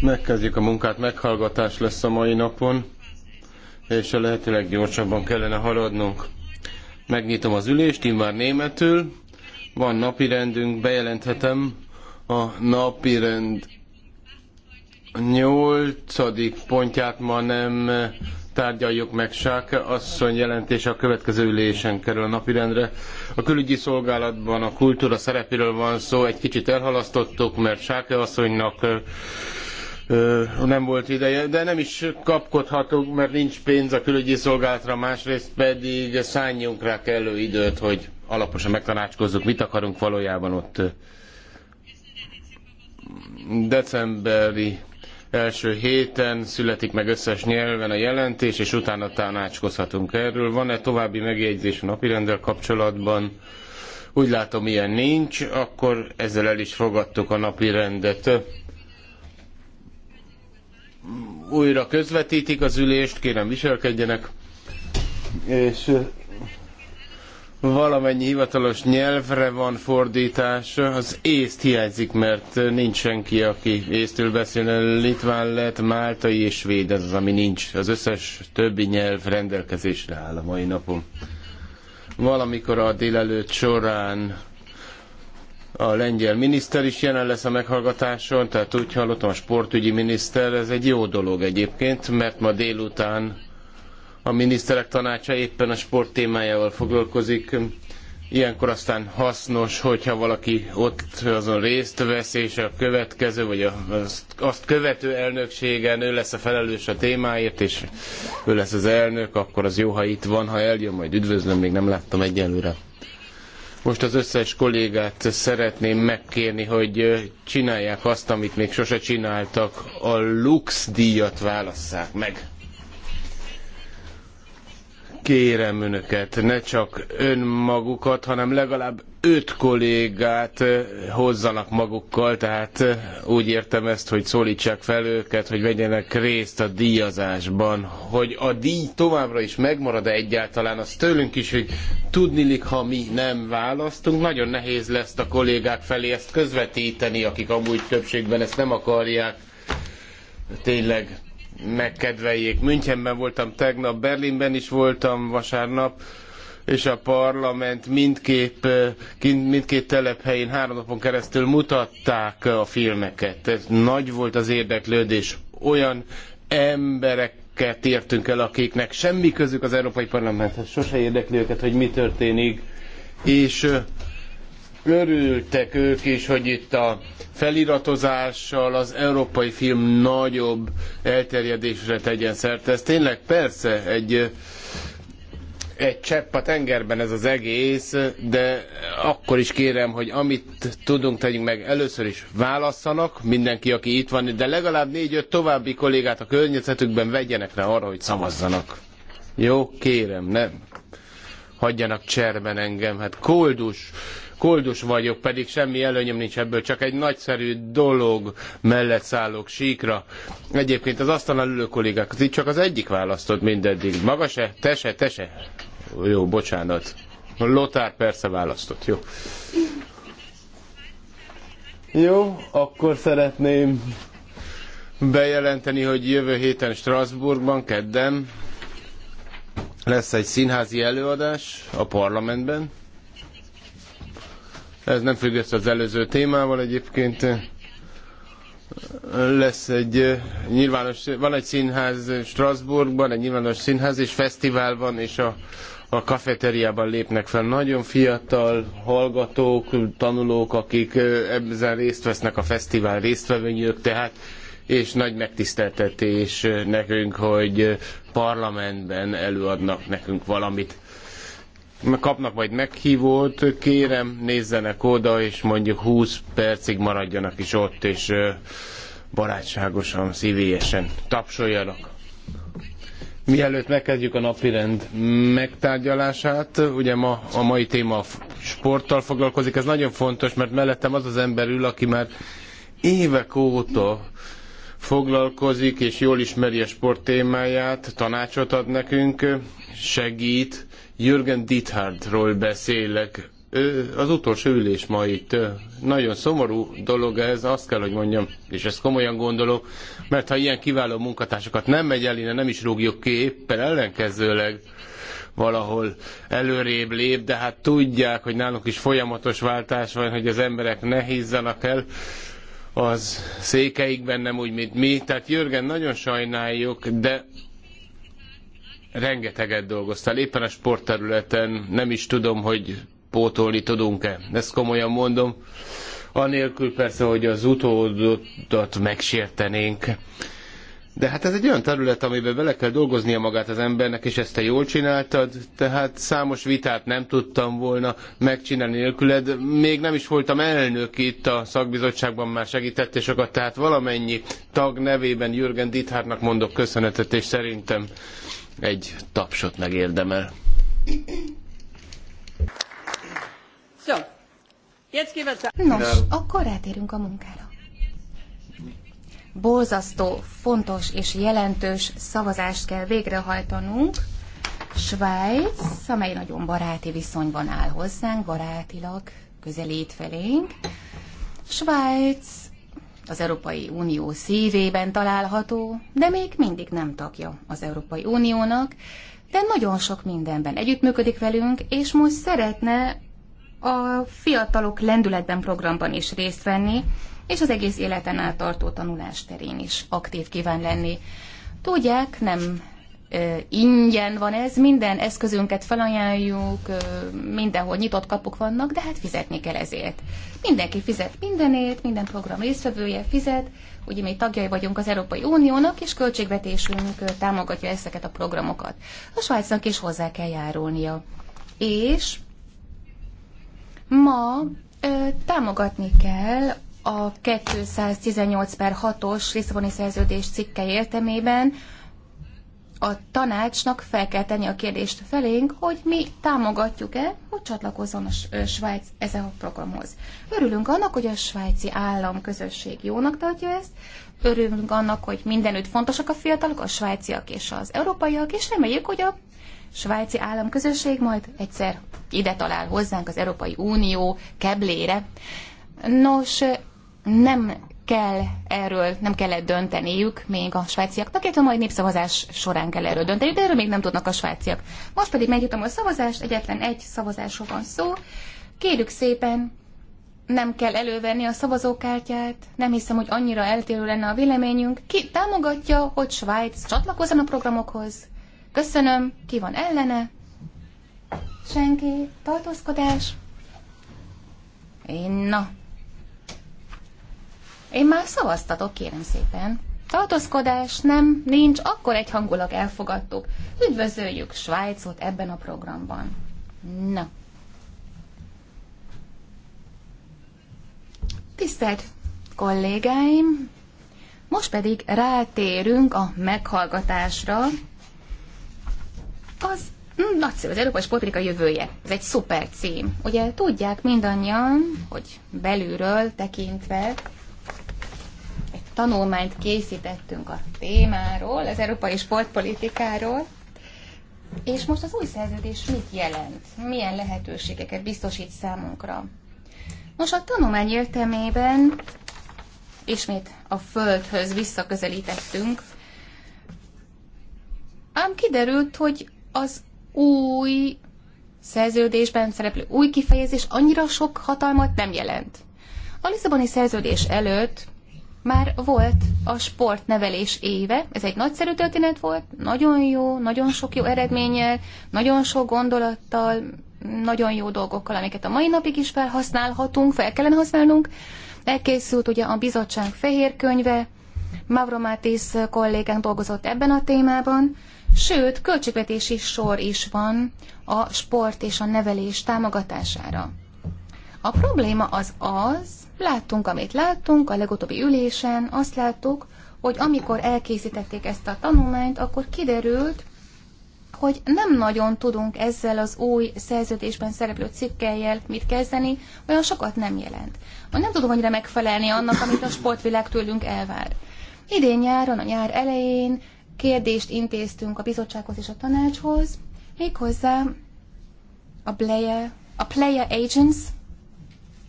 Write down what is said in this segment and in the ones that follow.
Megkezdjük a munkát, meghallgatás lesz a mai napon, és a lehető leggyorsabban kellene haladnunk. Megnyitom az ülést, immár németül. Van napirendünk, bejelenthetem a napirend nyolcadik pontját ma nem tárgyaljuk meg. Sáke asszony jelentése a következő ülésen kerül a napirendre. A külügyi szolgálatban a kultúra szerepéről van szó, egy kicsit elhalasztottuk, mert Sáke asszonynak nem volt ideje, de nem is kapkodhatunk, mert nincs pénz a külügyi szolgálatra, másrészt pedig szálljunk rá kellő időt, hogy alaposan megtanácskozzuk, mit akarunk valójában ott decemberi első héten születik meg összes nyelven a jelentés, és utána tanácskozhatunk erről. Van-e további megjegyzés a napirendel kapcsolatban? Úgy látom, ilyen nincs, akkor ezzel el is fogadtuk a napi rendet. Újra közvetítik az ülést, kérem viselkedjenek. És valamennyi hivatalos nyelvre van fordítás, az észt hiányzik, mert nincs senki, aki észtől beszél, litván lett, máltai és svéd, ez az, ami nincs. Az összes többi nyelv rendelkezésre áll a mai napon. Valamikor a délelőtt során a lengyel miniszter is jelen lesz a meghallgatáson, tehát úgy hallottam, a sportügyi miniszter, ez egy jó dolog egyébként, mert ma délután a miniszterek tanácsa éppen a sport témájával foglalkozik. Ilyenkor aztán hasznos, hogyha valaki ott azon részt vesz, és a következő, vagy azt követő elnökségen ő lesz a felelős a témáért, és ő lesz az elnök, akkor az jó, ha itt van, ha eljön, majd üdvözlöm, még nem láttam egyelőre. Most az összes kollégát szeretném megkérni, hogy csinálják azt, amit még sose csináltak, a Lux díjat válasszák meg kérem önöket, ne csak önmagukat, hanem legalább öt kollégát hozzanak magukkal, tehát úgy értem ezt, hogy szólítsák fel őket, hogy vegyenek részt a díjazásban. Hogy a díj továbbra is megmarad-e egyáltalán, az tőlünk is, hogy tudnilik, ha mi nem választunk, nagyon nehéz lesz a kollégák felé ezt közvetíteni, akik amúgy többségben ezt nem akarják. Tényleg megkedveljék. Münchenben voltam tegnap, Berlinben is voltam vasárnap, és a parlament eh, mindkét, mindkét telephelyén három napon keresztül mutatták eh, a filmeket. Ez nagy volt az érdeklődés. Olyan embereket értünk el, akiknek semmi közük az Európai Parlamenthez, sose érdekli őket, hogy mi történik. És eh, örültek ők is, hogy itt a feliratozással az európai film nagyobb elterjedésre tegyen szert. Ez tényleg persze egy egy csepp a tengerben ez az egész, de akkor is kérem, hogy amit tudunk, tegyünk meg. Először is válasszanak mindenki, aki itt van, de legalább négy-öt további kollégát a környezetükben vegyenek rá arra, hogy szavazzanak. Jó, kérem, nem hagyjanak cserben engem. Hát koldus, koldus vagyok, pedig semmi előnyöm nincs ebből, csak egy nagyszerű dolog mellett szállok síkra. Egyébként az asztalnál ülő kollégák, itt csak az egyik választott mindeddig. Maga se, te se, te se. Jó, bocsánat. Lotár persze választott, jó. Jó, akkor szeretném bejelenteni, hogy jövő héten Strasbourgban, kedden lesz egy színházi előadás a parlamentben. Ez nem függ össze az előző témával egyébként. Lesz egy eh, nyilvános, van egy színház Strasbourgban, egy nyilvános színház, és fesztivál van, és a, a kafeteriában lépnek fel nagyon fiatal hallgatók, tanulók, akik eh, ebben részt vesznek a fesztivál résztvevőnyők, tehát és nagy megtiszteltetés eh, nekünk, hogy parlamentben előadnak nekünk valamit kapnak majd meghívót, kérem nézzenek oda, és mondjuk 20 percig maradjanak is ott, és barátságosan, szívélyesen tapsoljanak. Mielőtt megkezdjük a napirend megtárgyalását, ugye ma a mai téma a sporttal foglalkozik, ez nagyon fontos, mert mellettem az az ember ül, aki már évek óta foglalkozik, és jól ismeri a sport témáját, tanácsot ad nekünk, segít, Jürgen Dithardról beszélek. Ő az utolsó ülés ma itt. Nagyon szomorú dolog ez, azt kell, hogy mondjam, és ezt komolyan gondolom, mert ha ilyen kiváló munkatársakat nem megy el innen, nem is rúgjuk ki, éppen ellenkezőleg valahol előrébb lép, de hát tudják, hogy nálunk is folyamatos váltás van, hogy az emberek ne hízzanak el az székeikben, nem úgy, mint mi. Tehát Jörgen, nagyon sajnáljuk, de rengeteget dolgoztál, éppen a sportterületen, nem is tudom, hogy pótolni tudunk-e. Ezt komolyan mondom. Anélkül persze, hogy az utódodat megsértenénk. De hát ez egy olyan terület, amiben bele kell dolgoznia magát az embernek, és ezt te jól csináltad, tehát számos vitát nem tudtam volna megcsinálni nélküled. Még nem is voltam elnök itt a szakbizottságban, már segítettél sokat, tehát valamennyi tag nevében Jürgen Dithárnak mondok köszönetet, és szerintem egy tapsot megérdemel. Nos, akkor rátérünk a munkára. Borzasztó, fontos és jelentős szavazást kell végrehajtanunk. Svájc, amely nagyon baráti viszonyban áll hozzánk, barátilag közelít felénk. Svájc az Európai Unió szívében található, de még mindig nem tagja az Európai Uniónak, de nagyon sok mindenben együttműködik velünk, és most szeretne a Fiatalok Lendületben programban is részt venni, és az egész életen át tartó tanulás terén is aktív kíván lenni. Tudják, nem ingyen van ez, minden eszközünket felajánljuk, mindenhol nyitott kapuk vannak, de hát fizetni kell ezért. Mindenki fizet mindenért, minden program résztvevője fizet, ugye mi tagjai vagyunk az Európai Uniónak, és költségvetésünk támogatja ezeket a programokat. A Svájcnak is hozzá kell járulnia. És ma támogatni kell a 218 per 6-os Lisszaboni szerződés cikke értemében, a tanácsnak fel kell tenni a kérdést felénk, hogy mi támogatjuk-e, hogy csatlakozzon a Svájc ezen a programhoz. Örülünk annak, hogy a svájci államközösség jónak tartja ezt, örülünk annak, hogy mindenütt fontosak a fiatalok, a svájciak és az európaiak, és reméljük, hogy a svájci államközösség majd egyszer ide talál hozzánk az Európai Unió keblére. Nos, nem kell erről, nem kellett dönteniük még a svájciaknak, illetve majd népszavazás során kell erről dönteni, de erről még nem tudnak a svájciak. Most pedig megnyitom a szavazást, egyetlen egy szavazásról van szó. Kérjük szépen, nem kell elővenni a szavazókártyát, nem hiszem, hogy annyira eltérő lenne a véleményünk. Ki támogatja, hogy Svájc csatlakozzon a programokhoz? Köszönöm, ki van ellene? Senki, tartózkodás? Én na, én már szavaztatok, kérem szépen. Tartózkodás nem, nincs, akkor egy hangulag elfogadtuk. Üdvözöljük Svájcot ebben a programban. Na. Tisztelt kollégáim, most pedig rátérünk a meghallgatásra. Az nagyszerű, az európai sportpolitika jövője. Ez egy szuper cím. Ugye tudják mindannyian, hogy belülről tekintve tanulmányt készítettünk a témáról, az európai sportpolitikáról, és most az új szerződés mit jelent? Milyen lehetőségeket biztosít számunkra? Most a tanulmány értelmében ismét a földhöz visszaközelítettünk, ám kiderült, hogy az új szerződésben szereplő új kifejezés annyira sok hatalmat nem jelent. A Lisszaboni szerződés előtt már volt a sportnevelés éve, ez egy nagyszerű történet volt, nagyon jó, nagyon sok jó eredménnyel, nagyon sok gondolattal, nagyon jó dolgokkal, amiket a mai napig is felhasználhatunk, fel kellene használnunk. Elkészült ugye a bizottság fehér könyve, Mavromatis kollégánk dolgozott ebben a témában, sőt, költségvetési sor is van a sport és a nevelés támogatására. A probléma az az, Láttunk, amit láttunk, a legutóbbi ülésen azt láttuk, hogy amikor elkészítették ezt a tanulmányt, akkor kiderült, hogy nem nagyon tudunk ezzel az új szerződésben szereplő cikkeljel mit kezdeni, olyan sokat nem jelent. Vagy nem tudom annyira megfelelni annak, amit a sportvilág tőlünk elvár. Idén nyáron, a nyár elején kérdést intéztünk a bizottsághoz és a tanácshoz, méghozzá a player, a player agents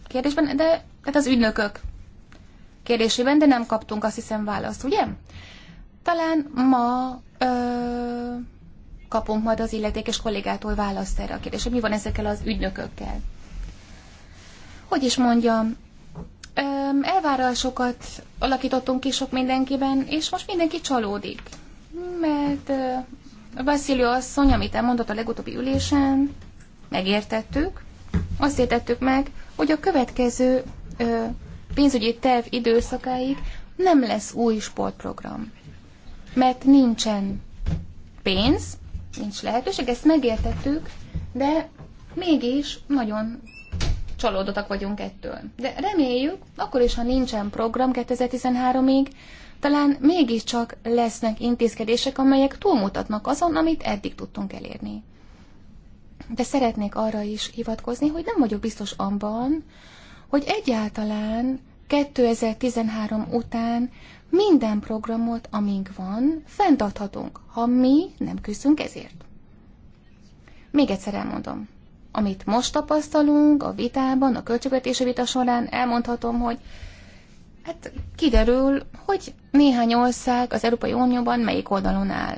kérdésben, de tehát az ügynökök kérdésében, de nem kaptunk azt hiszem választ, ugye? Talán ma ö, kapunk majd az illetékes kollégától választ erre a kérdésre, mi van ezekkel az ügynökökkel. Hogy is mondjam, ö, elvárásokat alakítottunk ki sok mindenkiben, és most mindenki csalódik, mert ö, Vasszilió asszony, amit elmondott a legutóbbi ülésen, megértettük, azt értettük meg, hogy a következő ö, pénzügyi terv időszakáig nem lesz új sportprogram. Mert nincsen pénz, nincs lehetőség, ezt megértettük, de mégis nagyon csalódottak vagyunk ettől. De reméljük, akkor is, ha nincsen program 2013-ig, talán mégiscsak lesznek intézkedések, amelyek túlmutatnak azon, amit eddig tudtunk elérni. De szeretnék arra is hivatkozni, hogy nem vagyok biztos abban, hogy egyáltalán 2013 után minden programot, amink van, fenntarthatunk, ha mi nem küzdünk ezért. Még egyszer elmondom. Amit most tapasztalunk a vitában, a költségvetési vita során, elmondhatom, hogy hát kiderül, hogy néhány ország az Európai Unióban melyik oldalon áll.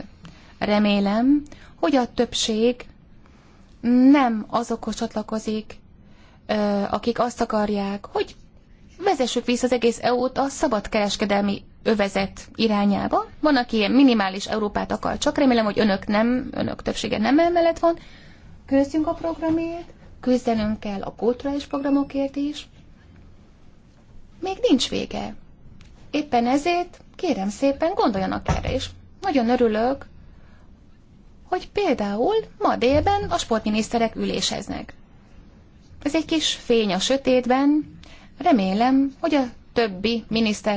Remélem, hogy a többség nem azokhoz csatlakozik, akik azt akarják, hogy vezessük vissza az egész EU-t a szabad kereskedelmi övezet irányába. Van, aki ilyen minimális Európát akar, csak remélem, hogy önök nem, önök többsége nem emellett van. Küzdjünk a programért, küzdenünk kell a kulturális programokért is. Még nincs vége. Éppen ezért kérem szépen gondoljanak erre is. Nagyon örülök, hogy például ma délben a sportminiszterek üléseznek. Ez egy kis fény a sötétben. Remélem, hogy a többi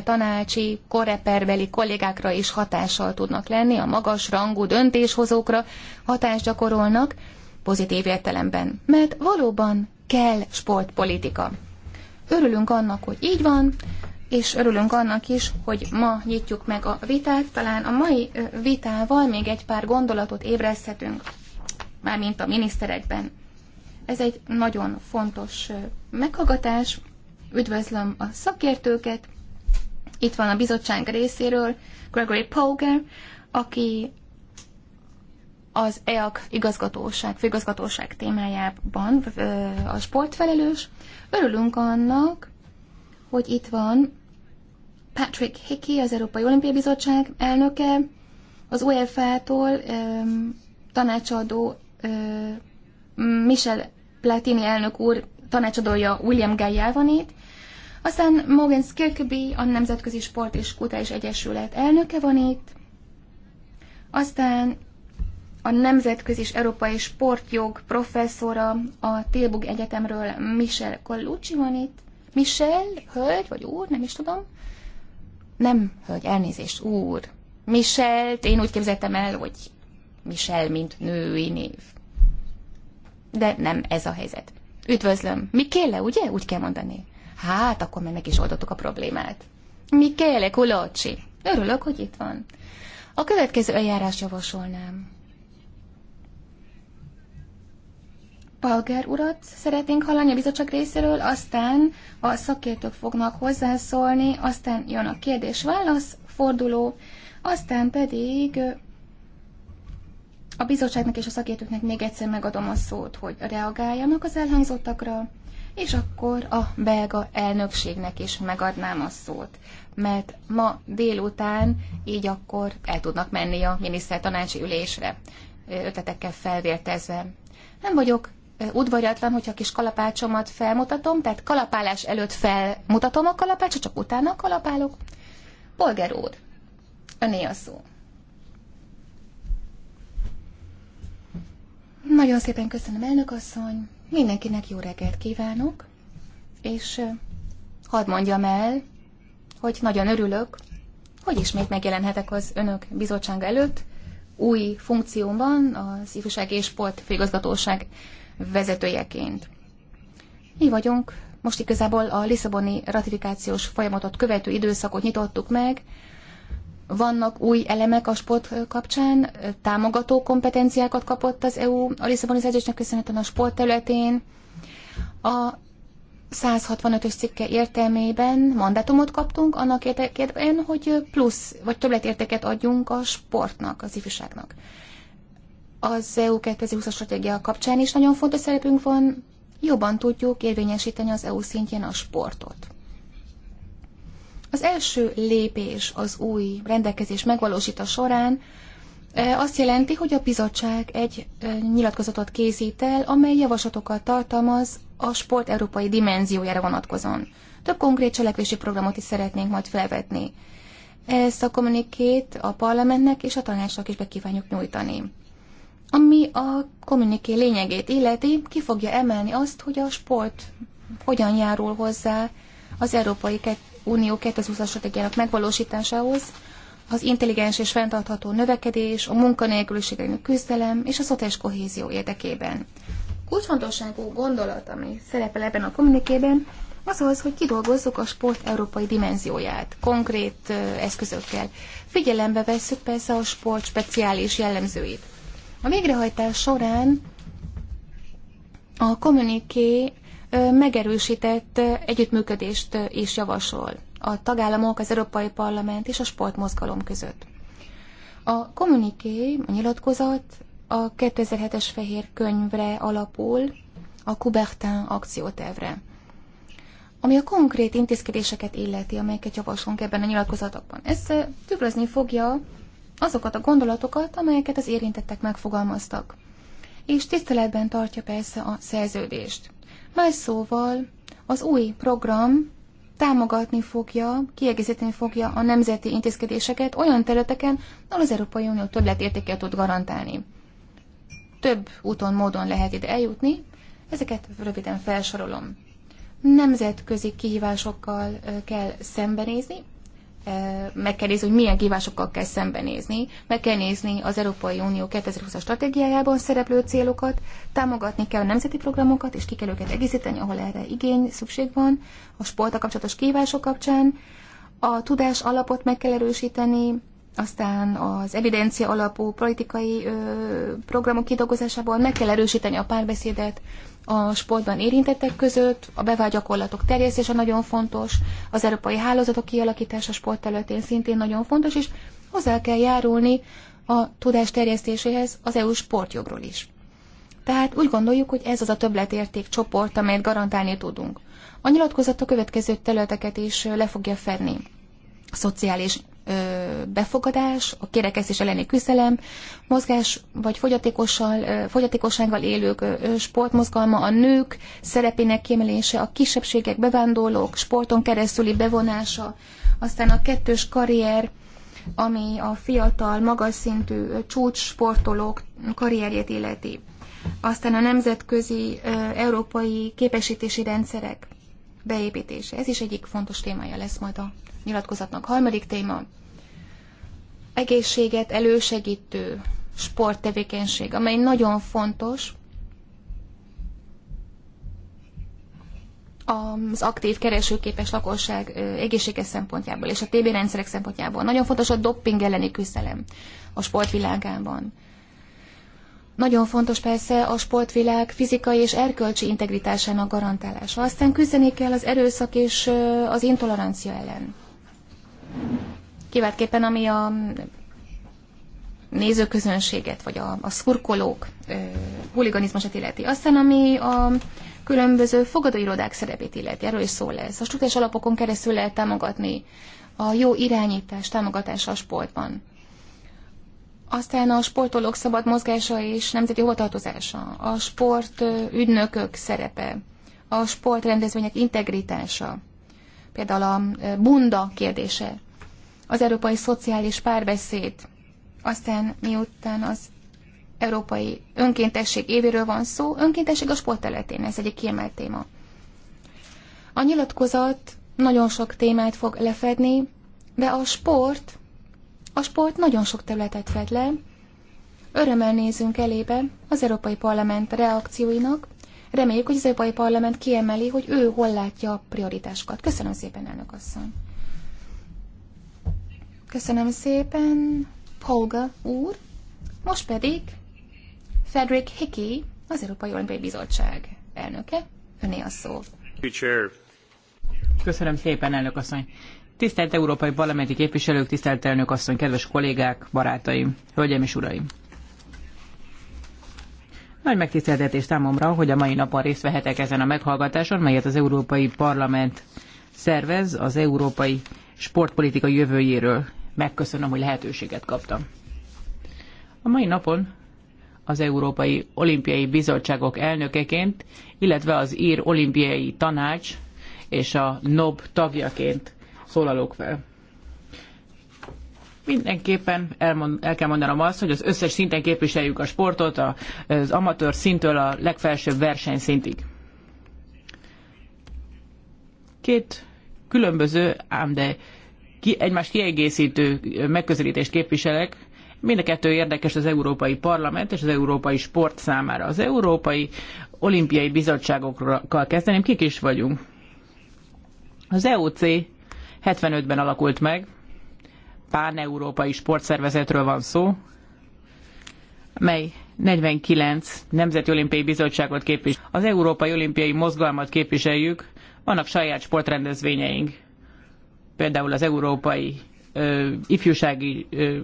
tanácsi, koreperbeli kollégákra is hatással tudnak lenni, a magas rangú döntéshozókra hatást gyakorolnak pozitív értelemben. Mert valóban kell sportpolitika. Örülünk annak, hogy így van, és örülünk annak is, hogy ma nyitjuk meg a vitát. Talán a mai vitával még egy pár gondolatot ébreszthetünk, mármint a miniszterekben. Ez egy nagyon fontos meghallgatás. Üdvözlöm a szakértőket. Itt van a bizottság részéről Gregory Poger, aki az EAK igazgatóság, főigazgatóság témájában a sportfelelős. Örülünk annak, hogy itt van Patrick Hickey, az Európai Olimpiai Bizottság elnöke, az UEFA-tól tanácsadó Michel Platini elnök úr tanácsadója William Gajávanit, aztán Mogens Kirkby, a Nemzetközi Sport és Kutás Egyesület elnöke van itt, aztán a Nemzetközi és Európai Sportjog professzora a Tilburg Egyetemről Michel Collucci van itt. Michel, hölgy vagy úr, nem is tudom. Nem, hölgy, elnézést, úr. Michelt én úgy képzeltem el, hogy Michel, mint női név de nem ez a helyzet. Üdvözlöm. Mikéle, ugye? Úgy kell mondani. Hát, akkor már meg is oldottuk a problémát. Mi Mikéle Kulocsi. Örülök, hogy itt van. A következő eljárás javasolnám. Palger urat szeretnénk hallani a bizottság részéről, aztán a szakértők fognak hozzászólni, aztán jön a kérdés-válasz forduló, aztán pedig a bizottságnak és a szakértőknek még egyszer megadom a szót, hogy reagáljanak az elhangzottakra, és akkor a belga elnökségnek is megadnám a szót, mert ma délután így akkor el tudnak menni a minisztertanácsi ülésre, ötletekkel felvértezve. Nem vagyok udvariatlan, hogyha a kis kalapácsomat felmutatom, tehát kalapálás előtt felmutatom a kalapácsot, csak utána kalapálok. Polger úr, öné a szó. Nagyon szépen köszönöm, elnök asszony. Mindenkinek jó reggelt kívánok, és hadd mondjam el, hogy nagyon örülök, hogy ismét megjelenhetek az önök bizottság előtt, új funkciómban, az Ifjúság és Sport Főigazgatóság vezetőjeként. Mi vagyunk, most igazából a Lisszaboni ratifikációs folyamatot követő időszakot nyitottuk meg, vannak új elemek a sport kapcsán, támogató kompetenciákat kapott az EU a Lisszaboni Szerzésnek köszönhetően a sport területén. A 165-ös cikke értelmében mandátumot kaptunk annak érdekében, hogy plusz vagy többletértéket adjunk a sportnak, az ifjúságnak. Az EU 2020-as stratégia kapcsán is nagyon fontos szerepünk van, jobban tudjuk érvényesíteni az EU szintjén a sportot. Az első lépés az új rendelkezés a során e, azt jelenti, hogy a bizottság egy e, nyilatkozatot készít el, amely javaslatokat tartalmaz a sport európai dimenziójára vonatkozóan. Több konkrét cselekvési programot is szeretnénk majd felvetni. Ezt a kommunikét a parlamentnek és a tanácsnak is be kívánjuk nyújtani. Ami a kommuniké lényegét illeti, ki fogja emelni azt, hogy a sport hogyan járul hozzá az európai Unió 2020-as stratégiának megvalósításához, az intelligens és fenntartható növekedés, a munkanélküliségének küzdelem és a szociális kohézió érdekében. Kulcsfontosságú gondolat, ami szerepel ebben a kommunikében, az az, hogy kidolgozzuk a sport európai dimenzióját, konkrét eszközökkel. Figyelembe vesszük persze a sport speciális jellemzőit. A végrehajtás során a kommuniké megerősített együttműködést is javasol a tagállamok, az Európai Parlament és a sportmozgalom között. A kommuniké, a nyilatkozat a 2007-es fehér könyvre alapul, a Coubertin akciótervre. Ami a konkrét intézkedéseket illeti, amelyeket javaslunk ebben a nyilatkozatokban, ez tükrözni fogja azokat a gondolatokat, amelyeket az érintettek megfogalmaztak. És tiszteletben tartja persze a szerződést. Más szóval az új program támogatni fogja, kiegészíteni fogja a nemzeti intézkedéseket olyan területeken, ahol az Európai Unió többletértéket tud garantálni. Több úton, módon lehet ide eljutni, ezeket röviden felsorolom. Nemzetközi kihívásokkal kell szembenézni, meg kell nézni, hogy milyen kívásokkal kell szembenézni, meg kell nézni az Európai Unió 2020-as stratégiájában szereplő célokat, támogatni kell a nemzeti programokat, és ki kell őket egészíteni, ahol erre igény, szükség van, a sporta kapcsolatos kívások kapcsán, a tudás alapot meg kell erősíteni, aztán az evidencia alapú politikai ö, programok kidolgozásából meg kell erősíteni a párbeszédet a sportban érintettek között, a bevált gyakorlatok terjesztése nagyon fontos, az európai hálózatok kialakítása sport területén szintén nagyon fontos, és hozzá kell járulni a tudás terjesztéséhez az EU sportjogról is. Tehát úgy gondoljuk, hogy ez az a többletérték csoport, amelyet garantálni tudunk. A nyilatkozat a következő területeket is le fogja fedni szociális szociális befogadás, a kirekesztés elleni küzdelem, mozgás vagy fogyatékossal, fogyatékossággal élők sportmozgalma, a nők szerepének kiemelése, a kisebbségek, bevándorlók, sporton keresztüli bevonása, aztán a kettős karrier, ami a fiatal, magas szintű csúcs sportolók karrierjét illeti. Aztán a nemzetközi európai képesítési rendszerek, beépítése. Ez is egyik fontos témája lesz majd a nyilatkozatnak. Harmadik téma, egészséget elősegítő sporttevékenység, amely nagyon fontos az aktív keresőképes lakosság egészséges szempontjából és a TB rendszerek szempontjából. Nagyon fontos a dopping elleni küzdelem a sportvilágában. Nagyon fontos persze a sportvilág fizikai és erkölcsi integritásának garantálása. Aztán küzdeni kell az erőszak és az intolerancia ellen. Kiváltképpen ami a nézőközönséget, vagy a, a szurkolók ö, huliganizmusát illeti. Aztán, ami a különböző fogadóirodák szerepét illeti, erről is szó lesz. A struktúrás alapokon keresztül lehet támogatni a jó irányítás, támogatása a sportban. Aztán a sportolók szabad mozgása és nemzeti hovatartozása, a sport ügynökök szerepe, a sportrendezvények integritása, például a bunda kérdése, az európai szociális párbeszéd, aztán miután az európai önkéntesség évéről van szó, önkéntesség a területén, ez egy kiemelt téma. A nyilatkozat nagyon sok témát fog lefedni, de a sport a sport nagyon sok területet fed le. Örömmel nézünk elébe az Európai Parlament reakcióinak. Reméljük, hogy az Európai Parlament kiemeli, hogy ő hol látja a prioritásokat. Köszönöm szépen, elnök asszony. Köszönöm szépen, Polga úr. Most pedig Frederick Hickey, az Európai Olimpiai Bizottság elnöke. Öné a szó. Köszönöm szépen, elnök asszony. Tisztelt Európai Parlamenti Képviselők, tisztelt elnök asszony, kedves kollégák, barátaim, hölgyeim és uraim! Nagy megtiszteltetés számomra, hogy a mai napon részt vehetek ezen a meghallgatáson, melyet az Európai Parlament szervez az európai sportpolitika jövőjéről. Megköszönöm, hogy lehetőséget kaptam. A mai napon az Európai Olimpiai Bizottságok elnökeként, illetve az Ír Olimpiai Tanács és a NOB tagjaként szólalok fel. Mindenképpen elmond, el kell mondanom azt, hogy az összes szinten képviseljük a sportot, az amatőr szintől a legfelsőbb versenyszintig. Két különböző, ám de ki, egymást kiegészítő megközelítést képviselek. Mind a kettő érdekes az Európai Parlament és az Európai Sport számára. Az Európai Olimpiai Bizottságokkal kezdeném, kik is vagyunk. Az EOC 75-ben alakult meg, pán-európai sportszervezetről van szó, mely 49 Nemzeti Olimpiai Bizottságot képvisel. Az Európai Olimpiai Mozgalmat képviseljük, vannak saját sportrendezvényeink, például az Európai ö, Ifjúsági ö,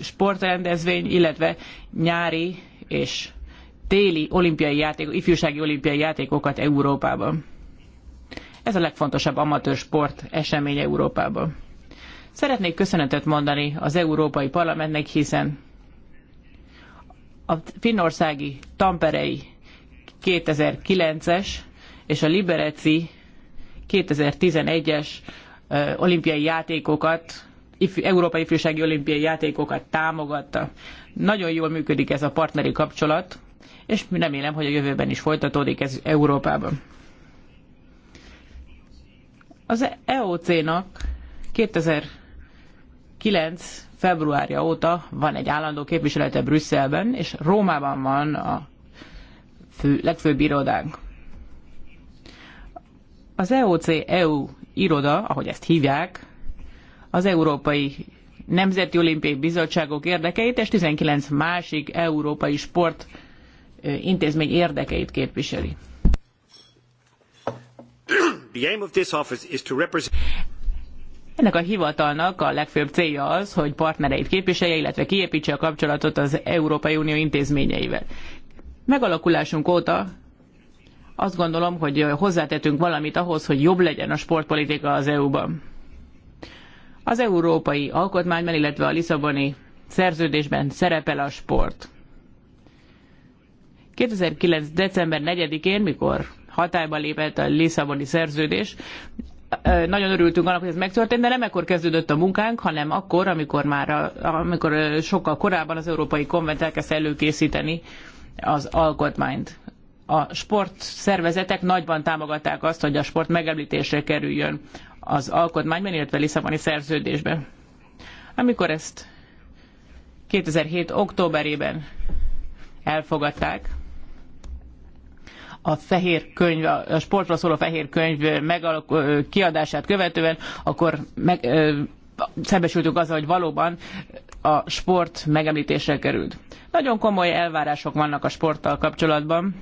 Sportrendezvény, illetve nyári és téli olimpiai játékok, ifjúsági olimpiai játékokat Európában. Ez a legfontosabb amatőr sport esemény Európában. Szeretnék köszönetet mondani az Európai Parlamentnek, hiszen a finnországi Tamperei 2009-es és a Libereci 2011-es olimpiai játékokat, európai ifjúsági olimpiai játékokat támogatta. Nagyon jól működik ez a partneri kapcsolat, és remélem, hogy a jövőben is folytatódik ez Európában. Az EOC-nak 2009. februárja óta van egy állandó képviselete Brüsszelben, és Rómában van a fő, legfőbb irodánk. Az EOC-EU iroda, ahogy ezt hívják, az Európai Nemzeti Olimpiai Bizottságok érdekeit és 19 másik európai sport intézmény érdekeit képviseli the aim of this office is to represent... Ennek a hivatalnak a legfőbb célja az, hogy partnereit képviselje, illetve kiépítse a kapcsolatot az Európai Unió intézményeivel. Megalakulásunk óta azt gondolom, hogy hozzátettünk valamit ahhoz, hogy jobb legyen a sportpolitika az EU-ban. Az európai alkotmányban, illetve a Lisszaboni szerződésben szerepel a sport. 2009. december 4-én, mikor hatályba lépett a Lisszaboni szerződés. Nagyon örültünk annak, hogy ez megtörtént, de nem ekkor kezdődött a munkánk, hanem akkor, amikor már a, amikor sokkal korábban az Európai Konvent elkezdte előkészíteni az alkotmányt. A sportszervezetek nagyban támogatták azt, hogy a sport megemlítésre kerüljön az alkotmányban, illetve Lisszaboni szerződésben. Amikor ezt 2007. októberében elfogadták, a fehér könyv, a sportra szóló fehér könyv megalak, kiadását követően, akkor meg, ö, szembesültünk azzal, hogy valóban a sport megemlítésre került. Nagyon komoly elvárások vannak a sporttal kapcsolatban.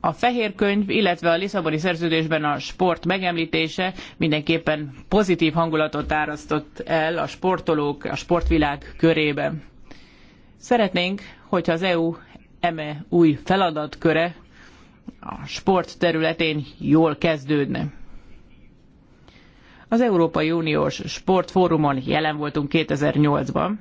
A fehér könyv, illetve a Lisszaboni szerződésben a sport megemlítése mindenképpen pozitív hangulatot árasztott el a sportolók, a sportvilág körébe. Szeretnénk, hogyha az EU eme új feladatköre a sport területén jól kezdődne. Az Európai Uniós Sportfórumon jelen voltunk 2008-ban,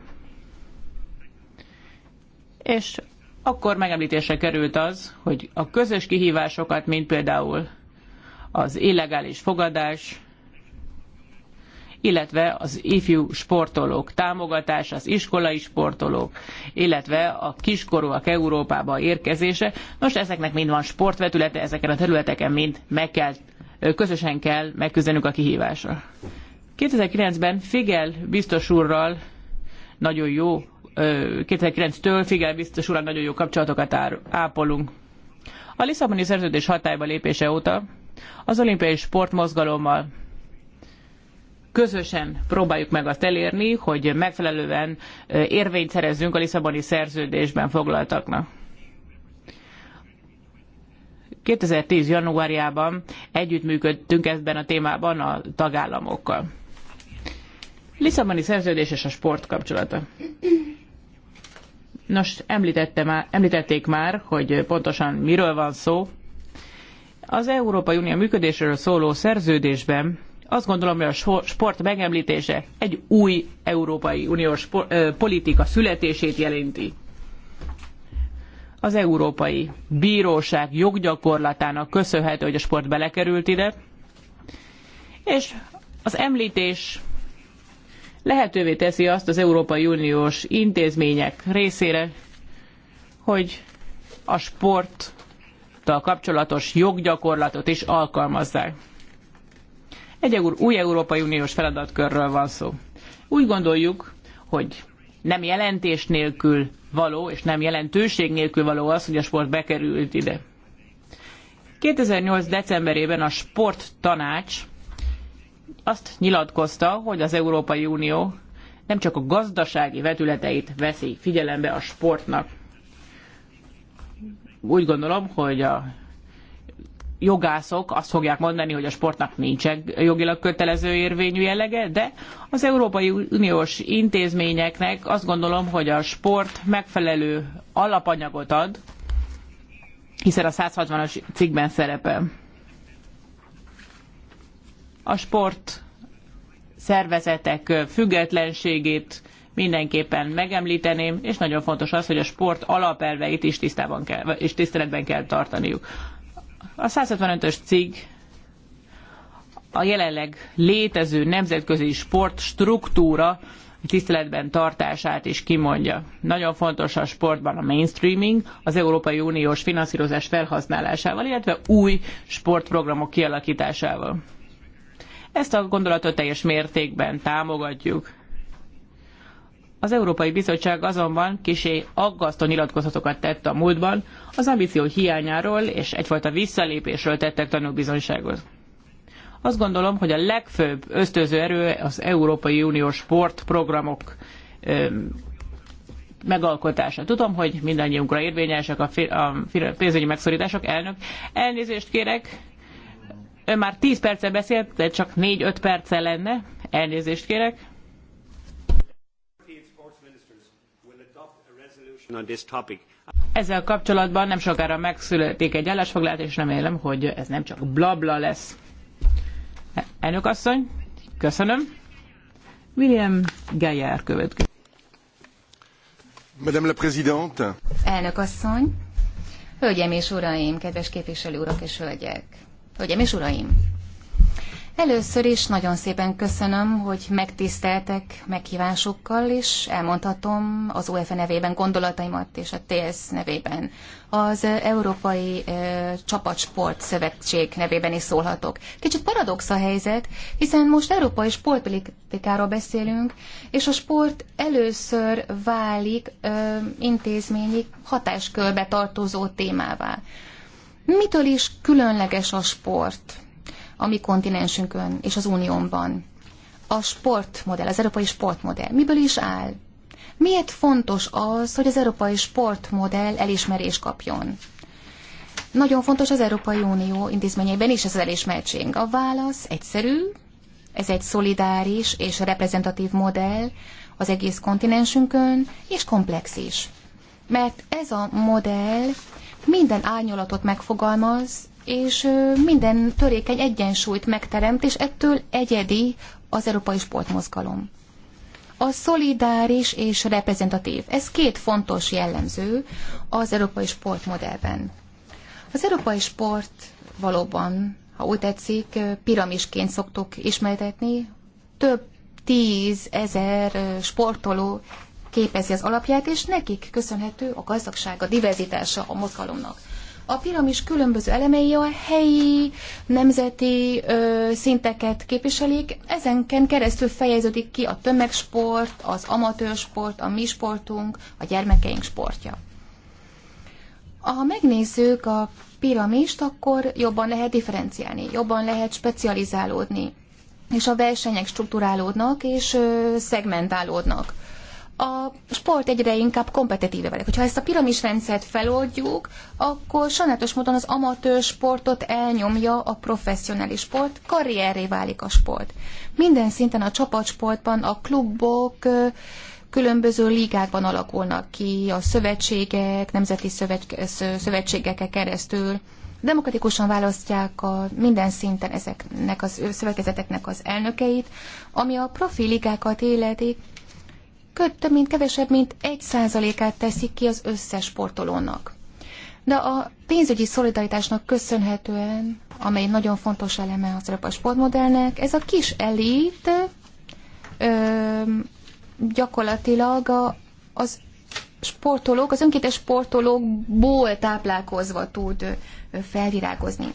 és akkor megemlítésre került az, hogy a közös kihívásokat, mint például az illegális fogadás, illetve az ifjú sportolók támogatása, az iskolai sportolók, illetve a kiskorúak Európába érkezése. Nos, ezeknek mind van sportvetülete, ezeken a területeken mind meg kell, közösen kell megküzdenünk a kihívásra. 2009-ben Figel biztos úrral nagyon jó 2009-től Figel biztos úrral nagyon jó kapcsolatokat ápolunk. A Lisszaboni szerződés hatályba lépése óta az olimpiai sportmozgalommal közösen próbáljuk meg azt elérni, hogy megfelelően érvényt szerezzünk a Lisszaboni szerződésben foglaltaknak. 2010. januárjában együttműködtünk ebben a témában a tagállamokkal. Lisszaboni szerződés és a sport kapcsolata. Nos, említette már, említették már, hogy pontosan miről van szó. Az Európai Unió működéséről szóló szerződésben azt gondolom, hogy a sport megemlítése egy új Európai Uniós politika születését jelenti. Az Európai Bíróság joggyakorlatának köszönhető, hogy a sport belekerült ide, és az említés lehetővé teszi azt az Európai Uniós intézmények részére, hogy a sporttal kapcsolatos joggyakorlatot is alkalmazzák. Egy új Európai Uniós feladatkörről van szó. Úgy gondoljuk, hogy nem jelentés nélkül való, és nem jelentőség nélkül való az, hogy a sport bekerült ide. 2008. decemberében a sporttanács azt nyilatkozta, hogy az Európai Unió nem csak a gazdasági vetületeit veszi figyelembe a sportnak. Úgy gondolom, hogy a jogászok azt fogják mondani, hogy a sportnak nincsen jogilag kötelező érvényű jellege, de az Európai Uniós intézményeknek azt gondolom, hogy a sport megfelelő alapanyagot ad, hiszen a 160-as cikkben szerepel. A sport szervezetek függetlenségét mindenképpen megemlíteném, és nagyon fontos az, hogy a sport alapelveit is, tisztában kell, és tiszteletben kell tartaniuk. A 165-ös cikk a jelenleg létező nemzetközi sportstruktúra tiszteletben tartását is kimondja. Nagyon fontos a sportban a mainstreaming, az Európai Uniós finanszírozás felhasználásával, illetve új sportprogramok kialakításával. Ezt a gondolatot teljes mértékben támogatjuk. Az Európai Bizottság azonban kisé aggasztó nyilatkozatokat tett a múltban, az ambíció hiányáról és egyfajta visszalépésről tettek tanúbizonyságot. Azt gondolom, hogy a legfőbb ösztöző erő az Európai Uniós sportprogramok megalkotása. Tudom, hogy mindannyiunkra érvényesek a, a pénzügyi megszorítások. Elnök, elnézést kérek, ön már 10 perce beszélt, de csak 4-5 perce lenne. Elnézést kérek. Ezzel kapcsolatban nem sokára megszületik egy állásfoglalat, és remélem, hogy ez nem csak blabla lesz. Elnök asszony, köszönöm. William Gaillard következik. Madame la Présidente. Elnök asszony, Hölgyeim és uraim, kedves képviselő urak és hölgyek. Hölgyeim és uraim, Először is nagyon szépen köszönöm, hogy megtiszteltek meghívásukkal, és elmondhatom az UEFA nevében gondolataimat és a TS nevében. Az Európai Csapatsport Szövetség nevében is szólhatok. Kicsit paradox a helyzet, hiszen most európai sportpolitikáról beszélünk, és a sport először válik ö, intézményi hatáskörbe tartozó témává. Mitől is különleges a sport? a mi kontinensünkön és az Uniónban. A sportmodell, az európai sportmodell miből is áll? Miért fontos az, hogy az európai sportmodell elismerést kapjon? Nagyon fontos az Európai Unió intézményeiben is ez az elismertség. A válasz egyszerű, ez egy szolidáris és reprezentatív modell az egész kontinensünkön, és komplex is. Mert ez a modell minden árnyalatot megfogalmaz, és minden törékeny egyensúlyt megteremt, és ettől egyedi az európai sportmozgalom. A szolidáris és reprezentatív. Ez két fontos jellemző az európai sportmodellben. Az európai sport valóban, ha úgy tetszik, piramisként szoktuk ismertetni. Több tízezer sportoló képezi az alapját, és nekik köszönhető a gazdagság, a diverzitása a mozgalomnak. A piramis különböző elemei a helyi, nemzeti ö, szinteket képviselik. Ezenken keresztül fejeződik ki a tömegsport, az amatőrsport, a mi sportunk, a gyermekeink sportja. Ha megnézzük a piramist, akkor jobban lehet differenciálni, jobban lehet specializálódni, és a versenyek strukturálódnak és ö, szegmentálódnak a sport egyre inkább kompetitíve válik. Hogyha ezt a piramisrendszert feloldjuk, akkor sajnálatos módon az amatőr sportot elnyomja a professzionális sport, karrierré válik a sport. Minden szinten a csapatsportban a klubok különböző ligákban alakulnak ki, a szövetségek, nemzeti szövetségek keresztül. Demokratikusan választják a minden szinten ezeknek az szövetkezeteknek az elnökeit, ami a profi ligákat életik több mint kevesebb, mint egy százalékát teszik ki az összes sportolónak. De a pénzügyi szolidaritásnak köszönhetően, amely nagyon fontos eleme az európai sportmodellnek, ez a kis elit ö, gyakorlatilag a, az sportolók, az önkéntes sportolókból táplálkozva tud felvirágozni.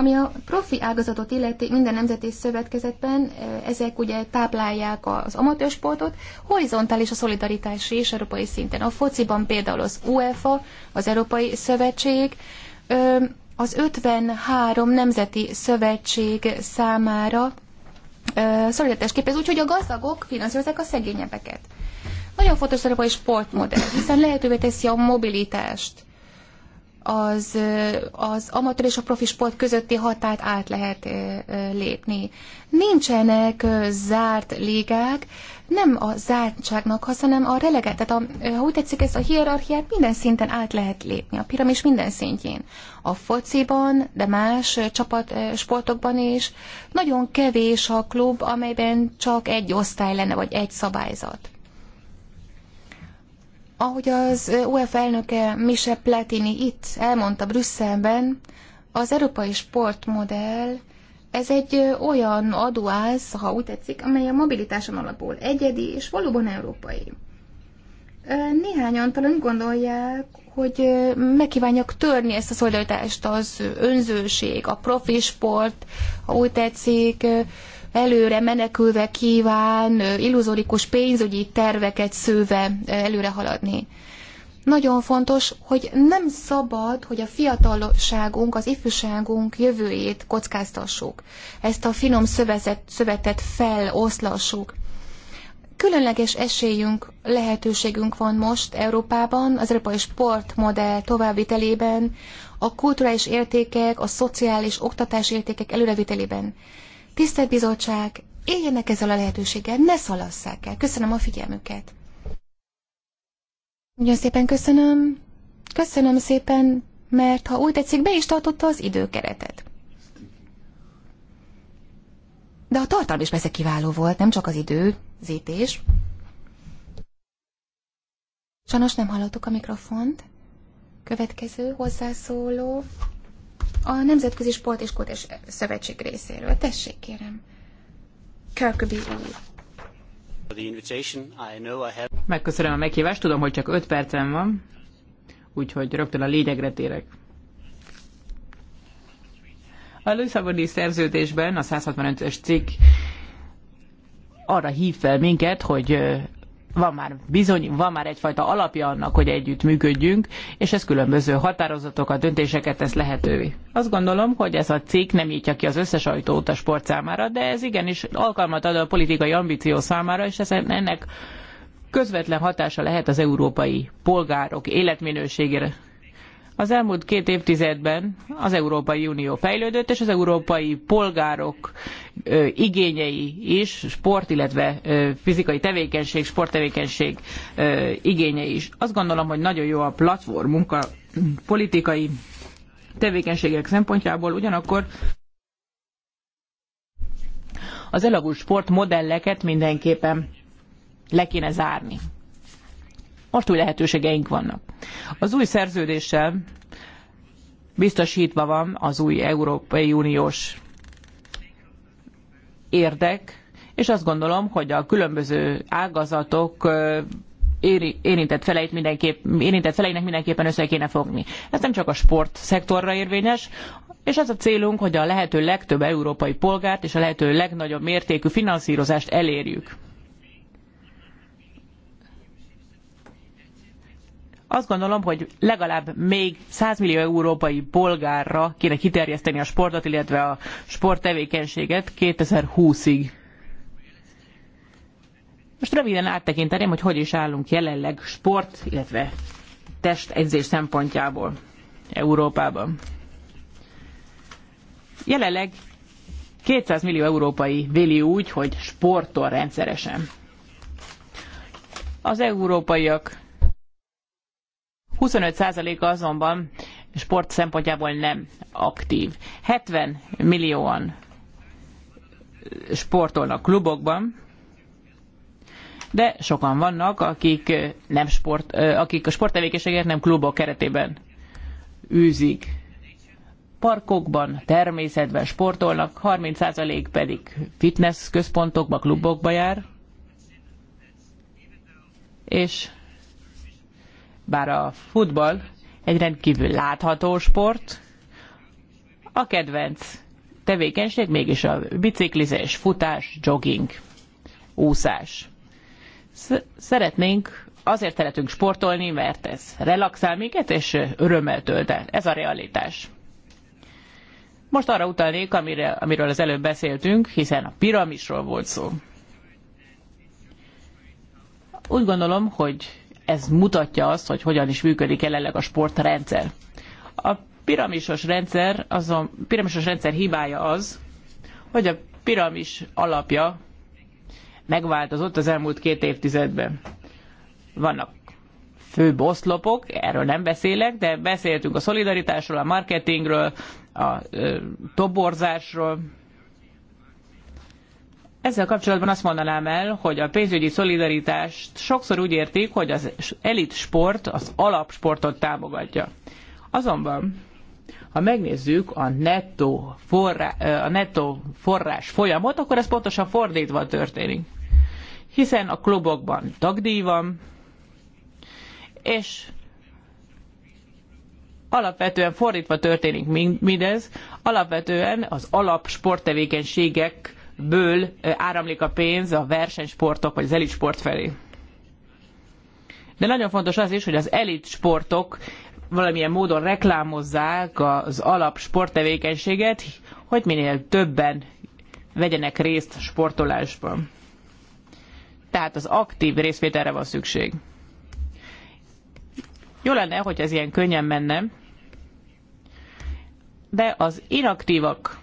Ami a profi ágazatot illeti, minden nemzeti szövetkezetben eh, ezek ugye táplálják az amatőr sportot, horizontális a szolidaritás is európai szinten. A fociban például az UEFA, az Európai Szövetség, az 53 nemzeti szövetség számára szolidaritás képez, úgyhogy a gazdagok finanszírozzák a szegényebbeket. Nagyon fontos az európai sportmodell, hiszen lehetővé teszi a mobilitást, az, az amatőr és a profi sport közötti határt át lehet lépni. Nincsenek zárt ligák, nem a zártságnak, hanem a releget. tehát a, ha úgy tetszik, ezt a hierarchiát minden szinten át lehet lépni, a piramis minden szintjén. A fociban, de más csapat sportokban is nagyon kevés a klub, amelyben csak egy osztály lenne, vagy egy szabályzat. Ahogy az UEFA elnöke Michel Platini itt elmondta Brüsszelben, az európai sportmodell ez egy olyan adóász, ha úgy tetszik, amely a mobilitáson alapul egyedi és valóban európai. Néhányan talán gondolják, hogy megkívánjak törni ezt a szolidaritást, az önzőség, a profi sport, ha úgy tetszik, előre menekülve kíván illuzorikus pénzügyi terveket szőve előre haladni. Nagyon fontos, hogy nem szabad, hogy a fiatalságunk, az ifjúságunk jövőjét kockáztassuk. Ezt a finom szövezet, szövetet feloszlassuk. Különleges esélyünk, lehetőségünk van most Európában, az európai sportmodell továbbvitelében, a kulturális értékek, a szociális, oktatás értékek előrevitelében. Tisztelt Bizottság, éljenek ezzel a lehetőséggel, ne szalasszák el. Köszönöm a figyelmüket. Nagyon szépen köszönöm. Köszönöm szépen, mert ha úgy tetszik, be is tartotta az időkeretet. De a tartalom is persze kiváló volt, nem csak az idő, zítés. Sajnos nem hallottuk a mikrofont. Következő hozzászóló a Nemzetközi Sport és Kótes Szövetség részéről. Tessék, kérem. Kirkby úr. Megköszönöm a meghívást, tudom, hogy csak 5 percem van, úgyhogy rögtön a lényegre térek. A Lőszabadi szerződésben a 165-ös cikk arra hív fel minket, hogy van már bizony, van már egyfajta alapja annak, hogy együtt működjünk, és ez különböző határozatokat, döntéseket tesz lehetővé. Azt gondolom, hogy ez a cikk nem nyitja ki az összes ajtót a sport számára, de ez igenis alkalmat ad a politikai ambíció számára, és ez ennek közvetlen hatása lehet az európai polgárok életminőségére. Az elmúlt két évtizedben az Európai Unió fejlődött, és az európai polgárok igényei is, sport, illetve fizikai tevékenység, sporttevékenység igényei is. Azt gondolom, hogy nagyon jó a platformunk a politikai tevékenységek szempontjából, ugyanakkor az elavult sportmodelleket mindenképpen le kéne zárni most új lehetőségeink vannak. Az új szerződéssel biztosítva van az új Európai Uniós érdek, és azt gondolom, hogy a különböző ágazatok érintett, feleit mindenképp, érintett feleinek mindenképpen össze kéne fogni. Ez nem csak a sport szektorra érvényes, és az a célunk, hogy a lehető legtöbb európai polgárt és a lehető legnagyobb mértékű finanszírozást elérjük. Azt gondolom, hogy legalább még 100 millió európai polgárra kéne kiterjeszteni a sportot, illetve a sporttevékenységet 2020-ig. Most röviden áttekinteném, hogy hogy is állunk jelenleg sport, illetve testedzés szempontjából Európában. Jelenleg 200 millió európai véli úgy, hogy sportol rendszeresen. Az európaiak 25%-a azonban sport szempontjából nem aktív. 70 millióan sportolnak klubokban, de sokan vannak, akik, nem sport, akik a sporttevékenységet nem klubok keretében űzik. Parkokban, természetben sportolnak, 30% pedig fitness központokba, klubokba jár, és bár a futball egy rendkívül látható sport, a kedvenc tevékenység mégis a biciklizés, futás, jogging, úszás. Szeretnénk, azért szeretünk sportolni, mert ez relaxál minket, és örömmel tölt el. Ez a realitás. Most arra utalnék, amire, amiről az előbb beszéltünk, hiszen a piramisról volt szó. Úgy gondolom, hogy ez mutatja azt, hogy hogyan is működik jelenleg a sportrendszer. A piramisos rendszer, az a piramisos rendszer hibája az, hogy a piramis alapja megváltozott az elmúlt két évtizedben. Vannak fő oszlopok, erről nem beszélek, de beszéltünk a szolidaritásról, a marketingről, a ö, toborzásról, ezzel kapcsolatban azt mondanám el, hogy a pénzügyi szolidaritást sokszor úgy értik, hogy az elit sport az alapsportot támogatja. Azonban, ha megnézzük a nettó, forrá, a nettó forrás folyamot, akkor ez pontosan fordítva történik. Hiszen a klubokban tagdíj van, és alapvetően fordítva történik mindez, alapvetően az alap sporttevékenységek ből áramlik a pénz a versenysportok vagy az elit sport felé. De nagyon fontos az is, hogy az elit sportok valamilyen módon reklámozzák az alap sporttevékenységet, hogy minél többen vegyenek részt sportolásban. Tehát az aktív részvételre van szükség. Jó lenne, hogy ez ilyen könnyen menne, de az inaktívak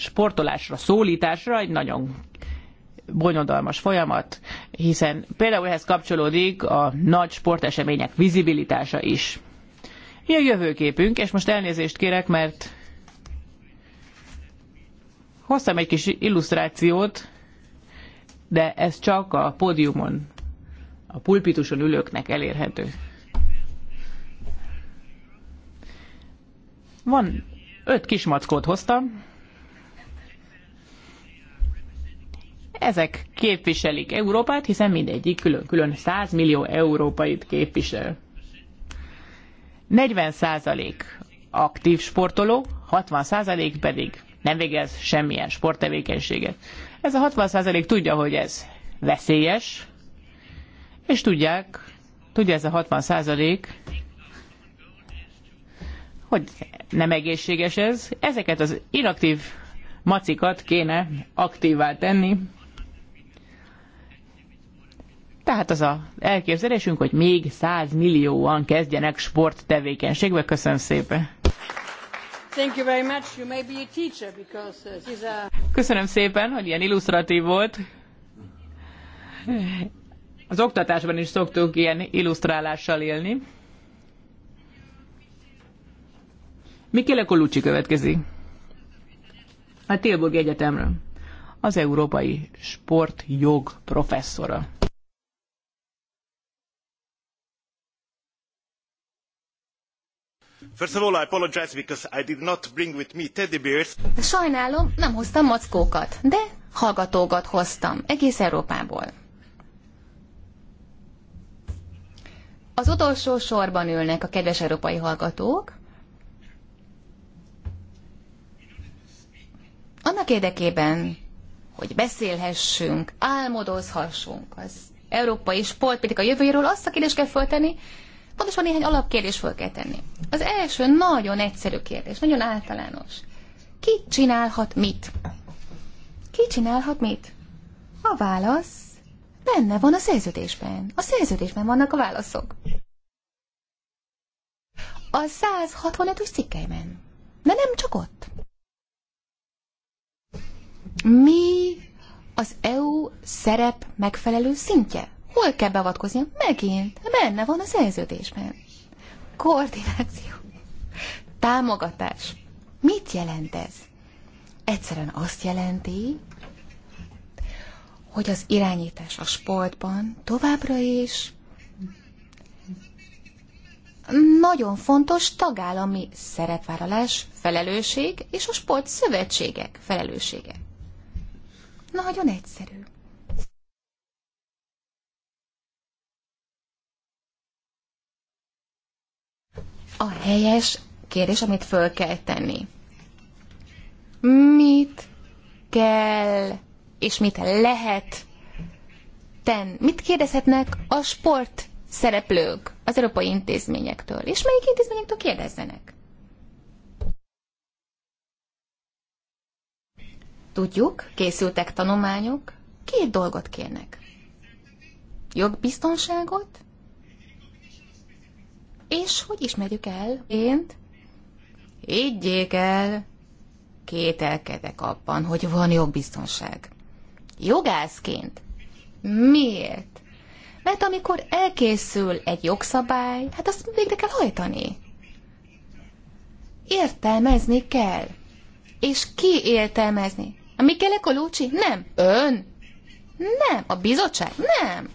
sportolásra, szólításra egy nagyon bonyodalmas folyamat, hiszen például ehhez kapcsolódik a nagy sportesemények vizibilitása is. Mi a jövőképünk, és most elnézést kérek, mert hoztam egy kis illusztrációt, de ez csak a pódiumon, a pulpituson ülőknek elérhető. Van öt kis mackót hoztam, Ezek képviselik Európát, hiszen mindegyik külön-külön 100 millió európait képvisel. 40 százalék aktív sportoló, 60 százalék pedig nem végez semmilyen sporttevékenységet. Ez a 60 százalék tudja, hogy ez veszélyes, és tudják, tudja ez a 60 százalék, hogy nem egészséges ez. Ezeket az inaktív macikat kéne aktívvá tenni, tehát az a elképzelésünk, hogy még 100 millióan kezdjenek sporttevékenységbe. Köszönöm szépen! Teacher, a... Köszönöm szépen, hogy ilyen illusztratív volt. Az oktatásban is szoktunk ilyen illusztrálással élni. Michele Colucci következik. A Tilburg Egyetemről. Az európai sportjog professzora. First of all, I apologize because I did not bring with me teddy bears. Sajnálom, nem hoztam mackókat, de hallgatókat hoztam, egész Európából. Az utolsó sorban ülnek a kedves európai hallgatók. Annak érdekében, hogy beszélhessünk, álmodozhassunk az európai sportpolitika jövőjéről, azt a kérdést kell föltenni, pontosan néhány alapkérdés fel kell tenni. Az első nagyon egyszerű kérdés, nagyon általános. Ki csinálhat mit? Ki csinálhat mit? A válasz benne van a szerződésben. A szerződésben vannak a válaszok. A 165-ös cikkelyben. De nem csak ott. Mi az EU szerep megfelelő szintje? Hol kell beavatkoznia? Megint. Benne van a szerződésben. Koordináció. Támogatás. Mit jelent ez? Egyszerűen azt jelenti, hogy az irányítás a sportban továbbra is nagyon fontos tagállami szerepvállalás, felelősség és a sport szövetségek felelőssége. Nagyon egyszerű. a helyes kérdés, amit föl kell tenni. Mit kell és mit lehet tenni? Mit kérdezhetnek a sport szereplők az európai intézményektől? És melyik intézményektől kérdezzenek? Tudjuk, készültek tanulmányok, két dolgot kérnek. Jogbiztonságot és hogy ismerjük el? Én? Higgyék el, kételkedek abban, hogy van jogbiztonság. Jogászként. Miért? Mert amikor elkészül egy jogszabály, hát azt végre kell hajtani. Értelmezni kell. És ki értelmezni? A Mikele Colucci? Nem. Ön? Nem. A bizottság? Nem.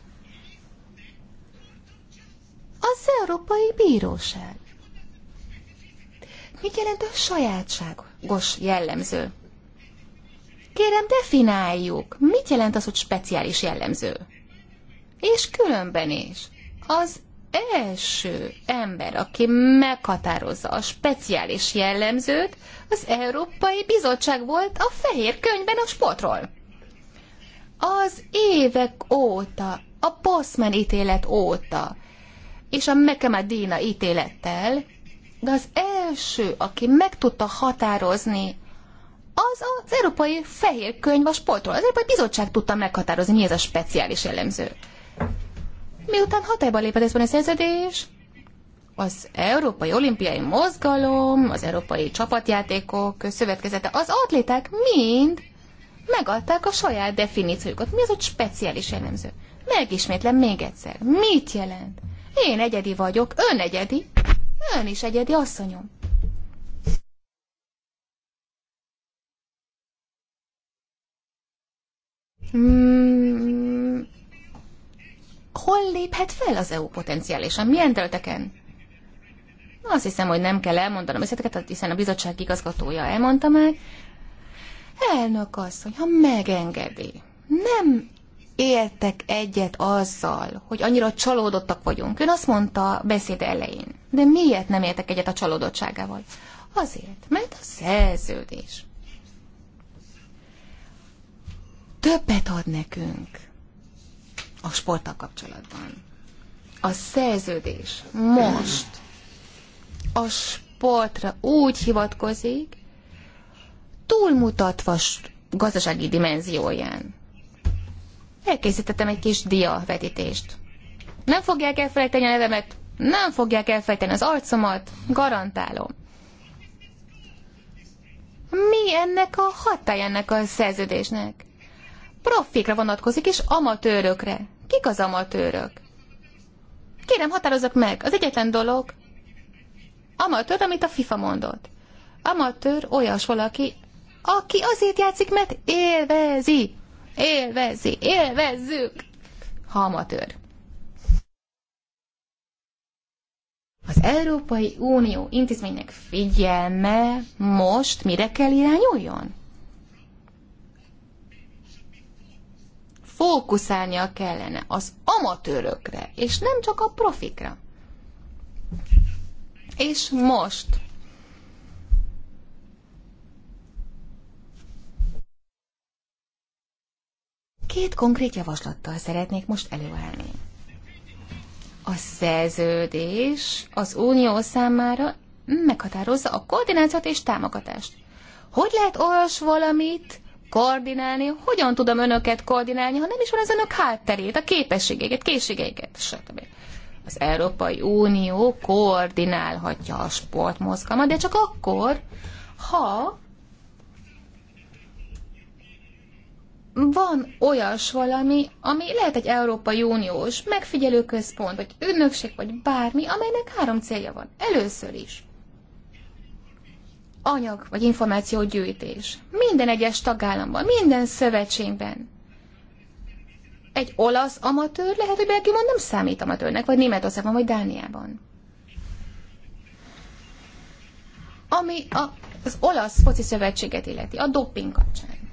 Az Európai Bíróság. Mit jelent a sajátságos jellemző? Kérem, defináljuk, mit jelent az, hogy speciális jellemző? És különben is. Az első ember, aki meghatározza a speciális jellemzőt, az Európai Bizottság volt a fehér könyvben a sportról. Az évek óta, a Bosman ítélet óta és a Mekemet Dína ítélettel, de az első, aki meg tudta határozni, az az Európai Fehér Könyv a sportról. Az Európai Bizottság tudta meghatározni, mi ez a speciális jellemző. Miután hatályba lépett ezben a szerződés, az Európai Olimpiai Mozgalom, az Európai Csapatjátékok Szövetkezete, az atléták mind megadták a saját definíciójukat. Mi az, hogy speciális jellemző? Megismétlem még egyszer. Mit jelent? Én egyedi vagyok, ön egyedi, ön is egyedi asszonyom. Hmm, hol léphet fel az EU potenciálisan? Milyen tölteken? Azt hiszem, hogy nem kell elmondanom összeteket, hiszen a bizottság igazgatója elmondta meg. Elnök asszony, ha megengedi, nem értek egyet azzal, hogy annyira csalódottak vagyunk. Ön azt mondta beszéd elején. De miért nem értek egyet a csalódottságával? Azért, mert a szerződés többet ad nekünk a sporttal kapcsolatban. A szerződés most a sportra úgy hivatkozik, túlmutatva gazdasági dimenzióján elkészítettem egy kis diavetítést. Nem fogják elfelejteni a nevemet, nem fogják elfelejteni az arcomat, garantálom. Mi ennek a hatály ennek a szerződésnek? Profikra vonatkozik, és amatőrökre. Kik az amatőrök? Kérem, határozok meg. Az egyetlen dolog, amatőr, amit a FIFA mondott. Amatőr olyas valaki, aki azért játszik, mert élvezi. Élvezi, élvezzük! Hamatör. Az Európai Unió intézménynek figyelme most mire kell irányuljon? Fókuszálnia kellene az amatőrökre, és nem csak a profikra. És most Két konkrét javaslattal szeretnék most előállni. A szerződés az unió számára meghatározza a koordinációt és támogatást. Hogy lehet olyas valamit koordinálni, hogyan tudom önöket koordinálni, ha nem is van az önök hátterét, a képességeiket, készségeiket, stb. Az Európai Unió koordinálhatja a sportmozgalmat, de csak akkor, ha van olyas valami, ami lehet egy Európai Uniós megfigyelőközpont, vagy ünnökség, vagy bármi, amelynek három célja van. Először is anyag vagy információ gyűjtés. Minden egyes tagállamban, minden szövetségben. Egy olasz amatőr lehet, hogy Belgiumban nem számít amatőrnek, vagy Németországban, vagy Dániában. Ami a, az olasz foci szövetséget illeti, a doping kapcsán.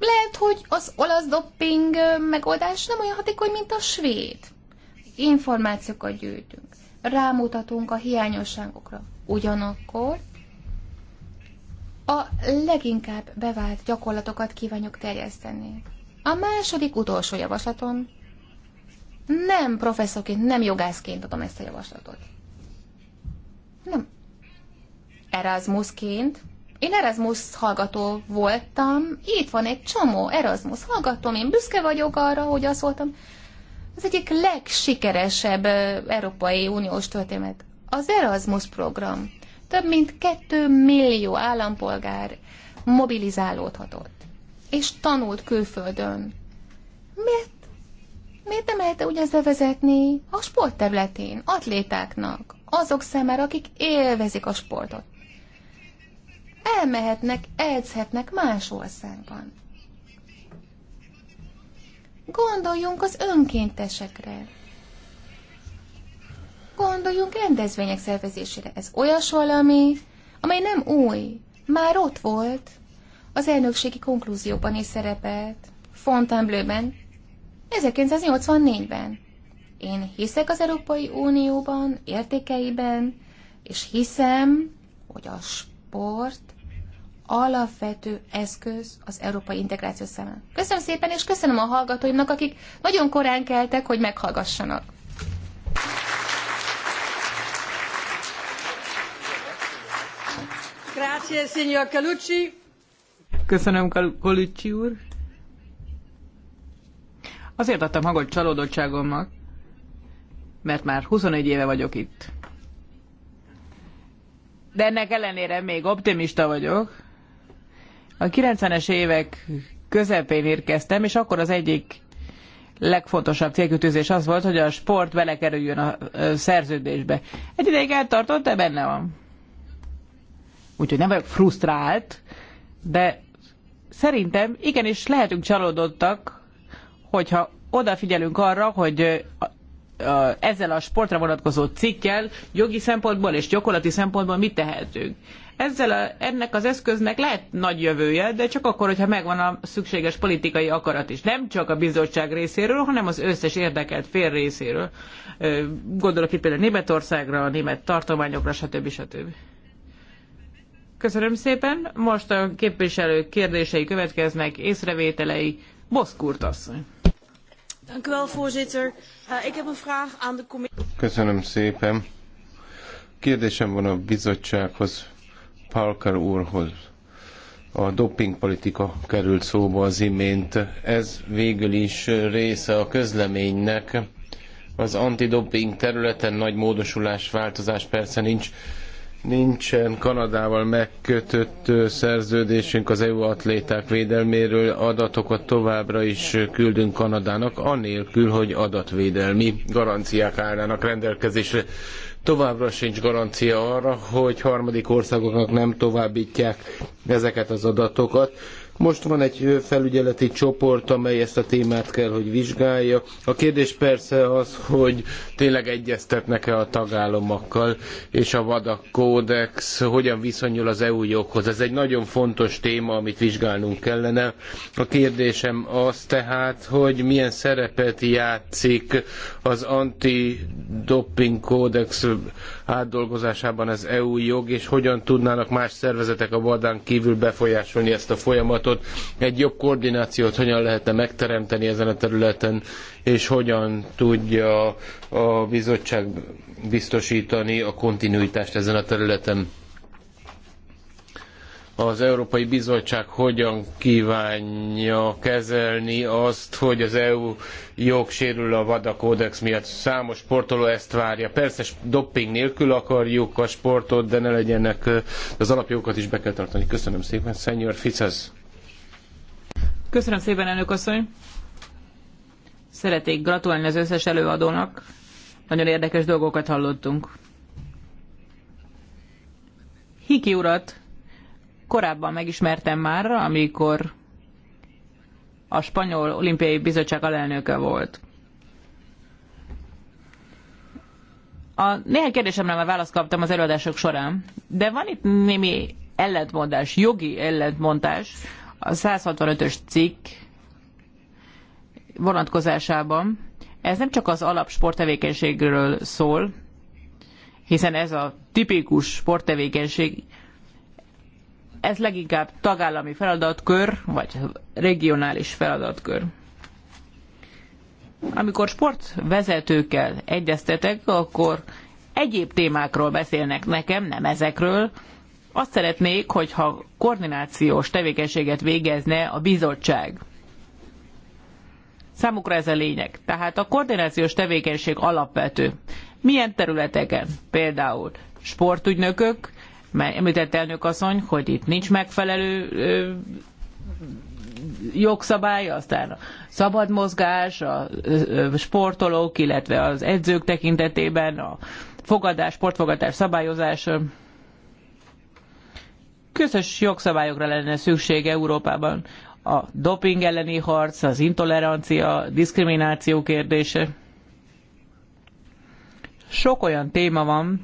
Lehet, hogy az olasz dopping megoldás nem olyan hatékony, mint a svéd. Információkat gyűjtünk, rámutatunk a hiányosságokra. Ugyanakkor a leginkább bevált gyakorlatokat kívánjuk terjeszteni. A második utolsó javaslatom, nem professzorként, nem jogászként adom ezt a javaslatot. Nem. Erasmusként én Erasmus hallgató voltam, itt van egy csomó Erasmus hallgatóm, én büszke vagyok arra, hogy azt voltam. Az egyik legsikeresebb Európai Uniós történet. Az Erasmus program. Több mint kettő millió állampolgár mobilizálódhatott. És tanult külföldön. Miért? Miért nem lehet ugyanezt bevezetni a sport területén, atlétáknak, azok szemére, akik élvezik a sportot? elmehetnek, edzhetnek más országban. Gondoljunk az önkéntesekre. Gondoljunk rendezvények szervezésére. Ez olyas valami, amely nem új, már ott volt. Az elnökségi konklúzióban is szerepelt, Fontainebleau-ben, 1984-ben. Én hiszek az Európai Unióban, értékeiben, és hiszem, hogy a sport alapvető eszköz az európai integráció szemben. Köszönöm szépen, és köszönöm a hallgatóimnak, akik nagyon korán keltek, hogy meghallgassanak. Grazie, signor Calucci. Köszönöm, Calucci úr. Azért adtam hangot csalódottságomnak, mert már 21 éve vagyok itt. De ennek ellenére még optimista vagyok, a 90-es évek közepén érkeztem, és akkor az egyik legfontosabb célkütőzés az volt, hogy a sport belekerüljön a szerződésbe. Egy ideig eltartott, de benne van. Úgyhogy nem vagyok frusztrált, de szerintem igenis lehetünk csalódottak, hogyha odafigyelünk arra, hogy ezzel a sportra vonatkozó cikkel jogi szempontból és gyakorlati szempontból mit tehetünk. Ezzel a, ennek az eszköznek lehet nagy jövője, de csak akkor, hogyha megvan a szükséges politikai akarat is. Nem csak a bizottság részéről, hanem az összes érdekelt fél részéről. Gondolok itt például Németországra, a német tartományokra, stb. stb. Köszönöm szépen. Most a képviselők kérdései következnek, észrevételei. Boszkurt asszony. Eh, Köszönöm szépen. Kérdésem van a bizottsághoz. Parker úrhoz. A dopingpolitika került szóba az imént. Ez végül is része a közleménynek. Az antidoping területen nagy módosulás, változás persze nincs. Nincsen Kanadával megkötött szerződésünk az EU atléták védelméről, adatokat továbbra is küldünk Kanadának, anélkül, hogy adatvédelmi garanciák állnának rendelkezésre továbbra sincs garancia arra, hogy harmadik országoknak nem továbbítják ezeket az adatokat, most van egy felügyeleti csoport, amely ezt a témát kell, hogy vizsgálja. A kérdés persze az, hogy tényleg egyeztetnek-e a tagállamokkal, és a vadak kódex hogyan viszonyul az EU joghoz. Ez egy nagyon fontos téma, amit vizsgálnunk kellene. A kérdésem az tehát, hogy milyen szerepet játszik az antidoping kódex átdolgozásában az EU jog, és hogyan tudnának más szervezetek a vadán kívül befolyásolni ezt a folyamatot. Egy jobb koordinációt hogyan lehetne megteremteni ezen a területen, és hogyan tudja a bizottság biztosítani a kontinuitást ezen a területen az Európai Bizottság hogyan kívánja kezelni azt, hogy az EU jog sérül a VADA kódex miatt. Számos sportoló ezt várja. Persze dopping nélkül akarjuk a sportot, de ne legyenek, az alapjogokat is be kell tartani. Köszönöm szépen, Senior Ficez. Köszönöm szépen, elnök asszony. Szeretnék gratulálni az összes előadónak. Nagyon érdekes dolgokat hallottunk. Hiki urat korábban megismertem már, amikor a Spanyol Olimpiai Bizottság alelnöke volt. A néhány kérdésemre már választ kaptam az előadások során, de van itt némi ellentmondás, jogi ellentmondás a 165-ös cikk vonatkozásában. Ez nem csak az alap sporttevékenységről szól, hiszen ez a tipikus sporttevékenység, ez leginkább tagállami feladatkör, vagy regionális feladatkör. Amikor sportvezetőkkel egyeztetek, akkor egyéb témákról beszélnek nekem, nem ezekről. Azt szeretnék, hogyha koordinációs tevékenységet végezne a bizottság. Számukra ez a lényeg. Tehát a koordinációs tevékenység alapvető. Milyen területeken? Például sportügynökök, mert említett elnök asszony, hogy itt nincs megfelelő ö, jogszabály, aztán a szabad mozgás, a sportolók, illetve az edzők tekintetében a fogadás, sportfogadás szabályozás. Közös jogszabályokra lenne szükség Európában. A doping elleni harc, az intolerancia, a diszkrimináció kérdése. Sok olyan téma van,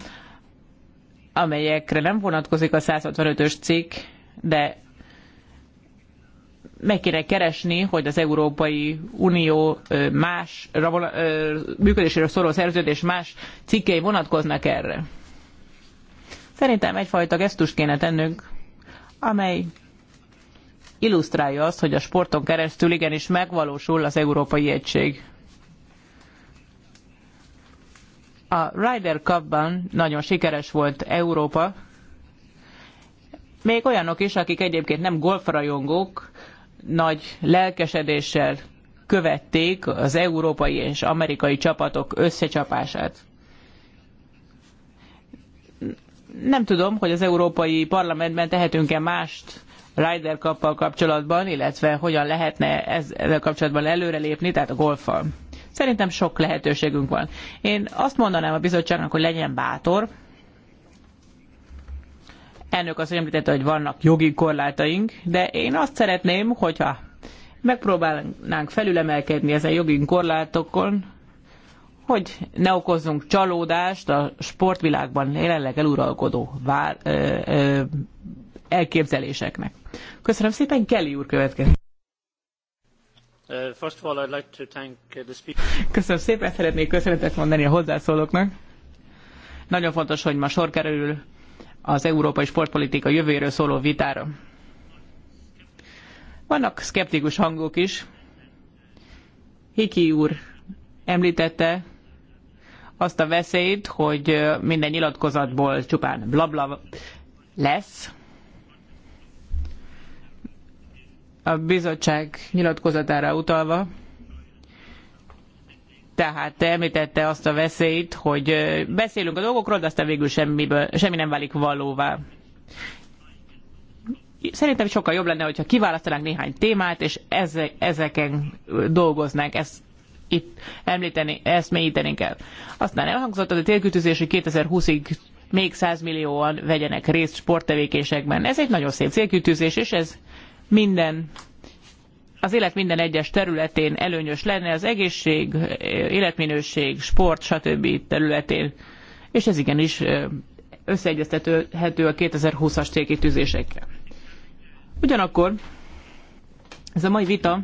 amelyekre nem vonatkozik a 165-ös cikk, de meg kéne keresni, hogy az Európai Unió más működésére szóló szerződés más cikkei vonatkoznak erre. Szerintem egyfajta gesztust kéne tennünk, amely illusztrálja azt, hogy a sporton keresztül igenis megvalósul az Európai Egység. A Ryder Cupban nagyon sikeres volt Európa, még olyanok is, akik egyébként nem golfrajongók, nagy lelkesedéssel követték az európai és amerikai csapatok összecsapását. Nem tudom, hogy az Európai Parlamentben tehetünk-e mást Ryder Cup-pal kapcsolatban, illetve hogyan lehetne ezzel kapcsolatban előrelépni, tehát a golfal. Szerintem sok lehetőségünk van. Én azt mondanám a bizottságnak, hogy legyen bátor. Elnök azt említette, hogy vannak jogi korlátaink, de én azt szeretném, hogyha megpróbálnánk felülemelkedni ezen jogi korlátokon, hogy ne okozzunk csalódást a sportvilágban jelenleg eluralkodó vál, ö, ö, elképzeléseknek. Köszönöm szépen, Kelly úr következik. Uh, first of all, I'd like to thank uh, the speaker. Köszönöm szépen, szeretnék köszönetet mondani a hozzászólóknak. Nagyon fontos, hogy ma sor kerül az európai sportpolitika jövőjéről szóló vitára. Vannak szkeptikus hangok is. Hiki úr említette azt a veszélyt, hogy minden nyilatkozatból csupán blabla lesz. a bizottság nyilatkozatára utalva, tehát említette azt a veszélyt, hogy beszélünk a dolgokról, de aztán végül semmiből, semmi nem válik valóvá. Szerintem sokkal jobb lenne, hogyha kiválasztanánk néhány témát, és ezeken dolgoznánk. Ezt itt említeni, ezt mélyítenénk el. Aztán elhangzott az a télkütőzés, hogy 2020-ig még 100 millióan vegyenek részt sporttevékenységben. Ez egy nagyon szép célkütőzés, és ez minden az élet minden egyes területén előnyös lenne, az egészség, életminőség, sport, stb. területén. És ez igenis összeegyeztethető a 2020-as célkitűzésekkel. Ugyanakkor ez a mai vita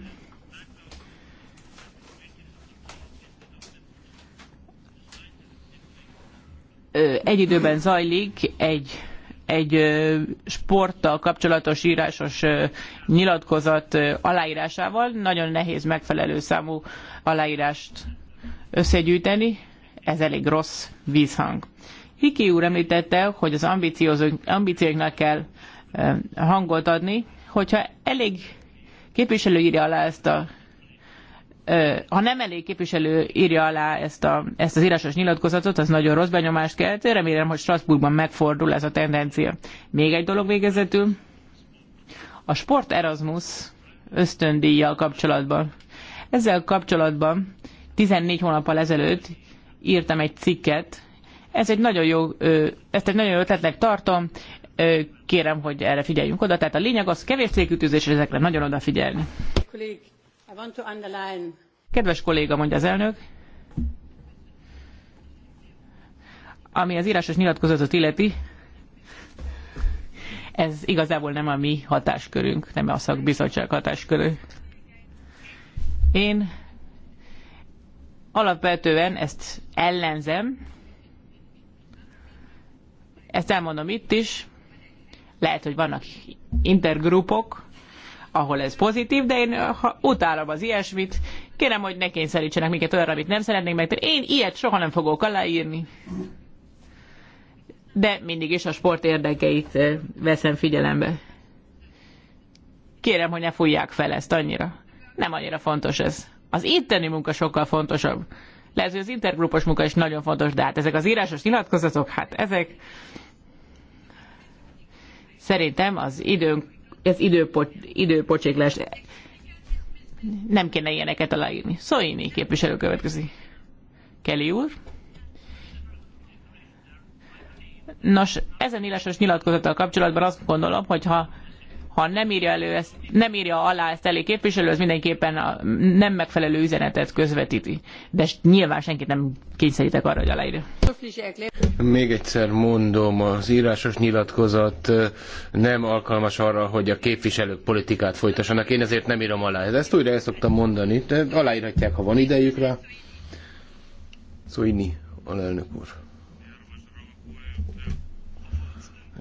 egy időben zajlik egy egy sporttal kapcsolatos írásos nyilatkozat aláírásával. Nagyon nehéz megfelelő számú aláírást összegyűjteni. Ez elég rossz vízhang. Hiki úr említette, hogy az ambícióknak kell hangot adni, hogyha elég képviselő írja alá ezt a ha nem elég képviselő írja alá ezt, a, ezt az írásos nyilatkozatot, az nagyon rossz benyomást kelt. Én remélem, hogy Strasbourgban megfordul ez a tendencia. Még egy dolog végezetül. A Sport Erasmus ösztöndíjjal kapcsolatban. Ezzel kapcsolatban 14 hónappal ezelőtt írtam egy cikket. Ez egy nagyon jó, ezt egy nagyon jó ötletnek tartom. Kérem, hogy erre figyeljünk oda. Tehát a lényeg az kevés célkütőzés, ezekre nagyon odafigyelni. Kollég. Kedves kolléga, mondja az elnök, ami az írásos nyilatkozatot illeti, ez igazából nem a mi hatáskörünk, nem a szakbizottság hatáskörünk. Én alapvetően ezt ellenzem, ezt elmondom itt is, lehet, hogy vannak intergrupok, ahol ez pozitív, de én ha utálom az ilyesmit, kérem, hogy ne kényszerítsenek minket olyan, amit nem szeretnénk megtenni. Én ilyet soha nem fogok aláírni. De mindig is a sport érdekeit veszem figyelembe. Kérem, hogy ne fújják fel ezt annyira. Nem annyira fontos ez. Az itteni munka sokkal fontosabb. Lehet, hogy az intergrupos munka is nagyon fontos, de hát ezek az írásos nyilatkozatok, hát ezek szerintem az időnk ez időpot, időpocséklás. Nem kéne ilyeneket aláírni. Szóini képviselő következik. Kelly úr. Nos, ezen írásos nyilatkozattal kapcsolatban azt gondolom, hogy ha ha nem írja, elő ezt, nem írja alá ezt elég képviselő, az mindenképpen a nem megfelelő üzenetet közvetíti. De nyilván senkit nem kényszerítek arra, hogy aláírja. Még egyszer mondom, az írásos nyilatkozat nem alkalmas arra, hogy a képviselők politikát folytassanak. Én ezért nem írom alá. Ezt újra el szoktam mondani. De aláírhatják, ha van idejük rá. Szóini, alelnök úr.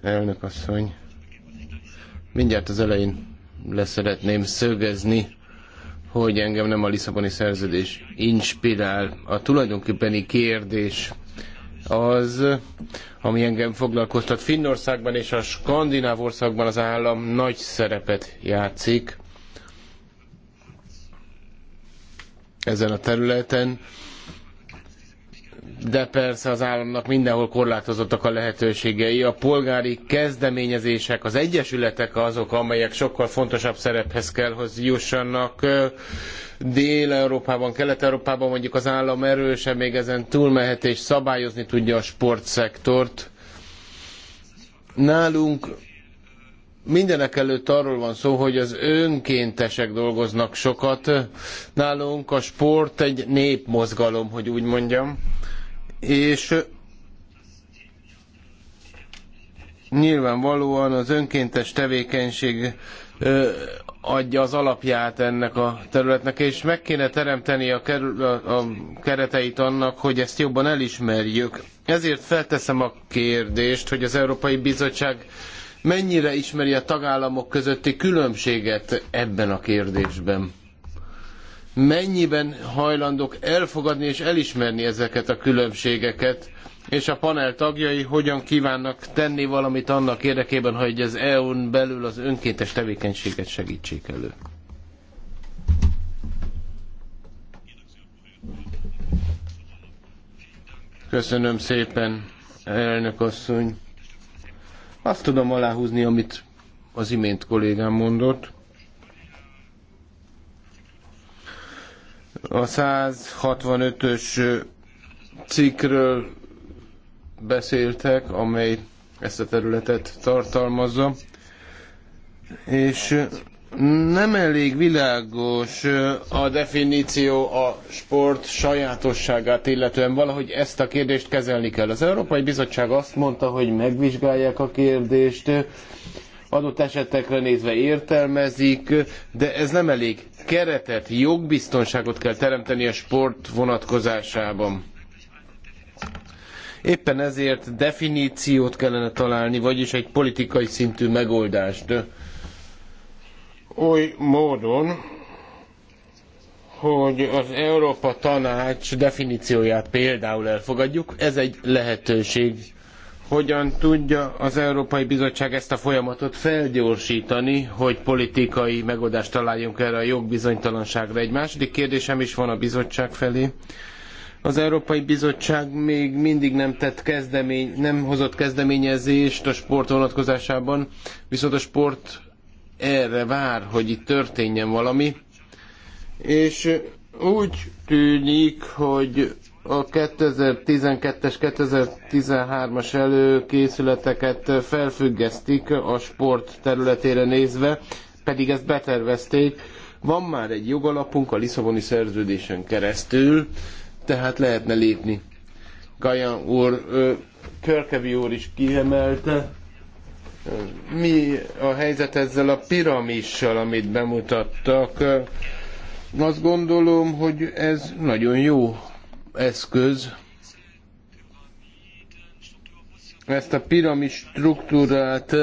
Elnök asszony Mindjárt az elején leszeretném szögezni, hogy engem nem a Lisszaboni szerződés inspirál. A tulajdonképpeni kérdés az, ami engem foglalkoztat. Finnországban és a skandináv országban az állam nagy szerepet játszik ezen a területen de persze az államnak mindenhol korlátozottak a lehetőségei. A polgári kezdeményezések, az egyesületek azok, amelyek sokkal fontosabb szerephez kell, hogy jussanak. Dél-Európában, Kelet-Európában mondjuk az állam erőse még ezen túlmehet és szabályozni tudja a sportszektort. Nálunk mindenekelőtt arról van szó, hogy az önkéntesek dolgoznak sokat. Nálunk a sport egy népmozgalom, hogy úgy mondjam és nyilvánvalóan az önkéntes tevékenység adja az alapját ennek a területnek, és meg kéne teremteni a, kerül, a, a kereteit annak, hogy ezt jobban elismerjük. Ezért felteszem a kérdést, hogy az Európai Bizottság mennyire ismeri a tagállamok közötti különbséget ebben a kérdésben mennyiben hajlandók elfogadni és elismerni ezeket a különbségeket, és a panel tagjai hogyan kívánnak tenni valamit annak érdekében, hogy az EU-n belül az önkéntes tevékenységet segítsék elő. Köszönöm szépen, elnök asszony. Azt tudom aláhúzni, amit az imént kollégám mondott. A 165-ös cikkről beszéltek, amely ezt a területet tartalmazza, és nem elég világos a definíció a sport sajátosságát illetően. Valahogy ezt a kérdést kezelni kell. Az Európai Bizottság azt mondta, hogy megvizsgálják a kérdést, adott esetekre nézve értelmezik, de ez nem elég. Keretet, jogbiztonságot kell teremteni a sport vonatkozásában. Éppen ezért definíciót kellene találni, vagyis egy politikai szintű megoldást. Oly módon, hogy az Európa Tanács definícióját például elfogadjuk, ez egy lehetőség hogyan tudja az Európai Bizottság ezt a folyamatot felgyorsítani, hogy politikai megoldást találjunk erre a jogbizonytalanságra. Egy második kérdésem is van a bizottság felé. Az Európai Bizottság még mindig nem tett kezdemény, nem hozott kezdeményezést a sport vonatkozásában, viszont a sport erre vár, hogy itt történjen valami. És úgy tűnik, hogy a 2012-es, 2013-as előkészületeket felfüggesztik a sport területére nézve, pedig ezt betervezték. Van már egy jogalapunk a Lisszaboni szerződésen keresztül, tehát lehetne lépni. Gajan úr, Körkevi úr is kiemelte, mi a helyzet ezzel a piramissal, amit bemutattak. Azt gondolom, hogy ez nagyon jó eszköz ezt a piramis struktúrát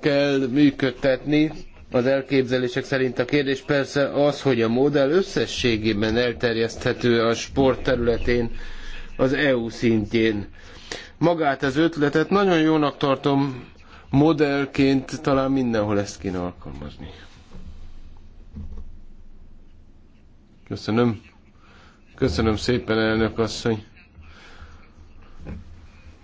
kell működtetni az elképzelések szerint. A kérdés persze az, hogy a modell összességében elterjeszthető a sport területén, az EU szintjén. Magát az ötletet nagyon jónak tartom modellként, talán mindenhol ezt kéne alkalmazni. Köszönöm. Köszönöm szépen, elnök asszony.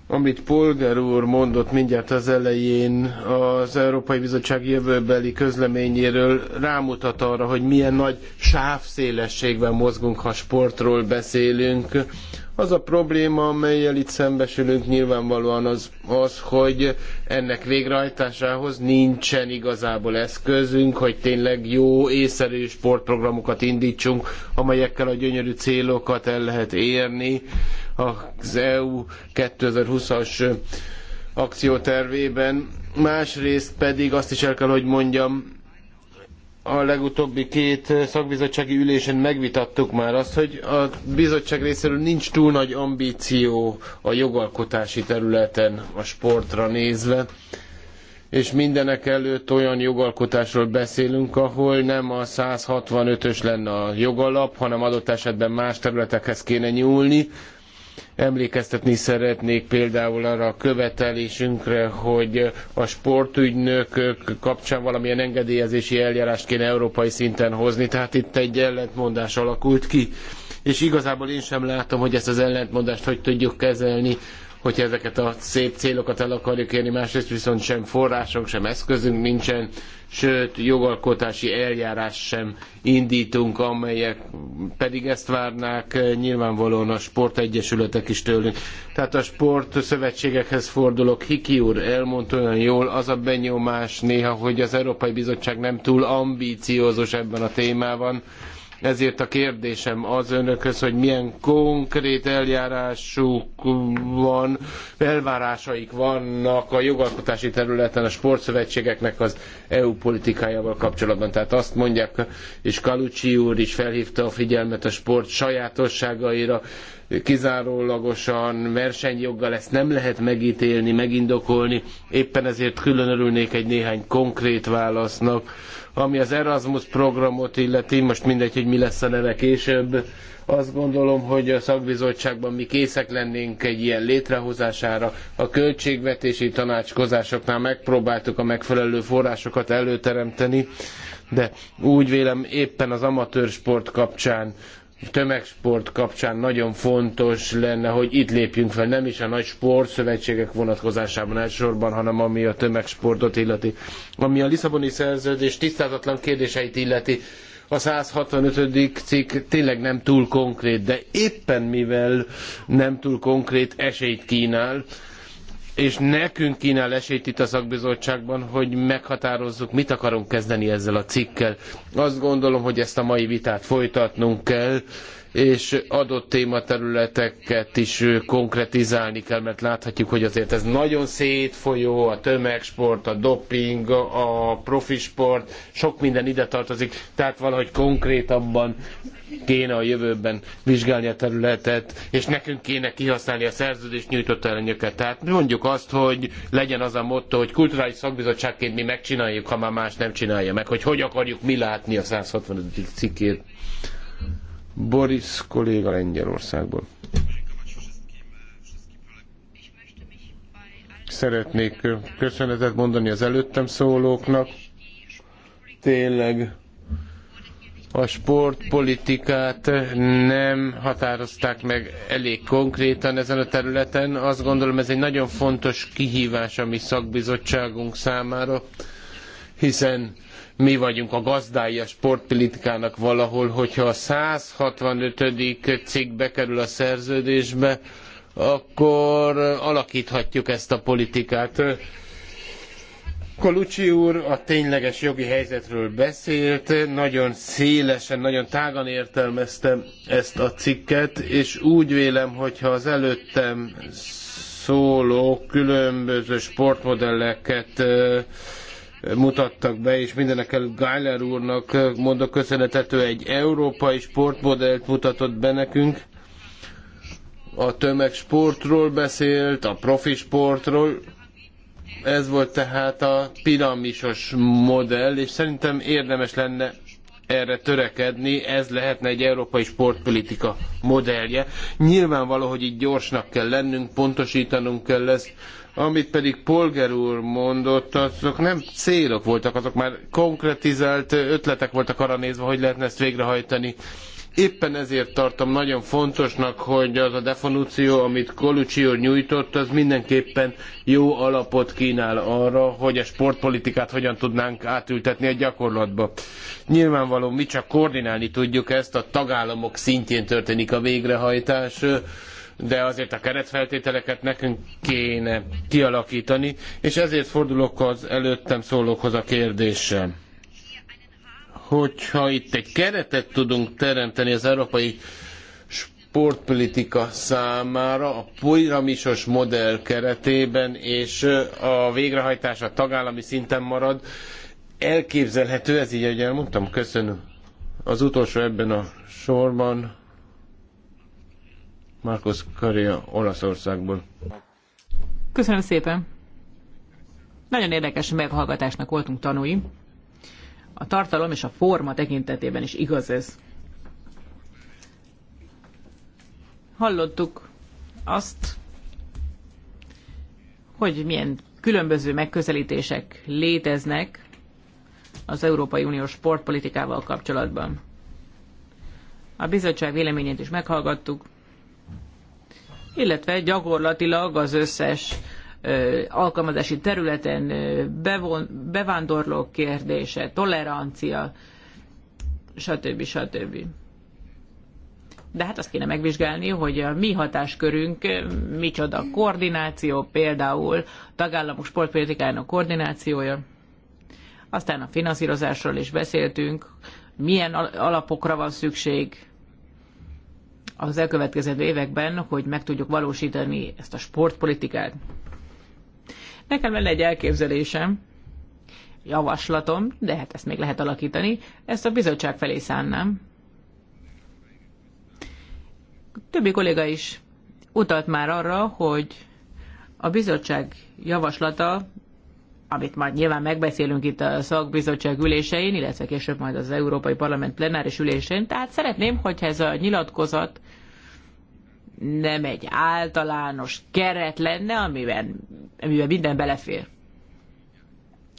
Amit Polgár úr mondott mindjárt az elején az Európai Bizottság jövőbeli közleményéről rámutat arra, hogy milyen nagy sávszélességben mozgunk, ha sportról beszélünk. Az a probléma, amelyel itt szembesülünk nyilvánvalóan az, az, hogy ennek végrehajtásához nincsen igazából eszközünk, hogy tényleg jó, észszerű sportprogramokat indítsunk, amelyekkel a gyönyörű célokat el lehet érni. Az EU 2020-as akciótervében. Másrészt pedig azt is el kell, hogy mondjam, a legutóbbi két szakbizottsági ülésen megvitattuk már azt, hogy a bizottság részéről nincs túl nagy ambíció a jogalkotási területen a sportra nézve, és mindenek előtt olyan jogalkotásról beszélünk, ahol nem a 165-ös lenne a jogalap, hanem adott esetben más területekhez kéne nyúlni, Emlékeztetni szeretnék például arra a követelésünkre, hogy a sportügynökök kapcsán valamilyen engedélyezési eljárást kéne európai szinten hozni, tehát itt egy ellentmondás alakult ki és igazából én sem látom, hogy ezt az ellentmondást hogy tudjuk kezelni hogyha ezeket a szép célokat el akarjuk érni, másrészt viszont sem források, sem eszközünk nincsen, sőt jogalkotási eljárás sem indítunk, amelyek pedig ezt várnák nyilvánvalóan a sportegyesületek is tőlünk. Tehát a sportszövetségekhez fordulok, Hiki úr elmondta olyan jól, az a benyomás néha, hogy az Európai Bizottság nem túl ambíciózus ebben a témában, ezért a kérdésem az önökhöz, hogy milyen konkrét eljárásuk van, elvárásaik vannak a jogalkotási területen a sportszövetségeknek az EU politikájával kapcsolatban. Tehát azt mondják, és Kalucsi úr is felhívta a figyelmet a sport sajátosságaira, kizárólagosan versenyjoggal ezt nem lehet megítélni, megindokolni. Éppen ezért külön örülnék egy néhány konkrét válasznak ami az Erasmus programot illeti, most mindegy, hogy mi lesz a neve később, azt gondolom, hogy a szakbizottságban mi készek lennénk egy ilyen létrehozására. A költségvetési tanácskozásoknál megpróbáltuk a megfelelő forrásokat előteremteni, de úgy vélem éppen az amatőr sport kapcsán tömegsport kapcsán nagyon fontos lenne, hogy itt lépjünk fel, nem is a nagy sportszövetségek vonatkozásában elsősorban, hanem ami a tömegsportot illeti. Ami a Lisszaboni szerződés tisztázatlan kérdéseit illeti, a 165. cikk tényleg nem túl konkrét, de éppen mivel nem túl konkrét esélyt kínál, és nekünk kínál esélyt itt a szakbizottságban, hogy meghatározzuk, mit akarunk kezdeni ezzel a cikkel. Azt gondolom, hogy ezt a mai vitát folytatnunk kell, és adott tématerületeket is konkretizálni kell, mert láthatjuk, hogy azért ez nagyon szétfolyó, a tömegsport, a doping, a profi sport, sok minden ide tartozik, tehát valahogy konkrétabban kéne a jövőben vizsgálni a területet, és nekünk kéne kihasználni a szerződést nyújtott előnyöket. Tehát mondjuk azt, hogy legyen az a motto, hogy kulturális szakbizottságként mi megcsináljuk, ha már más nem csinálja meg, hogy hogy akarjuk mi látni a 165. cikkét. Boris kolléga Lengyelországból. Szeretnék köszönetet mondani az előttem szólóknak. Tényleg a sportpolitikát nem határozták meg elég konkrétan ezen a területen. Azt gondolom ez egy nagyon fontos kihívás a mi szakbizottságunk számára, hiszen mi vagyunk a gazdái a sportpolitikának valahol, hogyha a 165. cikk bekerül a szerződésbe, akkor alakíthatjuk ezt a politikát. Colucci úr a tényleges jogi helyzetről beszélt, nagyon szélesen, nagyon tágan értelmezte ezt a cikket, és úgy vélem, hogyha az előttem szóló különböző sportmodelleket mutattak be, és mindenek előtt Gáler úrnak mondok köszönetet, ő egy európai sportmodellt mutatott be nekünk. A tömegsportról beszélt, a profi sportról, ez volt tehát a piramisos modell, és szerintem érdemes lenne erre törekedni, ez lehetne egy európai sportpolitika modellje. Nyilvánvaló, hogy itt gyorsnak kell lennünk, pontosítanunk kell ezt, amit pedig Polger úr mondott, azok nem célok voltak, azok már konkretizált ötletek voltak arra nézve, hogy lehetne ezt végrehajtani. Éppen ezért tartom nagyon fontosnak, hogy az a definúció, amit Colucci úr nyújtott, az mindenképpen jó alapot kínál arra, hogy a sportpolitikát hogyan tudnánk átültetni a gyakorlatba. Nyilvánvaló, mi csak koordinálni tudjuk ezt, a tagállamok szintjén történik a végrehajtás de azért a keretfeltételeket nekünk kéne kialakítani, és ezért fordulok az előttem szólókhoz a kérdéssel. Hogyha itt egy keretet tudunk teremteni az európai sportpolitika számára a piramisos modell keretében, és a végrehajtás a tagállami szinten marad, elképzelhető, ez így, ahogy elmondtam, köszönöm. Az utolsó ebben a sorban Markus Karia Olaszországból. Köszönöm szépen. Nagyon érdekes meghallgatásnak voltunk tanúi. A tartalom és a forma tekintetében is igaz ez. Hallottuk azt, hogy milyen különböző megközelítések léteznek az Európai Uniós sportpolitikával kapcsolatban. A bizottság véleményét is meghallgattuk, illetve gyakorlatilag az összes alkalmazási területen bevon, bevándorlók kérdése, tolerancia, stb. stb. De hát azt kéne megvizsgálni, hogy a mi hatáskörünk micsoda koordináció, például tagállamok sportpolitikájának koordinációja. Aztán a finanszírozásról is beszéltünk, milyen alapokra van szükség, az elkövetkező években, hogy meg tudjuk valósítani ezt a sportpolitikát. Nekem lenne egy elképzelésem, javaslatom, de hát ezt még lehet alakítani, ezt a bizottság felé szánnám. többi kolléga is utalt már arra, hogy a bizottság javaslata amit majd nyilván megbeszélünk itt a szakbizottság ülésein, illetve később majd az Európai Parlament plenáris ülésén. Tehát szeretném, hogy ez a nyilatkozat nem egy általános keret lenne, amiben, amiben minden belefér.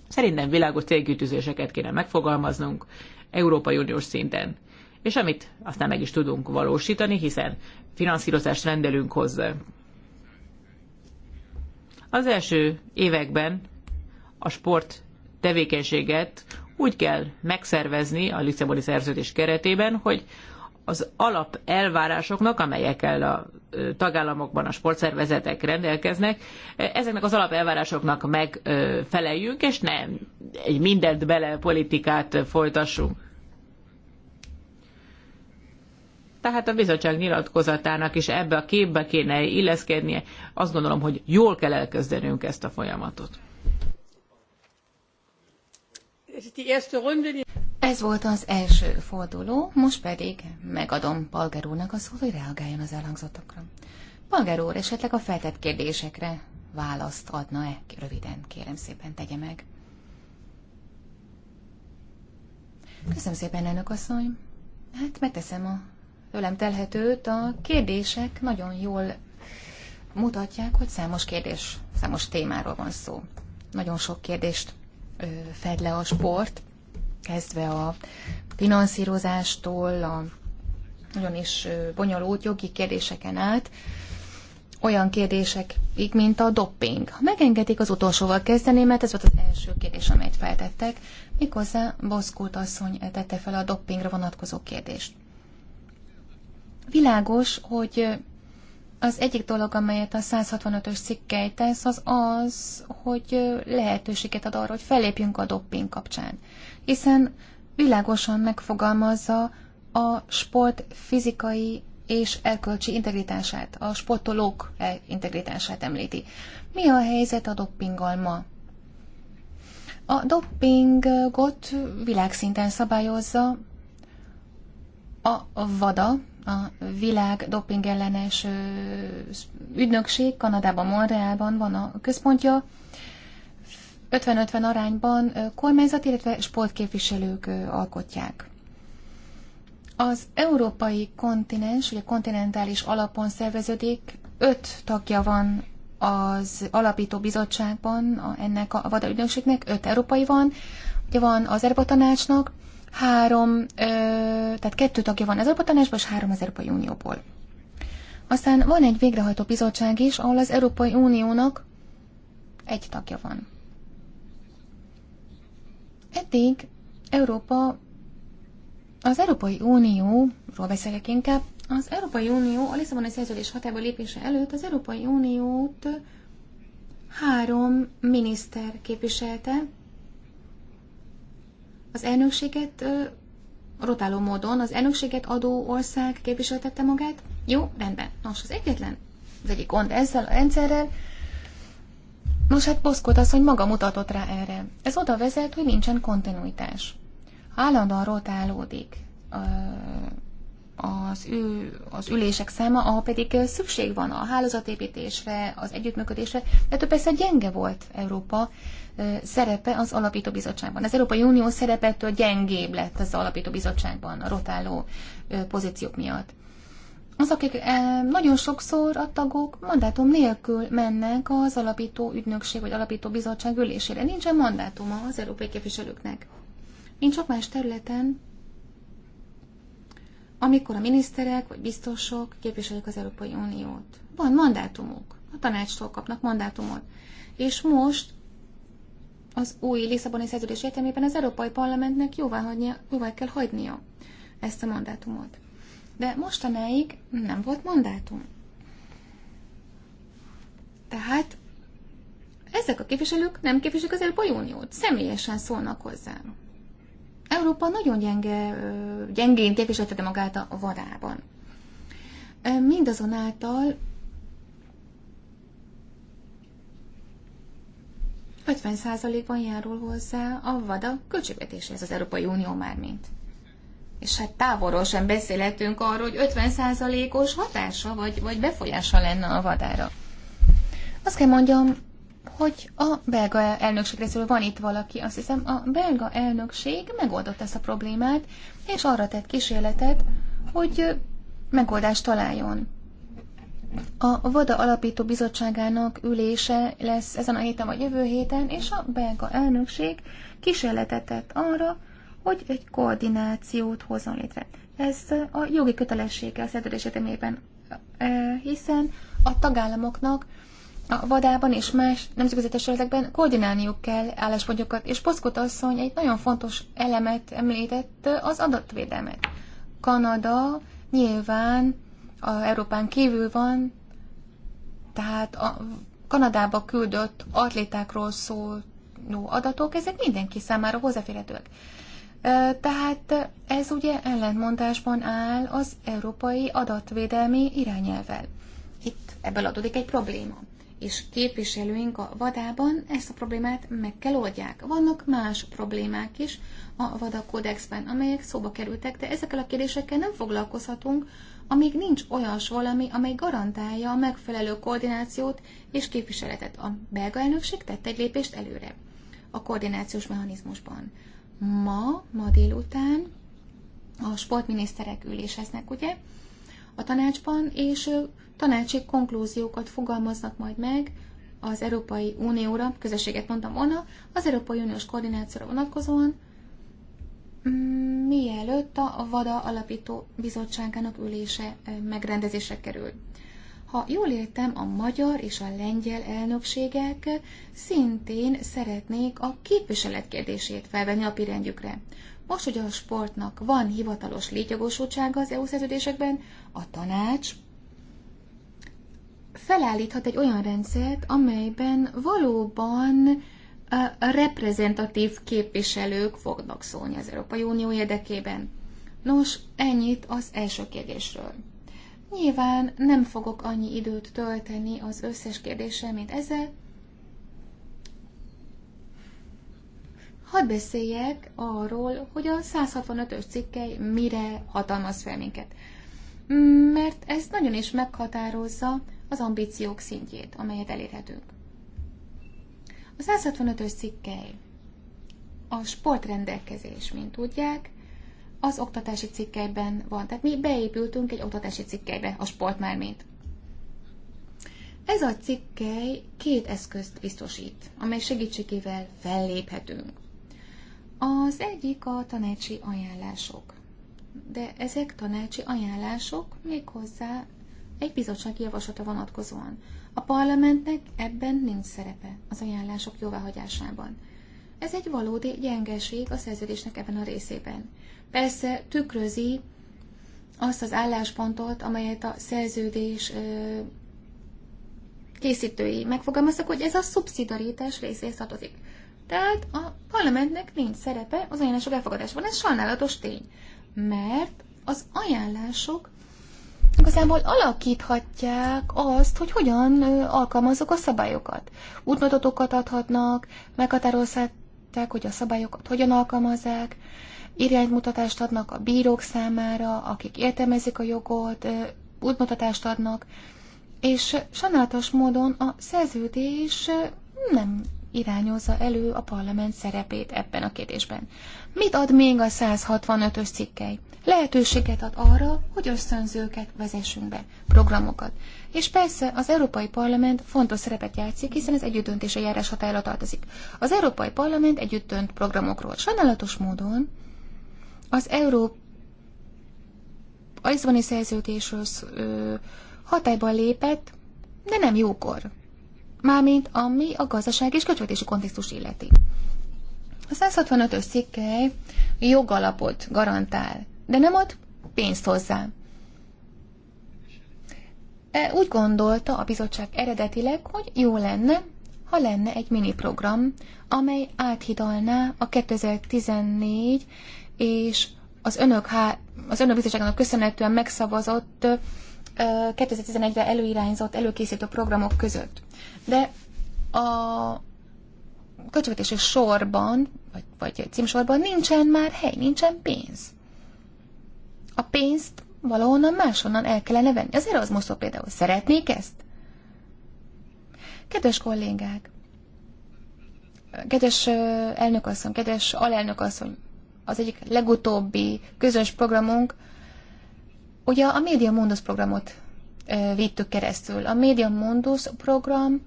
Szerintem világos célkütőzéseket kéne megfogalmaznunk Európai Uniós szinten. És amit aztán meg is tudunk valósítani, hiszen finanszírozást rendelünk hozzá. Az első években a sport tevékenységet úgy kell megszervezni a Lisszaboni szerződés keretében, hogy az alap elvárásoknak, amelyekkel a tagállamokban a sportszervezetek rendelkeznek, ezeknek az alap elvárásoknak megfeleljünk, és nem egy mindent bele politikát folytassunk. Tehát a bizottság nyilatkozatának is ebbe a képbe kéne illeszkednie. Azt gondolom, hogy jól kell elkezdenünk ezt a folyamatot. Ez volt az első forduló, most pedig megadom Palger úrnak a szót, hogy reagáljon az elhangzottakra. Palger úr esetleg a feltett kérdésekre választ adna-e? Röviden, kérem szépen, tegye meg. Köszönöm szépen, elnök asszony. Hát megteszem a tőlem telhetőt. A kérdések nagyon jól mutatják, hogy számos kérdés, számos témáról van szó. Nagyon sok kérdést fed le a sport, kezdve a finanszírozástól, a nagyon is bonyolult jogi kérdéseken át, olyan kérdésekig, mint a dopping. Ha megengedik, az utolsóval kezdeném, mert ez volt az első kérdés, amelyet feltettek, méghozzá Boszkult asszony tette fel a doppingra vonatkozó kérdést. Világos, hogy az egyik dolog, amelyet a 165-ös cikkely tesz, az az, hogy lehetőséget ad arra, hogy fellépjünk a dopping kapcsán. Hiszen világosan megfogalmazza a sport fizikai és erkölcsi integritását, a sportolók eh, integritását említi. Mi a helyzet a doppinggal ma? A doppingot világszinten szabályozza a VADA, a világ dopingellenes ügynökség Kanadában, Montrealban van a központja. 50-50 arányban kormányzat, illetve sportképviselők alkotják. Az európai kontinens, ugye kontinentális alapon szerveződik, öt tagja van az alapító bizottságban, a, ennek a vadaügynökségnek, öt európai van, ugye van az Erba tanácsnak, három, ö, tehát kettő tagja van az Európai Tanácsból, és három az Európai Unióból. Aztán van egy végrehajtó bizottság is, ahol az Európai Uniónak egy tagja van. Eddig Európa, az Európai Unióról beszélek inkább, az Európai Unió a Lisszaboni szerződés hatába lépése előtt az Európai Uniót három miniszter képviselte, az elnökséget rotáló módon az elnökséget adó ország képviseltette magát. Jó, rendben. Nos, az egyetlen, az egyik gond ezzel a rendszerrel, Nos, hát Boszkot az, hogy maga mutatott rá erre. Ez oda vezet, hogy nincsen kontinuitás. Ha állandóan rotálódik az, ő az ülések száma, ahol pedig szükség van a hálózatépítésre, az együttműködésre, de több persze gyenge volt Európa, szerepe az alapító bizottságban. Az Európai Unió szerepettől gyengébb lett az alapító bizottságban a rotáló pozíciók miatt. Az, akik nagyon sokszor a tagok mandátum nélkül mennek az alapító ügynökség vagy alapító bizottság ülésére. Nincsen mandátuma az európai képviselőknek. Nincs sok más területen, amikor a miniszterek vagy biztosok képviselik az Európai Uniót. Van mandátumuk, a tanácstól kapnak mandátumot. És most az új Lisszaboni szerződés értelmében az Európai Parlamentnek jóvá, hagynia, jóvá kell hagynia ezt a mandátumot. De mostanáig nem volt mandátum. Tehát ezek a képviselők nem képviselik az Európai Uniót, személyesen szólnak hozzá. Európa nagyon gyenge, gyengén képviselte magát a vadában. Mindazonáltal 50%-ban járul hozzá a vada költségvetéshez az Európai Unió mármint. És hát távolról sem beszélhetünk arról, hogy 50%-os hatása vagy, vagy befolyása lenne a vadára. Azt kell mondjam, hogy a belga elnökség részéről van itt valaki, azt hiszem a belga elnökség megoldott ezt a problémát, és arra tett kísérletet, hogy megoldást találjon. A VADA alapító bizottságának ülése lesz ezen a héten vagy jövő héten, és a belga elnökség kísérletet tett arra, hogy egy koordinációt hozzon létre. Ez a jogi kötelessége a szerződés értelmében, e, hiszen a tagállamoknak a vadában és más nemzetközi testületekben koordinálniuk kell álláspontjukat, és Poszkot asszony egy nagyon fontos elemet említett, az adatvédelmet. Kanada nyilván a Európán kívül van, tehát a Kanadába küldött atlétákról szóló adatok, ezek mindenki számára hozzáférhetőek. Tehát ez ugye ellentmondásban áll az európai adatvédelmi irányelvel. Itt ebből adódik egy probléma. És képviselőink a vadában ezt a problémát meg kell oldják. Vannak más problémák is a vadakódexben, amelyek szóba kerültek, de ezekkel a kérdésekkel nem foglalkozhatunk, amíg nincs olyas valami, amely garantálja a megfelelő koordinációt és képviseletet. A belga elnökség tett egy lépést előre a koordinációs mechanizmusban. Ma, ma délután a sportminiszterek üléseznek, ugye, a tanácsban, és tanácsi konklúziókat fogalmaznak majd meg az Európai Unióra, közösséget mondtam volna, az Európai Uniós koordinációra vonatkozóan, mielőtt a VADA alapító bizottságának ülése megrendezésre kerül. Ha jól értem, a magyar és a lengyel elnökségek szintén szeretnék a képviselet kérdését felvenni a pirendjükre. Most, hogy a sportnak van hivatalos létjogosultsága az EU szerződésekben, a tanács felállíthat egy olyan rendszert, amelyben valóban reprezentatív képviselők fognak szólni az Európai Unió érdekében. Nos, ennyit az első kérdésről. Nyilván nem fogok annyi időt tölteni az összes kérdéssel, mint ezzel. Hadd beszéljek arról, hogy a 165-ös cikkely mire hatalmaz fel minket. Mert ez nagyon is meghatározza az ambíciók szintjét, amelyet elérhetünk. A 165-ös cikkely a sportrendelkezés, mint tudják, az oktatási cikkelyben van. Tehát mi beépültünk egy oktatási cikkelybe, a sport már mint. Ez a cikkely két eszközt biztosít, amely segítségével felléphetünk. Az egyik a tanácsi ajánlások. De ezek tanácsi ajánlások méghozzá egy bizottság javaslata vonatkozóan. A parlamentnek ebben nincs szerepe az ajánlások jóváhagyásában. Ez egy valódi gyengeség a szerződésnek ebben a részében. Persze tükrözi azt az álláspontot, amelyet a szerződés készítői megfogalmaztak, hogy ez a szubszidaritás részéhez tartozik. Tehát a parlamentnek nincs szerepe az ajánlások elfogadásában. Ez sajnálatos tény, mert az ajánlások igazából alakíthatják azt, hogy hogyan alkalmazzuk a szabályokat. Útmutatókat adhatnak, meghatározhatják, hogy a szabályokat hogyan alkalmazzák, iránymutatást adnak a bírók számára, akik értelmezik a jogot, útmutatást adnak, és sajnálatos módon a szerződés nem irányozza elő a parlament szerepét ebben a kérdésben. Mit ad még a 165-ös cikkely? Lehetőséget ad arra, hogy ösztönzőket vezessünk be, programokat. És persze az Európai Parlament fontos szerepet játszik, hiszen ez a járás hatájára tartozik. Az Európai Parlament együtt dönt programokról. Sajnálatos módon az Európai szerződésről hatályban lépett, de nem jókor mármint ami a gazdaság és költségvetési kontextus illeti. A 165-ös cikkely jogalapot garantál, de nem ad pénzt hozzá. E, úgy gondolta a bizottság eredetileg, hogy jó lenne, ha lenne egy miniprogram, amely áthidalná a 2014 és az önök, há- az önök bizottságának köszönhetően megszavazott 2011-re előirányzott előkészítő programok között. De a költségvetési sorban, vagy, vagy címsorban nincsen már hely, nincsen pénz. A pénzt valahonnan máshonnan el kellene venni. Az most például szeretnék ezt? Kedves kollégák, kedves elnökasszony, kedves alelnökasszony, az egyik legutóbbi közös programunk Ugye a Média Mundus programot vittük keresztül. A Média Mundus program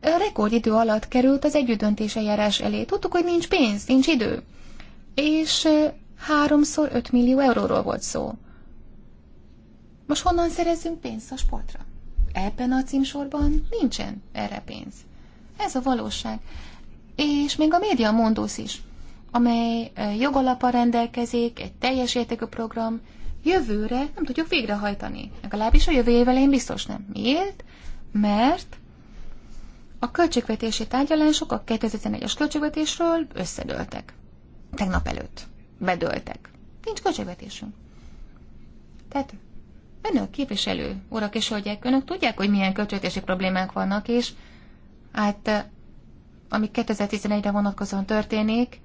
rekordidő alatt került az együttdöntés eljárás elé. Tudtuk, hogy nincs pénz, nincs idő. És háromszor 5 millió euróról volt szó. Most honnan szerezzünk pénzt a sportra? Ebben a címsorban nincsen erre pénz. Ez a valóság. És még a média mondósz is, amely jogalapa rendelkezik, egy teljes értékű program, jövőre nem tudjuk végrehajtani. Legalábbis a jövő évvel én biztos nem. Miért? Mert a költségvetési tárgyalások a 2011-es költségvetésről összedőltek. Tegnap előtt. Bedőltek. Nincs költségvetésünk. Tehát önök képviselő, urak és hölgyek, önök tudják, hogy milyen költségvetési problémák vannak, és hát ami 2011-re vonatkozóan történik,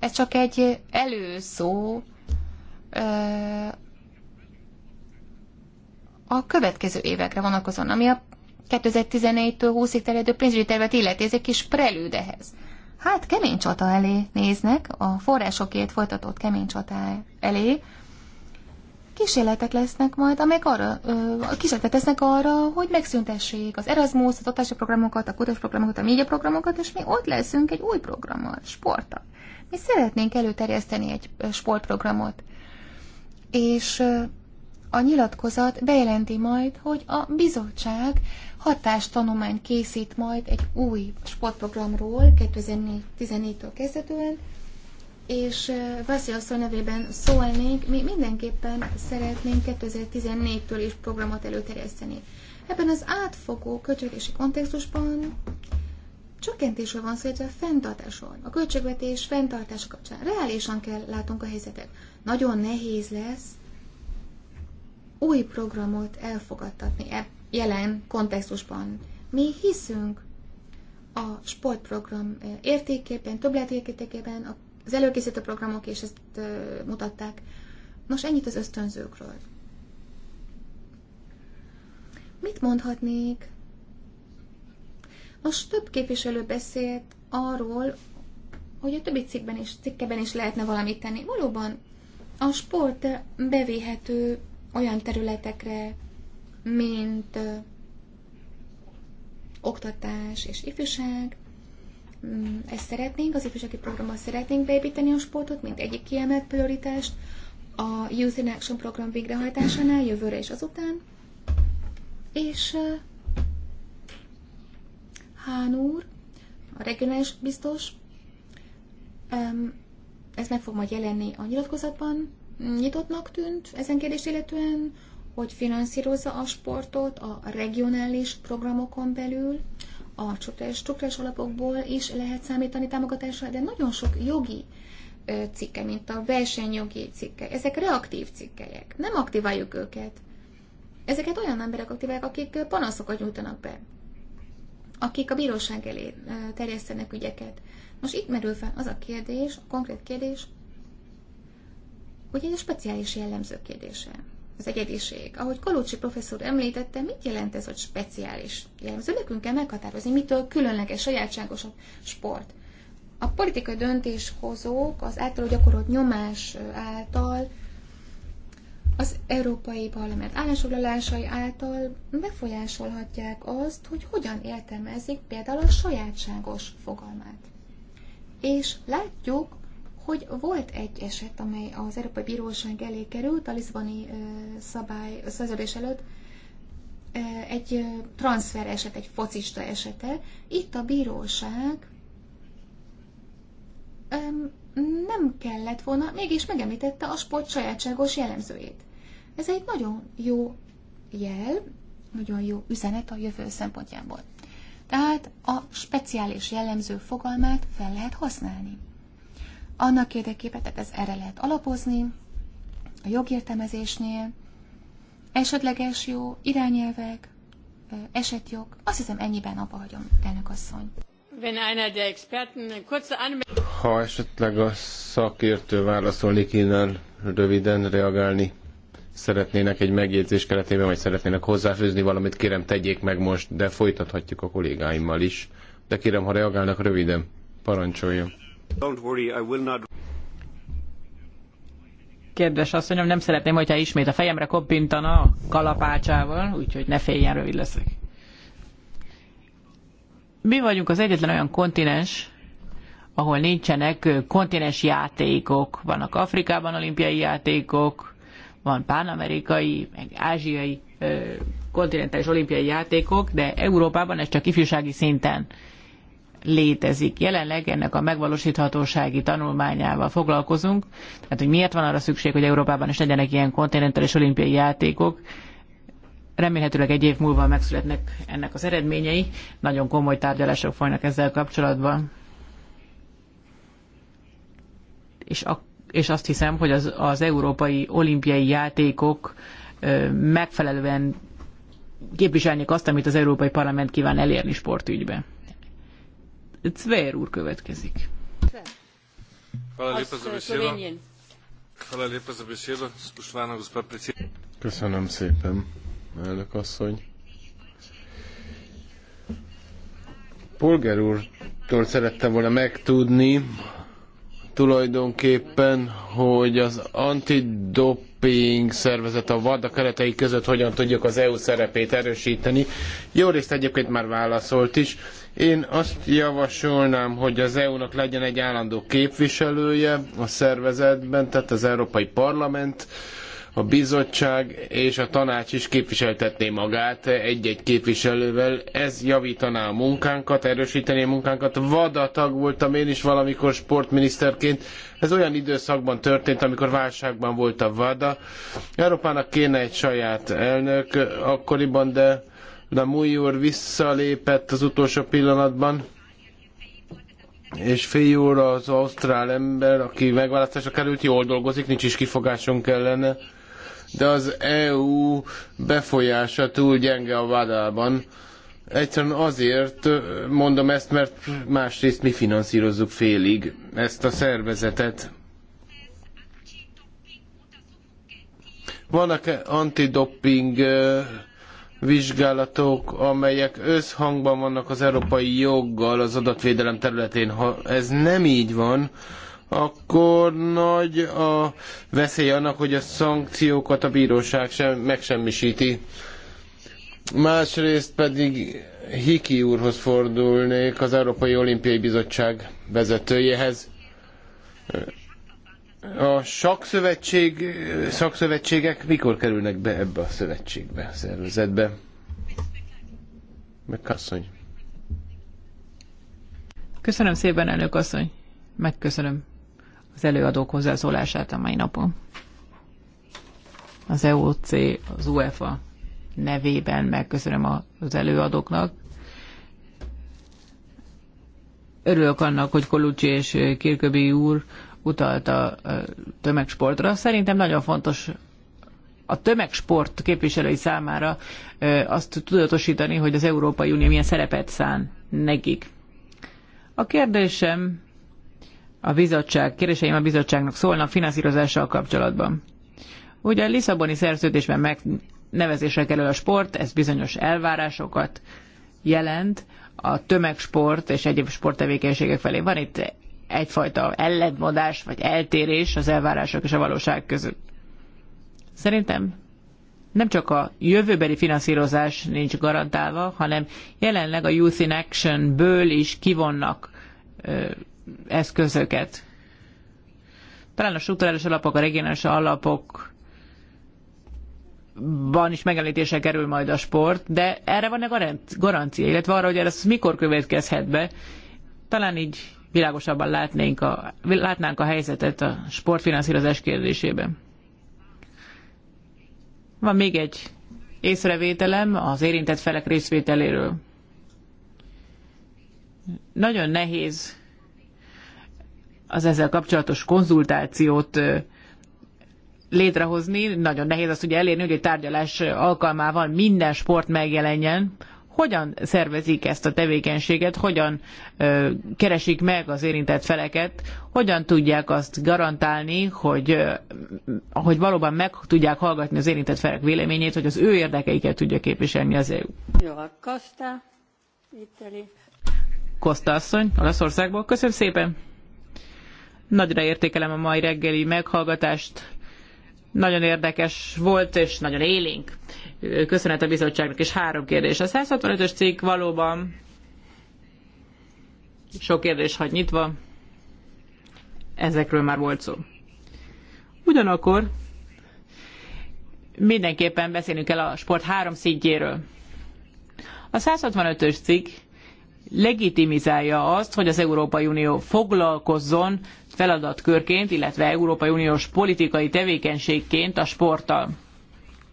ez csak egy előszó a következő évekre vonatkozóan, ami a 2014-től 20-ig terjedő pénzügyi tervet illeti, ez egy kis prelűd ehhez. Hát kemény csata elé néznek, a forrásokért folytatott kemény csata elé. Kísérletek lesznek majd, amelyek arra, kísérletet tesznek arra, hogy megszüntessék az Erasmus, az oktatási programokat, a kutatási programokat, a média programokat, és mi ott leszünk egy új programmal, sporttal. Mi szeretnénk előterjeszteni egy sportprogramot. És a nyilatkozat bejelenti majd, hogy a bizottság hatástanulmány készít majd egy új sportprogramról 2014-től kezdetően, és Vaszi asszony nevében szólnék, mi mindenképpen szeretnénk 2014-től is programot előterjeszteni. Ebben az átfogó költségvetési kontextusban csökkentésről van szó, illetve fenntartásról. A költségvetés fenntartása kapcsán reálisan kell látunk a helyzetet. Nagyon nehéz lesz új programot elfogadtatni e jelen kontextusban. Mi hiszünk a sportprogram e, értékében, többletértékében, az előkészítő programok és ezt e, mutatták. Nos, ennyit az ösztönzőkről. Mit mondhatnék? Nos, több képviselő beszélt arról, hogy a többi cikkben is, cikkeben is lehetne valamit tenni. Valóban a sport bevéhető olyan területekre, mint oktatás és ifjúság. Mm, ezt szeretnénk, az ifjúsági programban szeretnénk beépíteni a sportot, mint egyik kiemelt prioritást a Youth in Action program végrehajtásánál, jövőre és azután. És Hán úr, a regionális biztos, ez meg fog majd jelenni a nyilatkozatban, nyitottnak tűnt ezen kérdés illetően, hogy finanszírozza a sportot a regionális programokon belül, a struktúrás alapokból is lehet számítani támogatásra, de nagyon sok jogi cikke, mint a versenyjogi cikke. Ezek reaktív cikkelyek, nem aktiváljuk őket. Ezeket olyan emberek aktiválják, akik panaszokat nyújtanak be, akik a bíróság elé terjesztenek ügyeket. Most itt merül fel az a kérdés, a konkrét kérdés, hogy ez a speciális jellemző kérdése. Az egyediség. Ahogy Kolócsi professzor említette, mit jelent ez, hogy speciális jellemző? Nekünk kell meghatározni, mitől különleges, sajátságos a sport. A politikai döntéshozók az által gyakorolt nyomás által az Európai Parlament állásfoglalásai által befolyásolhatják azt, hogy hogyan értelmezik például a sajátságos fogalmát. És látjuk, hogy volt egy eset, amely az Európai Bíróság elé került a Lisboni szabály, szerződés előtt, egy transfer eset, egy focista esete. Itt a bíróság nem kellett volna, mégis megemlítette a sport sajátságos jellemzőjét. Ez egy nagyon jó jel, nagyon jó üzenet a jövő szempontjából. Tehát a speciális jellemző fogalmát fel lehet használni annak érdekében, tehát ez erre lehet alapozni, a jogértelmezésnél, esetleges jó irányelvek, esetjog. Azt hiszem, ennyiben abba hagyom, elnök asszony. Ha esetleg a szakértő válaszolni kéne, röviden reagálni szeretnének egy megjegyzés keretében, vagy szeretnének hozzáfőzni valamit, kérem tegyék meg most, de folytathatjuk a kollégáimmal is. De kérem, ha reagálnak, röviden parancsoljon. Kérdés Kedves asszonyom, nem szeretném, hogyha ismét a fejemre koppintana a kalapácsával, úgyhogy ne féljen, rövid leszek. Mi vagyunk az egyetlen olyan kontinens, ahol nincsenek kontinens játékok. Vannak Afrikában olimpiai játékok, van pánamerikai, meg ázsiai kontinentális olimpiai játékok, de Európában ez csak ifjúsági szinten létezik. Jelenleg ennek a megvalósíthatósági tanulmányával foglalkozunk, tehát hogy miért van arra szükség, hogy Európában is legyenek ilyen kontinentális olimpiai játékok. Remélhetőleg egy év múlva megszületnek ennek az eredményei. Nagyon komoly tárgyalások folynak ezzel kapcsolatban. És, a, és azt hiszem, hogy az, az európai olimpiai játékok ö, megfelelően képviselnék azt, amit az Európai Parlament kíván elérni sportügyben. Cver úr következik. Köszönöm szépen, elnök asszony. Polgár úrtól szerettem volna megtudni, tulajdonképpen, hogy az antidoping szervezet a VADA keretei között hogyan tudjuk az EU szerepét erősíteni. Jó részt egyébként már válaszolt is. Én azt javasolnám, hogy az EU-nak legyen egy állandó képviselője a szervezetben, tehát az Európai Parlament, a bizottság és a tanács is képviseltetné magát egy-egy képviselővel. Ez javítaná a munkánkat, erősítené a munkánkat. Vadatag voltam én is valamikor sportminiszterként. Ez olyan időszakban történt, amikor válságban volt a vada. Európának kéne egy saját elnök akkoriban, de de Mui úr visszalépett az utolsó pillanatban, és fél úr az ausztrál ember, aki megválasztásra került, jól dolgozik, nincs is kifogásunk ellene, de az EU befolyása túl gyenge a vádában. Egyszerűen azért mondom ezt, mert másrészt mi finanszírozzuk félig ezt a szervezetet. Vannak -e antidopping vizsgálatok, amelyek összhangban vannak az európai joggal az adatvédelem területén. Ha ez nem így van, akkor nagy a veszély annak, hogy a szankciókat a bíróság sem megsemmisíti. Másrészt pedig Hiki úrhoz fordulnék, az Európai Olimpiai Bizottság vezetőjéhez. A sakszövetség, szakszövetségek mikor kerülnek be ebbe a szövetségbe, a szervezetbe? Megkasszony. Köszönöm szépen, elnök asszony. Megköszönöm az előadók hozzászólását a mai napon. Az EOC, az UEFA nevében megköszönöm az előadóknak. Örülök annak, hogy Kolucsi és Kirköbi úr utalt a tömegsportra. Szerintem nagyon fontos a tömegsport képviselői számára azt tudatosítani, hogy az Európai Unió milyen szerepet szán nekik. A kérdésem a bizottság, kérdéseim a bizottságnak szólnak finanszírozással kapcsolatban. Ugye a Lisszaboni szerződésben megnevezésre kerül a sport, ez bizonyos elvárásokat jelent a tömegsport és egyéb sporttevékenységek felé. Van itt egyfajta ellentmondás vagy eltérés az elvárások és a valóság között. Szerintem nem csak a jövőbeli finanszírozás nincs garantálva, hanem jelenleg a Youth in Action-ből is kivonnak ö, eszközöket. Talán a struktúrális alapok, a regionális alapok van is megemlítése kerül majd a sport, de erre van-e garancia, illetve arra, hogy ez mikor következhet be. Talán így világosabban látnénk a, látnánk a helyzetet a sportfinanszírozás kérdésében. Van még egy észrevételem az érintett felek részvételéről. Nagyon nehéz az ezzel kapcsolatos konzultációt létrehozni, nagyon nehéz azt ugye elérni, hogy egy tárgyalás alkalmával minden sport megjelenjen, hogyan szervezik ezt a tevékenységet, hogyan ö, keresik meg az érintett feleket, hogyan tudják azt garantálni, hogy, ö, hogy valóban meg tudják hallgatni az érintett felek véleményét, hogy az ő érdekeiket tudja képviselni az EU. Jó, Costa, Itali. Costa asszony, Olaszországból. Köszönöm szépen! Nagyra értékelem a mai reggeli meghallgatást nagyon érdekes volt, és nagyon élénk. Köszönet a bizottságnak, és három kérdés. A 165-ös cikk valóban sok kérdés hagy nyitva. Ezekről már volt szó. Ugyanakkor mindenképpen beszélnünk kell a sport három szintjéről. A 165-ös cikk legitimizálja azt, hogy az Európai Unió foglalkozzon feladatkörként, illetve Európai Uniós politikai tevékenységként a sporttal.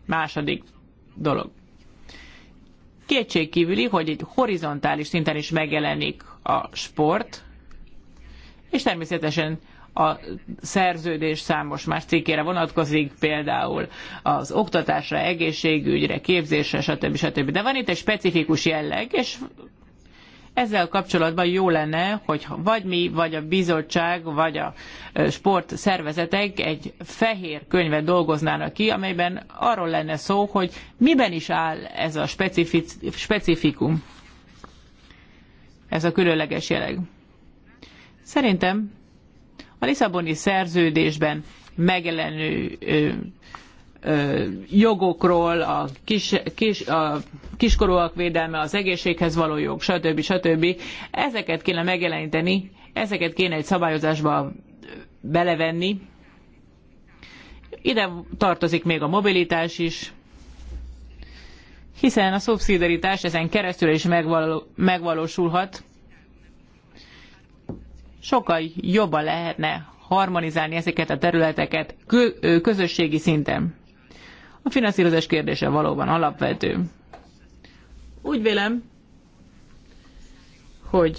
Második dolog. Kétségkívüli, hogy egy horizontális szinten is megjelenik a sport, és természetesen a szerződés számos más cikkére vonatkozik, például az oktatásra, egészségügyre, képzésre, stb. stb. De van itt egy specifikus jelleg, és ezzel kapcsolatban jó lenne, hogy vagy mi, vagy a bizottság, vagy a sport szervezetek egy fehér könyvet dolgoznának ki, amelyben arról lenne szó, hogy miben is áll ez a specific, specifikum, ez a különleges jeleg. Szerintem a Lisszaboni szerződésben megjelenő jogokról, a, kis, kis, a kiskorúak védelme, az egészséghez való jog, stb. stb. Ezeket kéne megjeleníteni, ezeket kéne egy szabályozásba belevenni. Ide tartozik még a mobilitás is, hiszen a szubszidaritás ezen keresztül is megvalósulhat. Sokkal jobban lehetne harmonizálni ezeket a területeket közösségi szinten. A finanszírozás kérdése valóban alapvető. Úgy vélem, hogy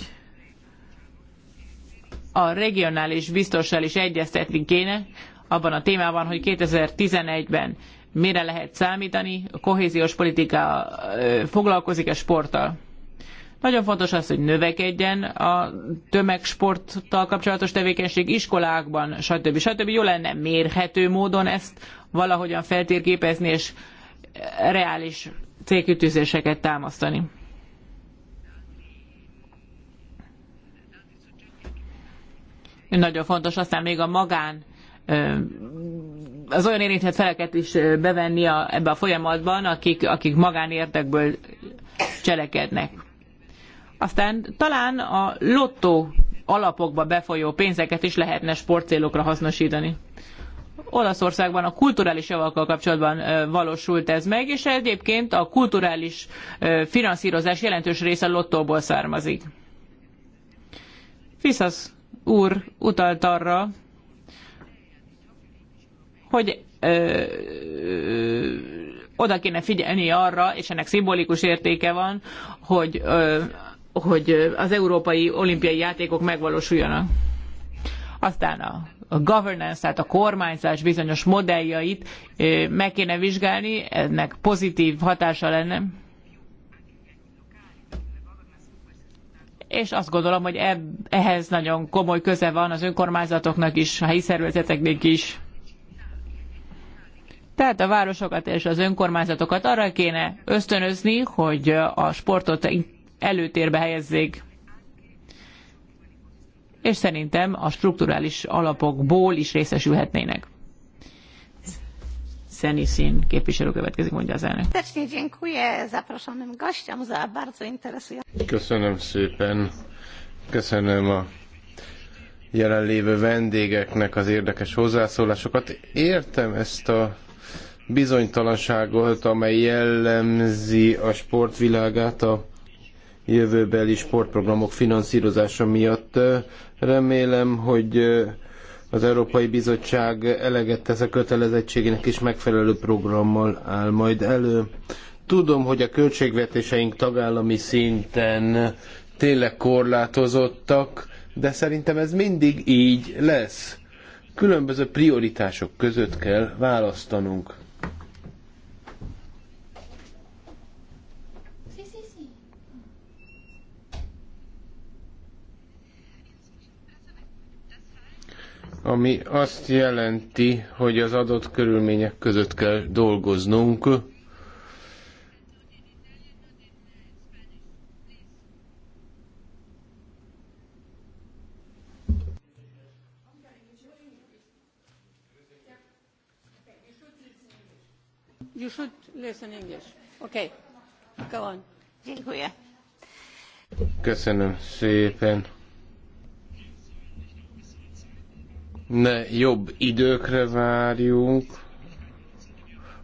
a regionális biztossal is egyeztetni kéne abban a témában, hogy 2011-ben mire lehet számítani, a kohéziós politika foglalkozik-e sporttal. Nagyon fontos az, hogy növekedjen a tömegsporttal kapcsolatos tevékenység iskolákban, stb. stb. Jó lenne mérhető módon ezt valahogyan feltérképezni és reális célkütőzéseket támasztani. Nagyon fontos aztán még a magán az olyan érintett feleket is bevenni a, ebbe a folyamatban, akik, akik magánérdekből cselekednek. Aztán talán a lottó alapokba befolyó pénzeket is lehetne sportcélokra hasznosítani. Olaszországban a kulturális javakkal kapcsolatban valósult ez meg, és egyébként a kulturális finanszírozás jelentős része lottóból származik. Fiszasz úr utalt arra, hogy ö, ö, oda kéne figyelni arra, és ennek szimbolikus értéke van, hogy ö, hogy az európai olimpiai játékok megvalósuljanak. Aztán a a governance, tehát a kormányzás bizonyos modelljait meg kéne vizsgálni, ennek pozitív hatása lenne. És azt gondolom, hogy ehhez nagyon komoly köze van az önkormányzatoknak is, a helyi szervezeteknek is. Tehát a városokat és az önkormányzatokat arra kéne ösztönözni, hogy a sportot előtérbe helyezzék. És szerintem a strukturális alapokból is részesülhetnének. Szeniszín képviselő következik, mondja az elnök. Köszönöm szépen. Köszönöm a jelenlévő vendégeknek az érdekes hozzászólásokat. Értem ezt a bizonytalanságot, amely jellemzi a sportvilágát, a jövőbeli sportprogramok finanszírozása miatt. Remélem, hogy az Európai Bizottság eleget tesz a kötelezettségének és megfelelő programmal áll majd elő. Tudom, hogy a költségvetéseink tagállami szinten tényleg korlátozottak, de szerintem ez mindig így lesz. Különböző prioritások között kell választanunk. ami azt jelenti, hogy az adott körülmények között kell dolgoznunk. You should listen English. Okay, go on. Dziękuję. Köszönöm szépen. ne jobb időkre várjunk,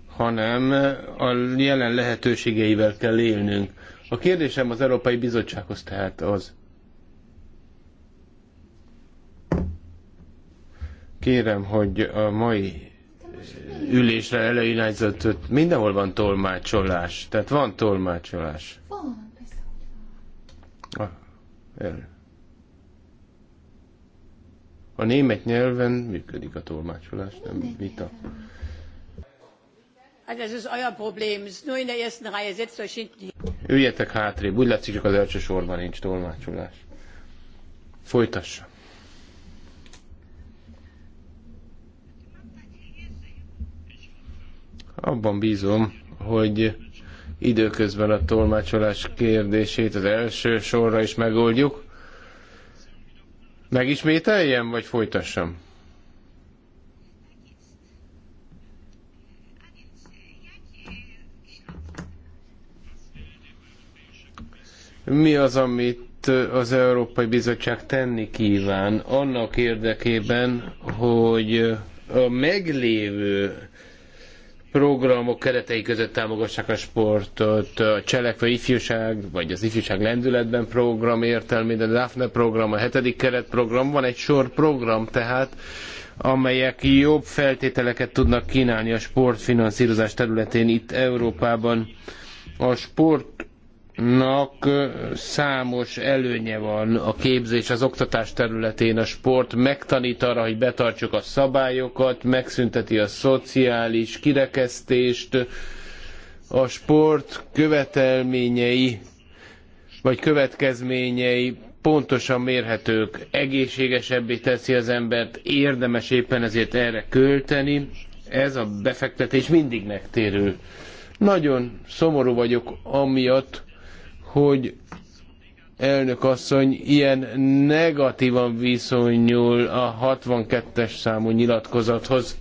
hanem a jelen lehetőségeivel kell élnünk. A kérdésem az Európai Bizottsághoz tehát az. Kérem, hogy a mai ülésre hogy mindenhol van tolmácsolás. Tehát van tolmácsolás. Van, persze, hogy van. Ah, el. A német nyelven működik a tolmácsolás, nem vita. Hát ez az Üljetek hátrébb, úgy látszik, csak az első sorban nincs tolmácsolás. Folytassa. Abban bízom, hogy időközben a tolmácsolás kérdését az első sorra is megoldjuk. Megismételjem, vagy folytassam? Mi az, amit az Európai Bizottság tenni kíván annak érdekében, hogy a meglévő programok keretei között támogassák a sportot, a Cselekvő Ifjúság, vagy az Ifjúság Lendületben program értelmében, a DAFNE program, a hetedik keret program van egy sor program tehát, amelyek jobb feltételeket tudnak kínálni a sportfinanszírozás területén itt Európában. A sport nak számos előnye van a képzés az oktatás területén, a sport megtanít arra, hogy betartsuk a szabályokat, megszünteti a szociális kirekesztést, a sport követelményei vagy következményei pontosan mérhetők, egészségesebbé teszi az embert, érdemes éppen ezért erre költeni, ez a befektetés mindig megtérül. Nagyon szomorú vagyok amiatt, hogy elnök asszony ilyen negatívan viszonyul a 62-es számú nyilatkozathoz.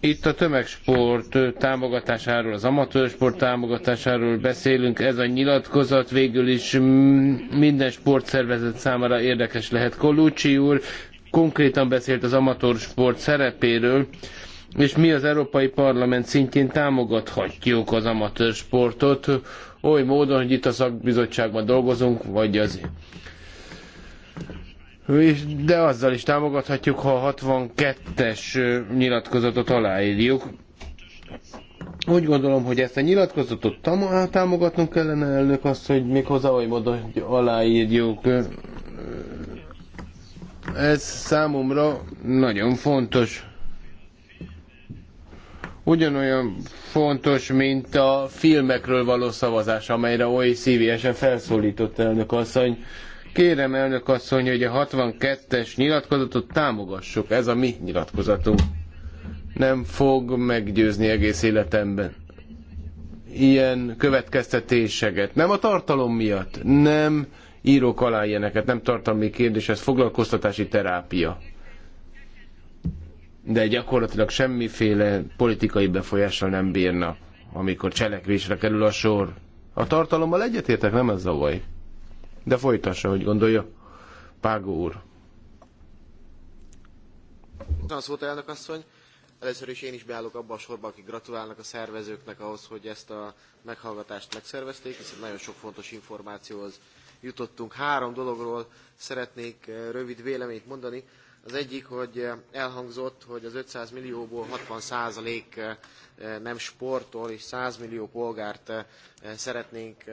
Itt a tömegsport támogatásáról, az amatőrsport támogatásáról beszélünk. Ez a nyilatkozat végül is minden sportszervezet számára érdekes lehet. Colucci úr konkrétan beszélt az amatőrsport szerepéről és mi az Európai Parlament szintjén támogathatjuk az amatőr sportot oly módon, hogy itt a szakbizottságban dolgozunk, vagy az de azzal is támogathatjuk, ha a 62-es nyilatkozatot aláírjuk. Úgy gondolom, hogy ezt a nyilatkozatot támogatnunk kellene, elnök azt, hogy méghozzá oly módon, hogy aláírjuk. Ez számomra nagyon fontos ugyanolyan fontos, mint a filmekről való szavazás, amelyre oly szívélyesen felszólított elnök asszony. Kérem elnök asszony, hogy a 62-es nyilatkozatot támogassuk, ez a mi nyilatkozatunk. Nem fog meggyőzni egész életemben ilyen következtetéseket. Nem a tartalom miatt, nem írok alá ilyeneket, nem tartalmi kérdés, ez foglalkoztatási terápia de gyakorlatilag semmiféle politikai befolyással nem bírna, amikor cselekvésre kerül a sor. A tartalommal egyetértek, nem ez a baj. De folytassa, hogy gondolja. Págó úr. Köszönöm a szót, elnök asszony. Először is én is beállok abba a sorba, akik gratulálnak a szervezőknek ahhoz, hogy ezt a meghallgatást megszervezték, hiszen nagyon sok fontos információhoz jutottunk. Három dologról szeretnék eh, rövid véleményt mondani. Az egyik, hogy eh, elhangzott, hogy az 500 millióból 60 százalék eh, eh, nem sportol, és 100 millió polgárt szeretnénk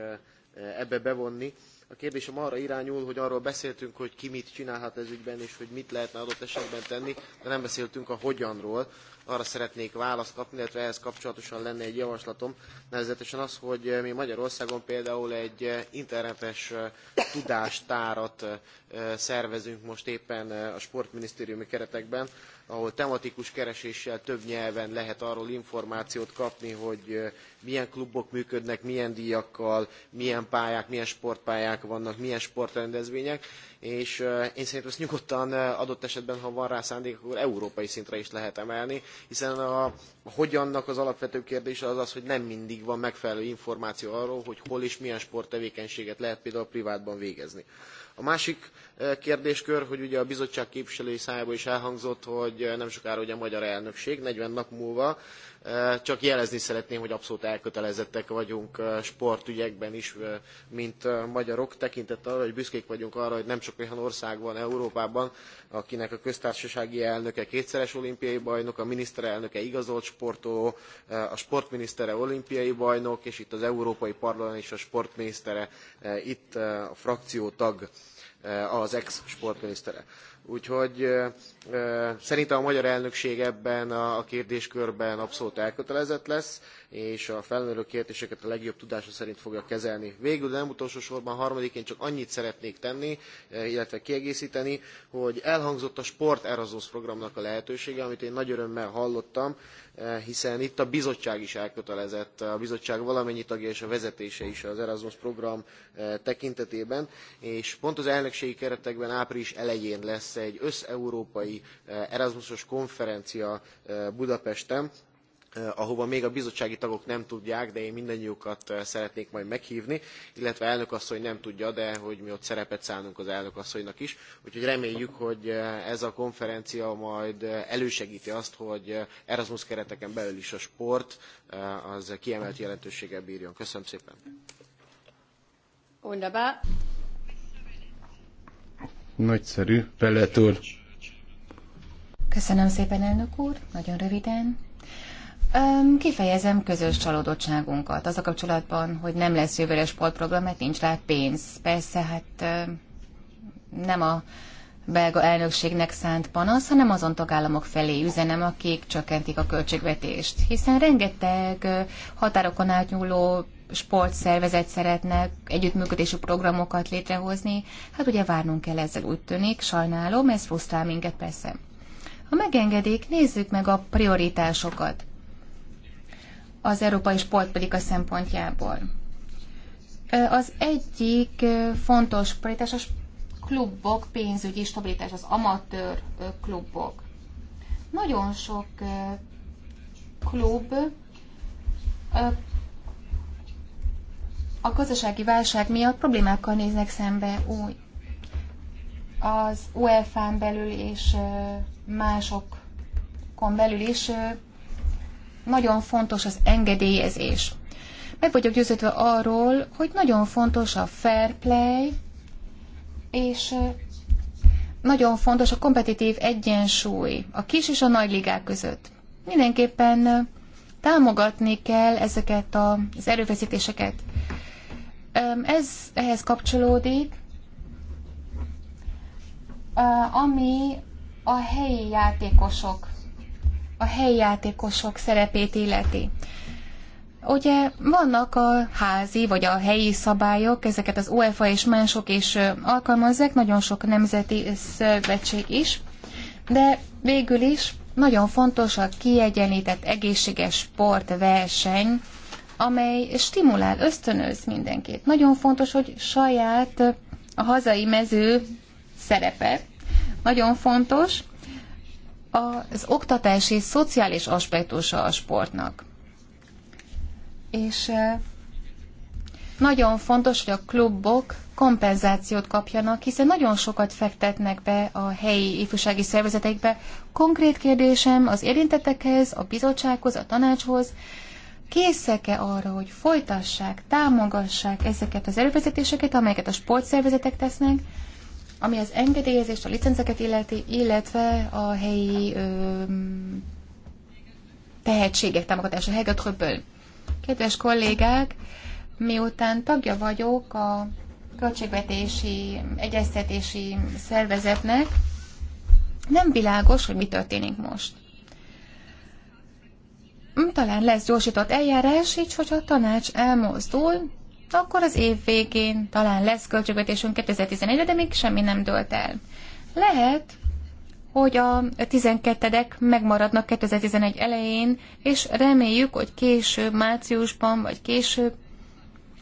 ebbe bevonni. A kérdésem arra irányul, hogy arról beszéltünk, hogy ki mit csinálhat ez ügyben, és hogy mit lehetne adott esetben tenni, de nem beszéltünk a hogyanról arra szeretnék választ kapni, illetve ehhez kapcsolatosan lenne egy javaslatom, nevezetesen az, hogy mi Magyarországon például egy internetes tudástárat szervezünk most éppen a sportminisztériumi keretekben, ahol tematikus kereséssel több nyelven lehet arról információt kapni, hogy milyen klubok működnek, milyen díjakkal, milyen pályák, milyen sportpályák vannak, milyen sportrendezvények, és én szerintem ezt nyugodtan adott esetben, ha van rá szándék, akkor európai szintre is lehet emelni, hiszen a, hogyannak az alapvető kérdése az az, hogy nem mindig van megfelelő információ arról, hogy hol és milyen sporttevékenységet lehet például privátban végezni. A másik kérdéskör, hogy ugye a bizottság képviselői szájából is elhangzott, hogy nem sokára ugye a magyar elnökség, 40 nap múlva, csak jelezni szeretném, hogy abszolút elkötelezettek vagyunk sportügyekben is, mint magyarok, tekintettel arra, hogy büszkék vagyunk arra, hogy nem csak olyan ország van Európában, akinek a köztársasági elnöke kétszeres olimpiai bajnok, a miniszterelnöke igazolt sportoló, a sportminisztere olimpiai bajnok, és itt az Európai Parlament és a sportminisztere itt a frakció tag Eh, az ex-sportminisztere. Úgyhogy eh, eh, szerintem a magyar elnökség ebben a kérdéskörben abszolút elkötelezett lesz és a felmerülő kérdéseket a legjobb tudása szerint fogja kezelni. Végül, nem utolsó sorban harmadiként csak annyit szeretnék tenni, eh, illetve kiegészíteni, hogy elhangzott a Sport Erasmus programnak a lehetősége, amit én nagy örömmel hallottam, eh, hiszen itt a bizottság is elkötelezett, a bizottság valamennyi tagja és a vezetése is az Erasmus program eh, tekintetében, és pont az elnökségi keretekben április elején lesz egy összeurópai Erasmusos konferencia Budapesten, Eh, ahova még a bizottsági tagok nem tudják, de én mindannyiukat eh, szeretnék majd meghívni, illetve asszony nem tudja, de hogy mi ott szerepet szánunk az asszonynak is. Úgyhogy reméljük, hogy eh, ez a konferencia majd elősegíti azt, hogy Erasmus kereteken belül is a sport az kiemelt jelentőséggel bírjon. Köszönöm szépen. Wunderbar. Nagyszerű, Pellet úr. Köszönöm szépen, elnök úr, nagyon röviden. Kifejezem közös csalódottságunkat az a kapcsolatban, hogy nem lesz jövőre sportprogram, mert nincs rá pénz. Persze, hát nem a belga elnökségnek szánt panasz, hanem azon tagállamok felé üzenem, akik csökkentik a költségvetést. Hiszen rengeteg határokon átnyúló sportszervezet szeretne együttműködésű programokat létrehozni. Hát ugye várnunk kell ezzel úgy tűnik, sajnálom, ez frusztrál minket persze. Ha megengedik, nézzük meg a prioritásokat az európai sportpolitika szempontjából. Az egyik fontos prioritás a klubok pénzügyi stabilitás, az amatőr klubok. Nagyon sok klub a gazdasági válság miatt problémákkal néznek szembe új. Az UEFA-n belül és másokon belül is nagyon fontos az engedélyezés. Meg vagyok győződve arról, hogy nagyon fontos a fair play, és nagyon fontos a kompetitív egyensúly a kis és a nagy ligák között. Mindenképpen támogatni kell ezeket az erőfeszítéseket. Ez ehhez kapcsolódik, ami a helyi játékosok a helyi játékosok szerepét illeti. Ugye vannak a házi vagy a helyi szabályok, ezeket az UEFA és mások is alkalmazzák, nagyon sok nemzeti szövetség is, de végül is nagyon fontos a kiegyenlített egészséges sportverseny, amely stimulál, ösztönöz mindenkit. Nagyon fontos, hogy saját a hazai mező szerepe. Nagyon fontos, az oktatási, szociális aspektusa a sportnak. És eh, nagyon fontos, hogy a klubok kompenzációt kapjanak, hiszen nagyon sokat fektetnek be a helyi ifjúsági szervezetekbe. Konkrét kérdésem az érintettekhez, a bizottsághoz, a tanácshoz, készek-e arra, hogy folytassák, támogassák ezeket az erővezetéseket, amelyeket a sportszervezetek tesznek, ami az engedélyezést, a licenceket illeti, illetve a helyi ö, tehetségek támogatása, Hegetröbből. Kedves kollégák, miután tagja vagyok a költségvetési, egyeztetési szervezetnek, nem világos, hogy mi történik most. Talán lesz gyorsított eljárás, így hogy a tanács elmozdul, akkor az év végén talán lesz költségvetésünk 2011-re, de még semmi nem dölt el. Lehet, hogy a 12-edek megmaradnak 2011 elején, és reméljük, hogy később, márciusban vagy később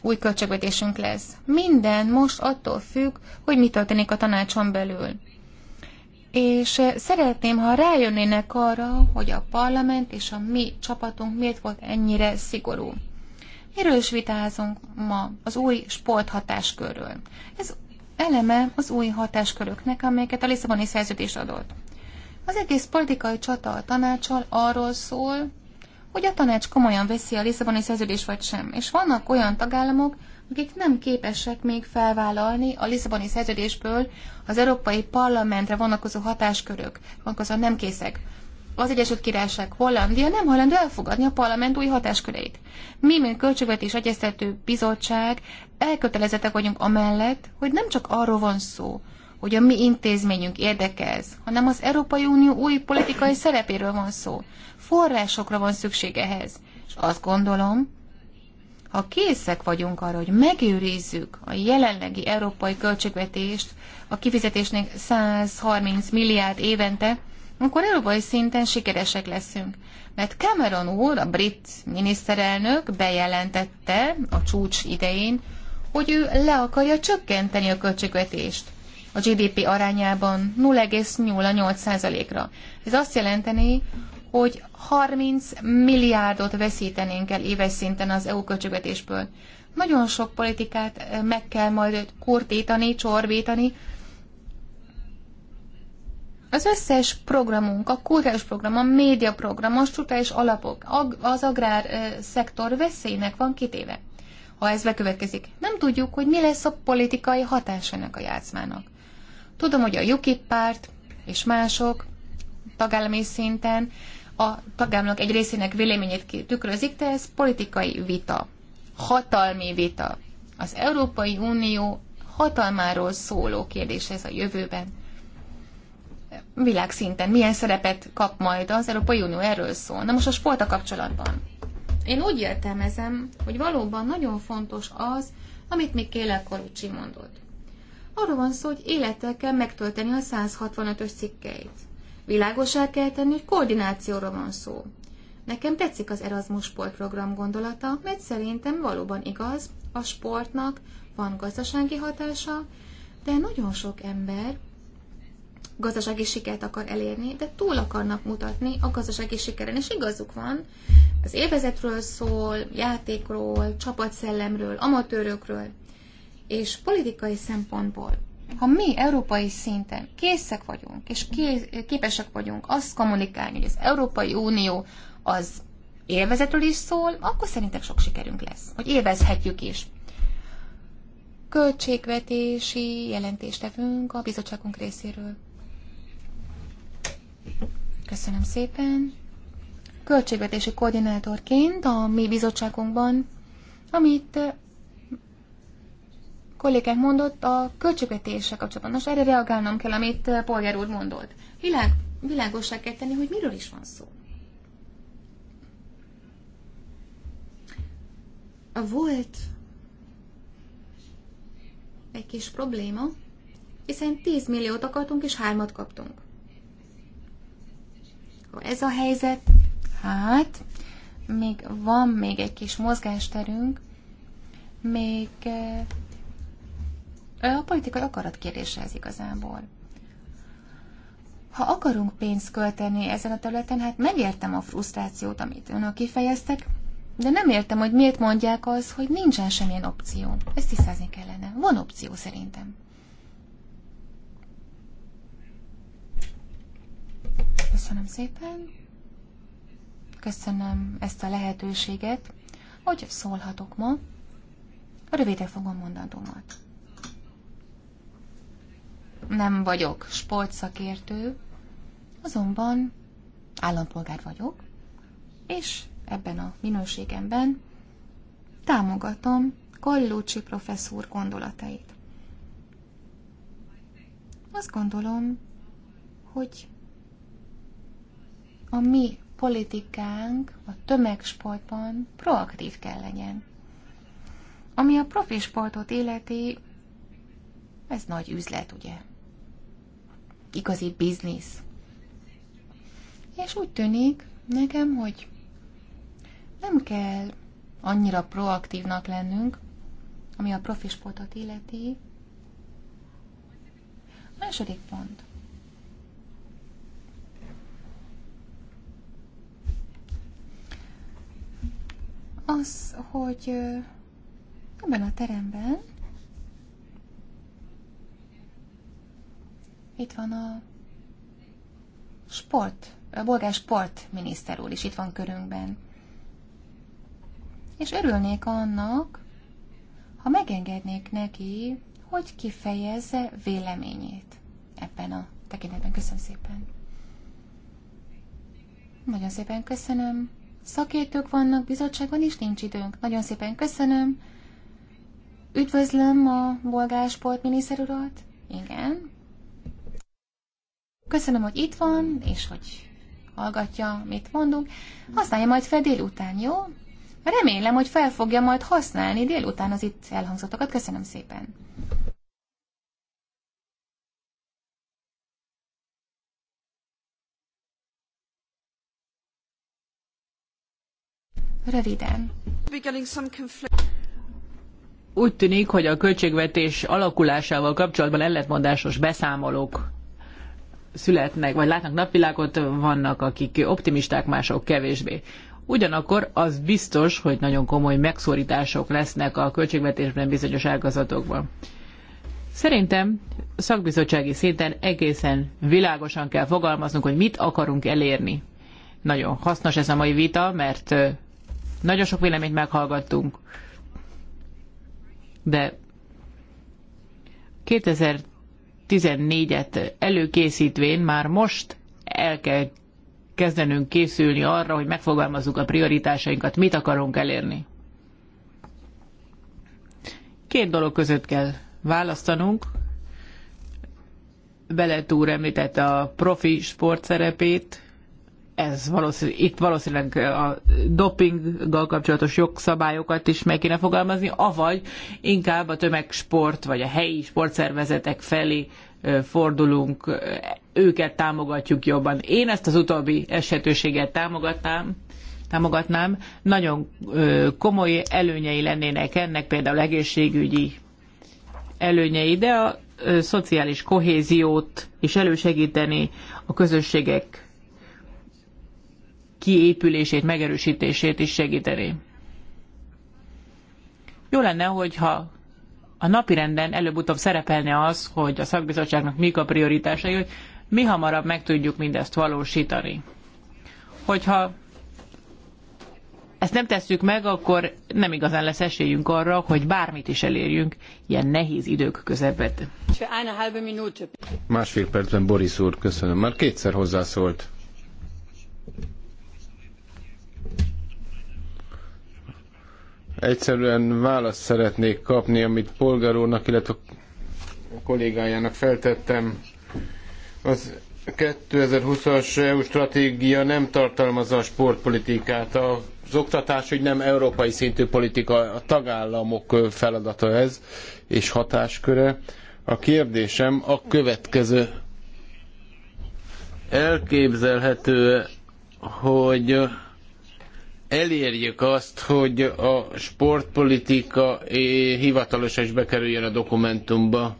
új költségvetésünk lesz. Minden most attól függ, hogy mi történik a tanácson belül. És szeretném, ha rájönnének arra, hogy a parlament és a mi csapatunk miért volt ennyire szigorú. Miről is vitázunk ma az új sporthatáskörről? Ez eleme az új hatásköröknek, amelyeket a Lisszaboni szerződés adott. Az egész politikai csata a tanácsal arról szól, hogy a tanács komolyan veszi a Lisszaboni szerződés vagy sem, és vannak olyan tagállamok, akik nem képesek még felvállalni a Lisszaboni szerződésből az Európai Parlamentre vonatkozó hatáskörök, vonatkozóan nem készek az Egyesült Királyság, Hollandia nem hajlandó elfogadni a parlament új hatásköreit. Mi, mint Költségvetés Egyeztető Bizottság, elkötelezettek vagyunk amellett, hogy nem csak arról van szó, hogy a mi intézményünk érdekez, hanem az Európai Unió új politikai szerepéről van szó. Forrásokra van szükség ehhez. És azt gondolom, ha készek vagyunk arra, hogy megőrizzük a jelenlegi európai költségvetést, a kifizetésnek 130 milliárd évente, akkor európai szinten sikeresek leszünk. Mert Cameron úr, a brit miniszterelnök bejelentette a csúcs idején, hogy ő le akarja csökkenteni a költségvetést a GDP arányában 0,08%-ra. Ez azt jelenteni, hogy 30 milliárdot veszítenénk el éves szinten az EU költségvetésből. Nagyon sok politikát eh, meg kell majd kurtítani, csorbítani, az összes programunk, a kultúrás program, a médiaprogram, a struktúrális alapok, az agrár szektor veszélynek van kitéve. Ha ez bekövetkezik, nem tudjuk, hogy mi lesz a politikai hatás ennek a játszmának. Tudom, hogy a UKIP párt és mások tagállami szinten a tagállamok egy részének véleményét tükrözik, de ez politikai vita, hatalmi vita. Az Európai Unió hatalmáról szóló kérdés ez a jövőben világszinten milyen szerepet kap majd az Európai Unió, erről szól. Na most a sporta kapcsolatban. Én úgy értelmezem, hogy valóban nagyon fontos az, amit még Kéle Korucsi mondott. Arról van szó, hogy élettel kell megtölteni a 165-ös cikkeit. Világosá kell tenni, hogy koordinációra van szó. Nekem tetszik az Erasmus sportprogram gondolata, mert szerintem valóban igaz, a sportnak van gazdasági hatása, de nagyon sok ember gazdasági sikert akar elérni, de túl akarnak mutatni a gazdasági sikeren, és igazuk van. Az évezetről szól, játékról, csapatszellemről, amatőrökről, és politikai szempontból. Ha mi európai szinten készek vagyunk, és képesek vagyunk azt kommunikálni, hogy az Európai Unió az élvezetről is szól, akkor szerintem sok sikerünk lesz, hogy élvezhetjük is költségvetési jelentést tevünk a bizottságunk részéről. Köszönöm szépen. Költségvetési koordinátorként a mi bizottságunkban, amit eh, kollégák mondott a költségvetéssel kapcsolatban. Most erre reagálnom kell, amit eh, polgár úr mondott. Világ, világossá kell tenni, hogy miről is van szó. Volt egy kis probléma, hiszen 10 milliót akartunk és 3-at kaptunk ez a helyzet? Hát, még van még egy kis mozgásterünk, még eh, a politikai akarat kérdése ez igazából. Ha akarunk pénzt költeni ezen a területen, hát megértem a frusztrációt, amit önök kifejeztek, de nem értem, hogy miért mondják az, hogy nincsen semmilyen opció. Ezt tisztázni kellene. Van opció szerintem. Köszönöm szépen. Köszönöm ezt a lehetőséget, hogy szólhatok ma. Rövidre fogom mondatomat. Nem vagyok sportszakértő, azonban állampolgár vagyok, és ebben a minőségemben támogatom Gallucci professzúr gondolatait. Azt gondolom, hogy a mi politikánk a tömegsportban proaktív kell legyen. Ami a profi sportot életi, ez nagy üzlet, ugye? Igazi biznisz. És úgy tűnik nekem, hogy nem kell annyira proaktívnak lennünk, ami a profi sportot illeti. Második pont. az, hogy ebben a teremben itt van a sport, a bolgár sportminiszter úr is itt van körünkben. És örülnék annak, ha megengednék neki, hogy kifejezze véleményét ebben a tekintetben. Köszönöm szépen! Nagyon szépen köszönöm. Szakértők vannak, bizottságban is nincs időnk. Nagyon szépen köszönöm. Üdvözlöm a bolgár sportminiszter urat. Igen. Köszönöm, hogy itt van, és hogy hallgatja, mit mondunk. Használja majd fel délután, jó? Remélem, hogy fel fogja majd használni délután az itt elhangzottakat. Köszönöm szépen. Röviden. Úgy tűnik, hogy a költségvetés alakulásával kapcsolatban ellentmondásos beszámolók születnek, vagy látnak napvilágot, vannak akik optimisták, mások kevésbé. Ugyanakkor az biztos, hogy nagyon komoly megszorítások lesznek a költségvetésben bizonyos ágazatokban. Szerintem szakbizottsági szinten egészen világosan kell fogalmaznunk, hogy mit akarunk elérni. Nagyon hasznos ez a mai vita, mert nagyon sok véleményt meghallgattunk, de 2014-et előkészítvén már most el kell kezdenünk készülni arra, hogy megfogalmazzuk a prioritásainkat, mit akarunk elérni. Két dolog között kell választanunk. Beletúr említette a profi sport szerepét, ez valószínű, itt valószínűleg a dopinggal kapcsolatos jogszabályokat is meg kéne fogalmazni, avagy inkább a tömegsport vagy a helyi sportszervezetek felé fordulunk, őket támogatjuk jobban. Én ezt az utóbbi esetőséget támogatnám, támogatnám. Nagyon komoly előnyei lennének ennek, például egészségügyi előnyei, de a szociális kohéziót is elősegíteni a közösségek kiépülését, megerősítését is segíteni. Jó lenne, hogyha a napirenden előbb-utóbb szerepelne az, hogy a szakbizottságnak mik a prioritásai, hogy mi hamarabb meg tudjuk mindezt valósítani. Hogyha ezt nem tesszük meg, akkor nem igazán lesz esélyünk arra, hogy bármit is elérjünk ilyen nehéz idők közepet. Másfél percben Boris úr, köszönöm. Már kétszer hozzászólt. Egyszerűen választ szeretnék kapni, amit polgár úrnak, illetve a kollégájának feltettem. Az 2020-as EU stratégia nem tartalmazza a sportpolitikát. Az oktatás, hogy nem európai szintű politika, a tagállamok feladata ez, és hatásköre. A kérdésem a következő. Elképzelhető, hogy elérjük azt, hogy a sportpolitika hivatalosan is bekerüljön a dokumentumba.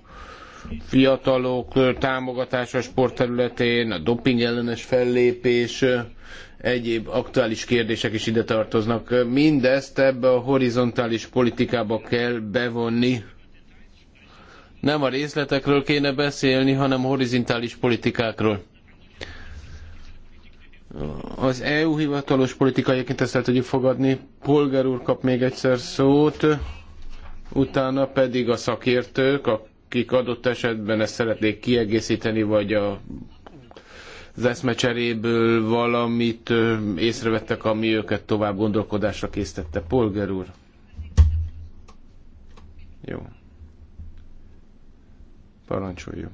Fiatalok támogatása a sportterületén, a doping ellenes fellépés, egyéb aktuális kérdések is ide tartoznak. Mindezt ebbe a horizontális politikába kell bevonni. Nem a részletekről kéne beszélni, hanem horizontális politikákról. Az EU hivatalos politikájaként ezt el tudjuk fogadni. Polgár úr kap még egyszer szót, utána pedig a szakértők, akik adott esetben ezt szeretnék kiegészíteni, vagy a az eszmecseréből valamit észrevettek, ami őket tovább gondolkodásra késztette. Polger úr. Jó. Parancsoljuk.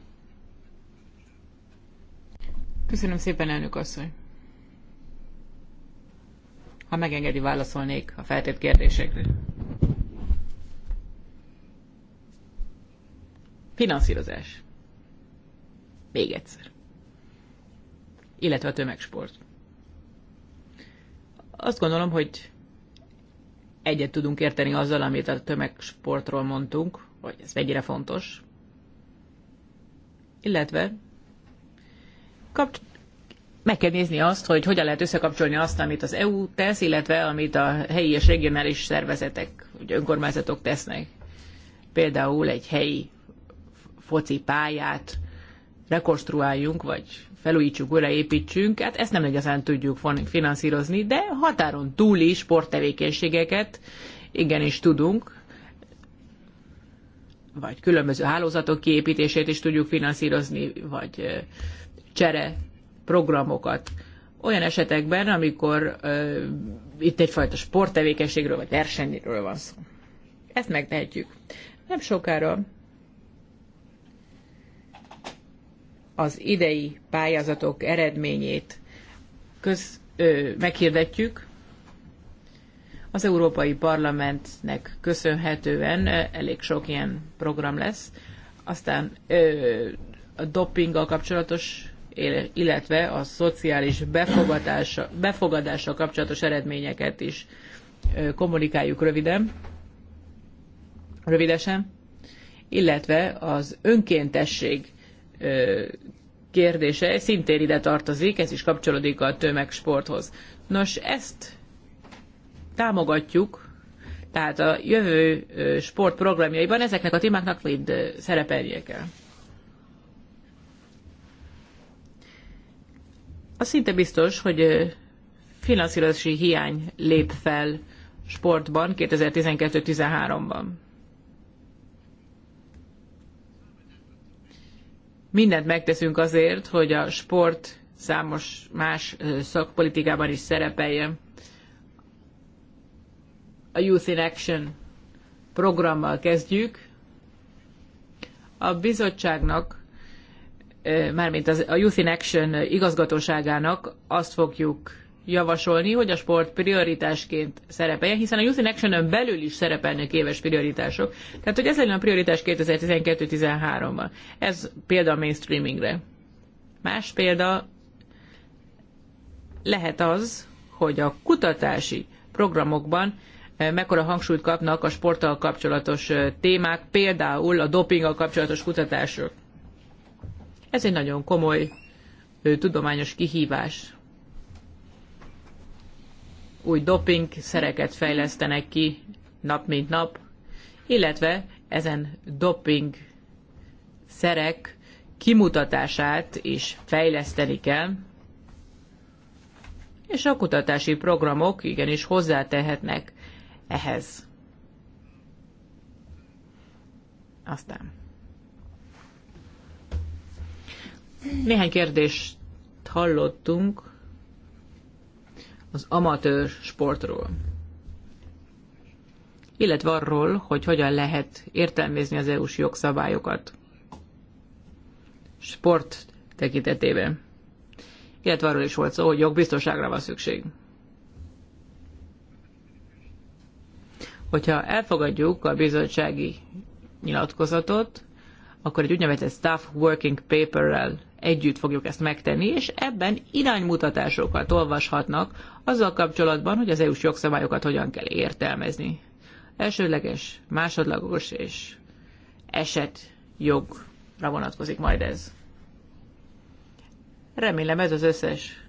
Köszönöm szépen, elnök asszony. Ha megengedi, válaszolnék a feltét kérdésekre. Finanszírozás. Még egyszer. Illetve a tömegsport. Azt gondolom, hogy egyet tudunk érteni azzal, amit a tömegsportról mondtunk, hogy ez mennyire fontos. Illetve meg kell nézni azt, hogy hogyan lehet összekapcsolni azt, amit az EU tesz, illetve amit a helyi és regionális szervezetek, vagy önkormányzatok tesznek. Például egy helyi foci pályát rekonstruáljunk, vagy felújítsuk, újraépítsünk, hát ezt nem igazán tudjuk finanszírozni, de határon túli sporttevékenységeket igenis tudunk, vagy különböző hálózatok kiépítését is tudjuk finanszírozni, vagy csere programokat. Olyan esetekben, amikor ö, itt egyfajta sporttevékenységről vagy versenyről van szó. Ezt megtehetjük. Nem sokára az idei pályázatok eredményét köz, ö, meghirdetjük. Az Európai Parlamentnek köszönhetően elég sok ilyen program lesz. Aztán ö, a dopinggal kapcsolatos illetve a szociális befogadása, befogadása kapcsolatos eredményeket is kommunikáljuk röviden, rövidesen, illetve az önkéntesség kérdése szintén ide tartozik, ez is kapcsolódik a tömegsporthoz. Nos, ezt támogatjuk, tehát a jövő sportprogramjaiban ezeknek a témáknak mind szerepelnie kell. Az szinte biztos, hogy finanszírozási hiány lép fel sportban 2012-13-ban. Mindent megteszünk azért, hogy a sport számos más szakpolitikában is szerepeljen. A Youth in Action programmal kezdjük. A bizottságnak mármint az, a Youth in Action igazgatóságának azt fogjuk javasolni, hogy a sport prioritásként szerepeljen, hiszen a Youth in action belül is szerepelnek éves prioritások. Tehát, hogy ez legyen a prioritás 2012-13-ban. Ez példa a mainstreamingre. Más példa lehet az, hogy a kutatási programokban mekkora hangsúlyt kapnak a sporttal kapcsolatos témák, például a dopinggal kapcsolatos kutatások. Ez egy nagyon komoly ő, tudományos kihívás. Új doping szereket fejlesztenek ki nap mint nap, illetve ezen doping szerek kimutatását is fejleszteni kell, és a kutatási programok igenis hozzátehetnek ehhez. Aztán. Néhány kérdést hallottunk az amatőr sportról, illetve arról, hogy hogyan lehet értelmezni az EU-s jogszabályokat sport tekintetében. Illetve arról is volt szó, hogy jogbiztonságra van szükség. Hogyha elfogadjuk a bizottsági nyilatkozatot, akkor egy úgynevezett staff working paperrel együtt fogjuk ezt megtenni, és ebben iránymutatásokat olvashatnak azzal kapcsolatban, hogy az EU-s jogszabályokat hogyan kell értelmezni. Elsőleges, másodlagos és eset jogra vonatkozik majd ez. Remélem ez az összes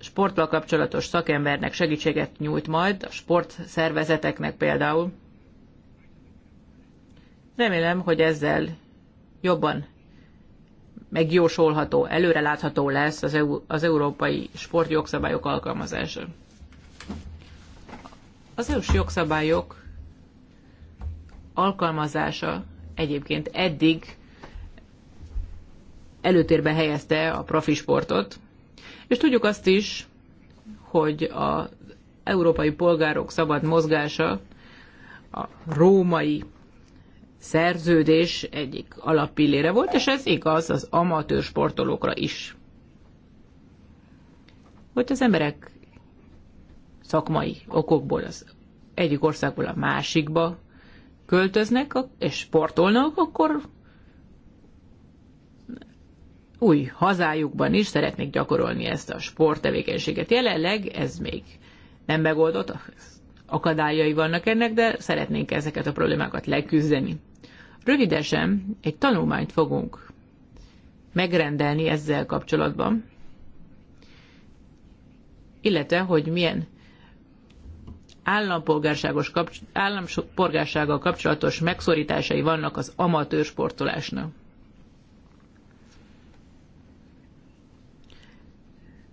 sporttal kapcsolatos szakembernek segítséget nyújt majd, a sportszervezeteknek például. Remélem, hogy ezzel jobban megjósolható, előrelátható lesz az, EU, az európai sportjogszabályok alkalmazása. Az EU-s jogszabályok alkalmazása egyébként eddig előtérbe helyezte a profi sportot, és tudjuk azt is, hogy az európai polgárok szabad mozgása a római szerződés egyik alappillére volt, és ez igaz az amatőr sportolókra is. Hogy az emberek szakmai okokból az egyik országból a másikba költöznek és sportolnak, akkor új hazájukban is szeretnék gyakorolni ezt a sporttevékenységet. Jelenleg ez még nem megoldott, akadályai vannak ennek, de szeretnénk ezeket a problémákat leküzdeni. Rövidesen egy tanulmányt fogunk megrendelni ezzel kapcsolatban, illetve hogy milyen állampolgárságos kapcs- állampolgársággal kapcsolatos megszorításai vannak az amatőr sportolásnak.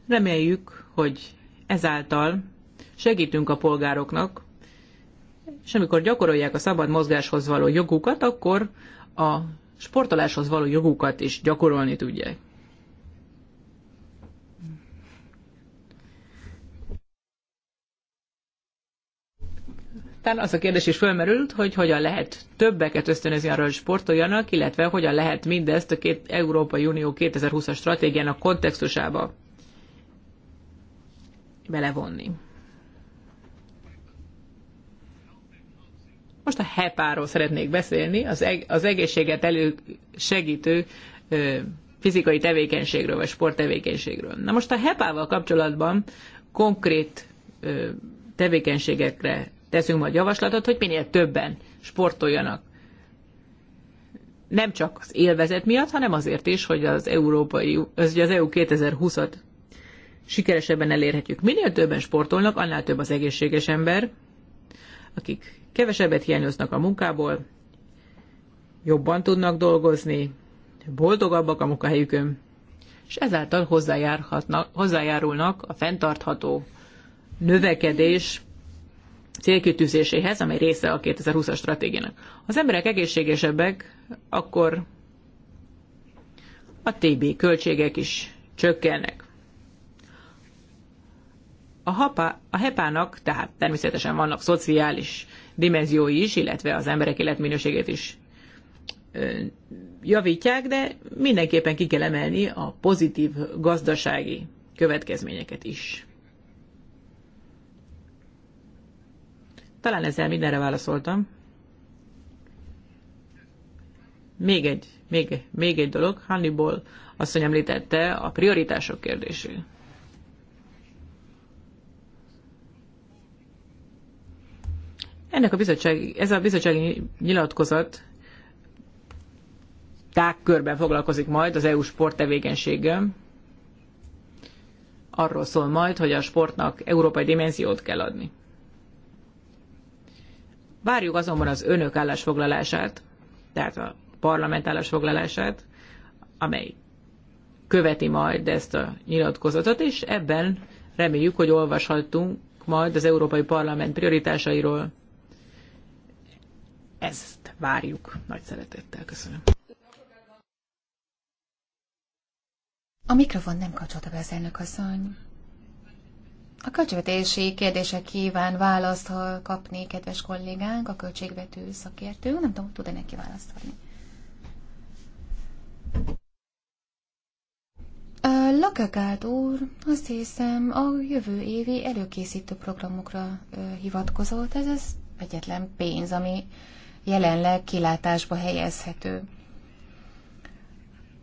Reméljük, hogy ezáltal segítünk a polgároknak és amikor gyakorolják a szabad mozgáshoz való jogukat, akkor a sportoláshoz való jogukat is gyakorolni tudják. Aztán az a kérdés is fölmerült, hogy hogyan lehet többeket ösztönözni arra, hogy sportoljanak, illetve hogyan lehet mindezt a két Európai Unió 2020-as stratégiának kontextusába belevonni. Most a HEPA-ról szeretnék beszélni, az, eg- az egészséget elősegítő ö, fizikai tevékenységről, vagy sporttevékenységről. Na most a HEPA-val kapcsolatban konkrét ö, tevékenységekre teszünk majd javaslatot, hogy minél többen sportoljanak. Nem csak az élvezet miatt, hanem azért is, hogy az, európai, az, az EU 2020-at sikeresebben elérhetjük. Minél többen sportolnak, annál több az egészséges ember, akik kevesebbet hiányoznak a munkából, jobban tudnak dolgozni, boldogabbak a munkahelyükön, és ezáltal hozzájárhatnak, hozzájárulnak a fenntartható növekedés célkitűzéséhez, amely része a 2020-as stratégiának. Ha az emberek egészségesebbek, akkor a TB költségek is csökkennek. A, hapa, a hepának tehát természetesen vannak szociális dimenziói is, illetve az emberek életminőségét is javítják, de mindenképpen ki kell emelni a pozitív gazdasági következményeket is. Talán ezzel mindenre válaszoltam. Még egy, még, még egy dolog, Hannibal asszony említette a prioritások kérdését. Ennek a bizottság, ez a bizottsági nyilatkozat tágkörben foglalkozik majd az EU tevékenységgel. Arról szól majd, hogy a sportnak európai dimenziót kell adni. Várjuk azonban az önök állásfoglalását, tehát a parlament állásfoglalását, amely követi majd ezt a nyilatkozatot, és ebben reméljük, hogy olvashatunk majd az Európai Parlament prioritásairól, ezt várjuk nagy szeretettel. Köszönöm. A mikrofon nem kapcsolta be az elnök asszony. A költségvetési kérdések kíván választ ha kapni kedves kollégánk, a költségvető szakértő. Nem tudom, tud-e neki választ adni. Lakagád úr azt hiszem a jövő évi előkészítő programokra hivatkozott. Ez az egyetlen pénz, ami jelenleg kilátásba helyezhető.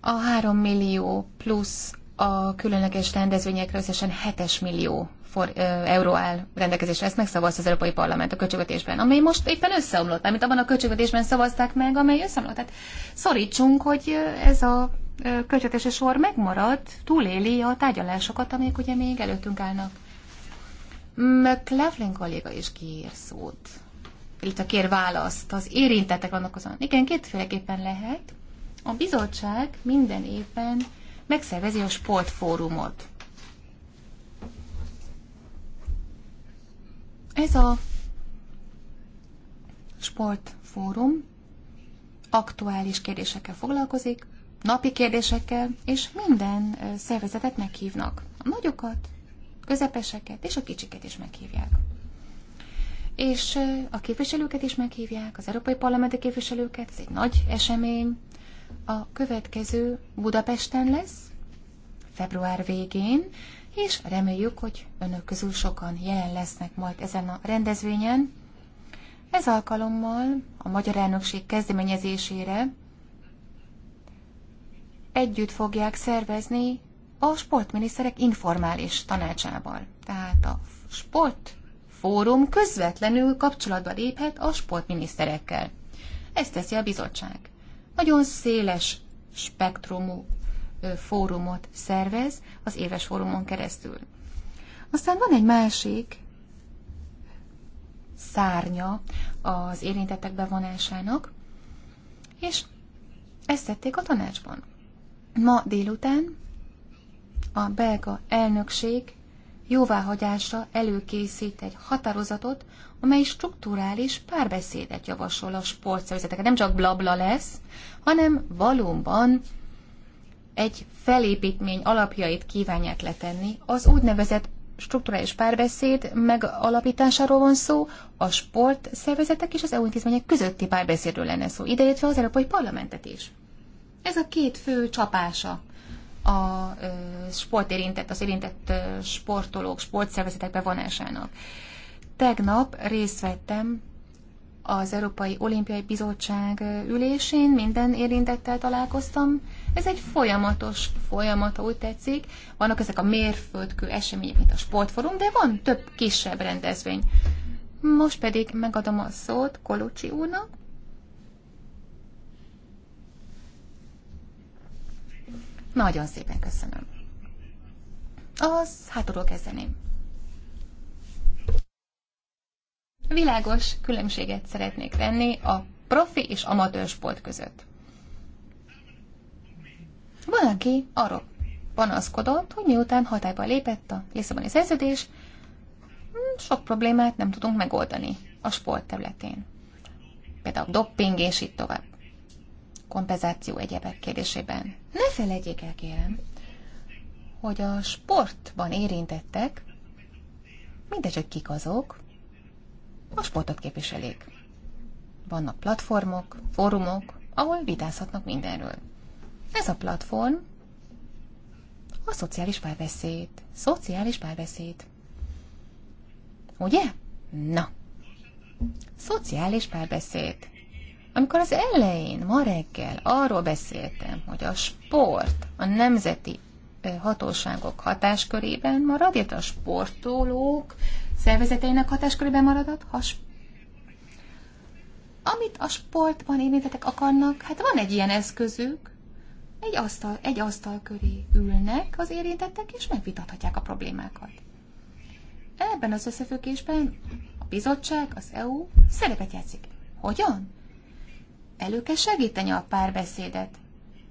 A 3 millió plusz a különleges rendezvényekre összesen 7 millió for, ö, euró áll rendelkezésre. Ezt megszavazta az Európai Parlament a költségvetésben, amely most éppen összeomlott, amit abban a költségvetésben szavazták meg, amely összeomlott. Tehát szorítsunk, hogy ez a költségvetési sor megmarad, túléli a tárgyalásokat, amelyek ugye még előttünk állnak. McLaughlin kolléga is kiír szót illetve kér választ az érintettek azon, Igen, kétféleképpen lehet. A bizottság minden évben megszervezi a sportfórumot. Ez a sportfórum aktuális kérdésekkel foglalkozik, napi kérdésekkel, és minden szervezetet meghívnak. A nagyokat, közepeseket és a kicsiket is meghívják és a képviselőket is meghívják, az Európai Parlamenti képviselőket, ez egy nagy esemény. A következő Budapesten lesz, február végén, és reméljük, hogy önök közül sokan jelen lesznek majd ezen a rendezvényen. Ez alkalommal a Magyar Elnökség kezdeményezésére együtt fogják szervezni a sportminiszterek informális tanácsával. Tehát a sport fórum közvetlenül kapcsolatba léphet a sportminiszterekkel. Ezt teszi a bizottság. Nagyon széles spektrumú fórumot szervez az éves fórumon keresztül. Aztán van egy másik szárnya az érintettek bevonásának, és ezt tették a tanácsban. Ma délután a belga elnökség jóváhagyása előkészít egy határozatot, amely strukturális párbeszédet javasol a sportszervezeteket. Nem csak blabla lesz, hanem valóban egy felépítmény alapjait kívánják letenni. Az úgynevezett strukturális párbeszéd megalapításáról van szó, a sportszervezetek és az EU intézmények közötti párbeszédről lenne szó, ideértve az Európai Parlamentet is. Ez a két fő csapása a sport érintett, az érintett sportolók, sportszervezetek bevonásának. Tegnap részt vettem az Európai Olimpiai Bizottság ülésén, minden érintettel találkoztam. Ez egy folyamatos folyamat, úgy tetszik. Vannak ezek a mérföldkő események, mint a sportforum, de van több kisebb rendezvény. Most pedig megadom a szót Kolucsi úrnak, Nagyon szépen köszönöm. Az hátulról kezdeném. Világos különbséget szeretnék tenni a profi és amatőr sport között. Van, aki arról panaszkodott, hogy miután hatályba lépett a Lisszaboni szerződés, sok problémát nem tudunk megoldani a sport területén. Például dopping és így tovább kompenzáció egyebek kérdésében. Ne felejtjék el, kérem, hogy a sportban érintettek, mindegy, hogy kik azok, a sportot képviselik. Vannak platformok, fórumok, ahol vitázhatnak mindenről. Ez a platform a szociális párbeszéd. Szociális párbeszéd. Ugye? Na. Szociális párbeszéd. Amikor az elején, ma reggel arról beszéltem, hogy a sport a nemzeti hatóságok hatáskörében marad, illetve a sportolók szervezeteinek hatáskörében maradat. ha amit a sportban érintetek akarnak, hát van egy ilyen eszközük, egy asztal, egy asztal köré ülnek az érintettek, és megvitathatják a problémákat. Ebben az összefüggésben a bizottság, az EU szerepet játszik. Hogyan? elő kell segíteni a párbeszédet.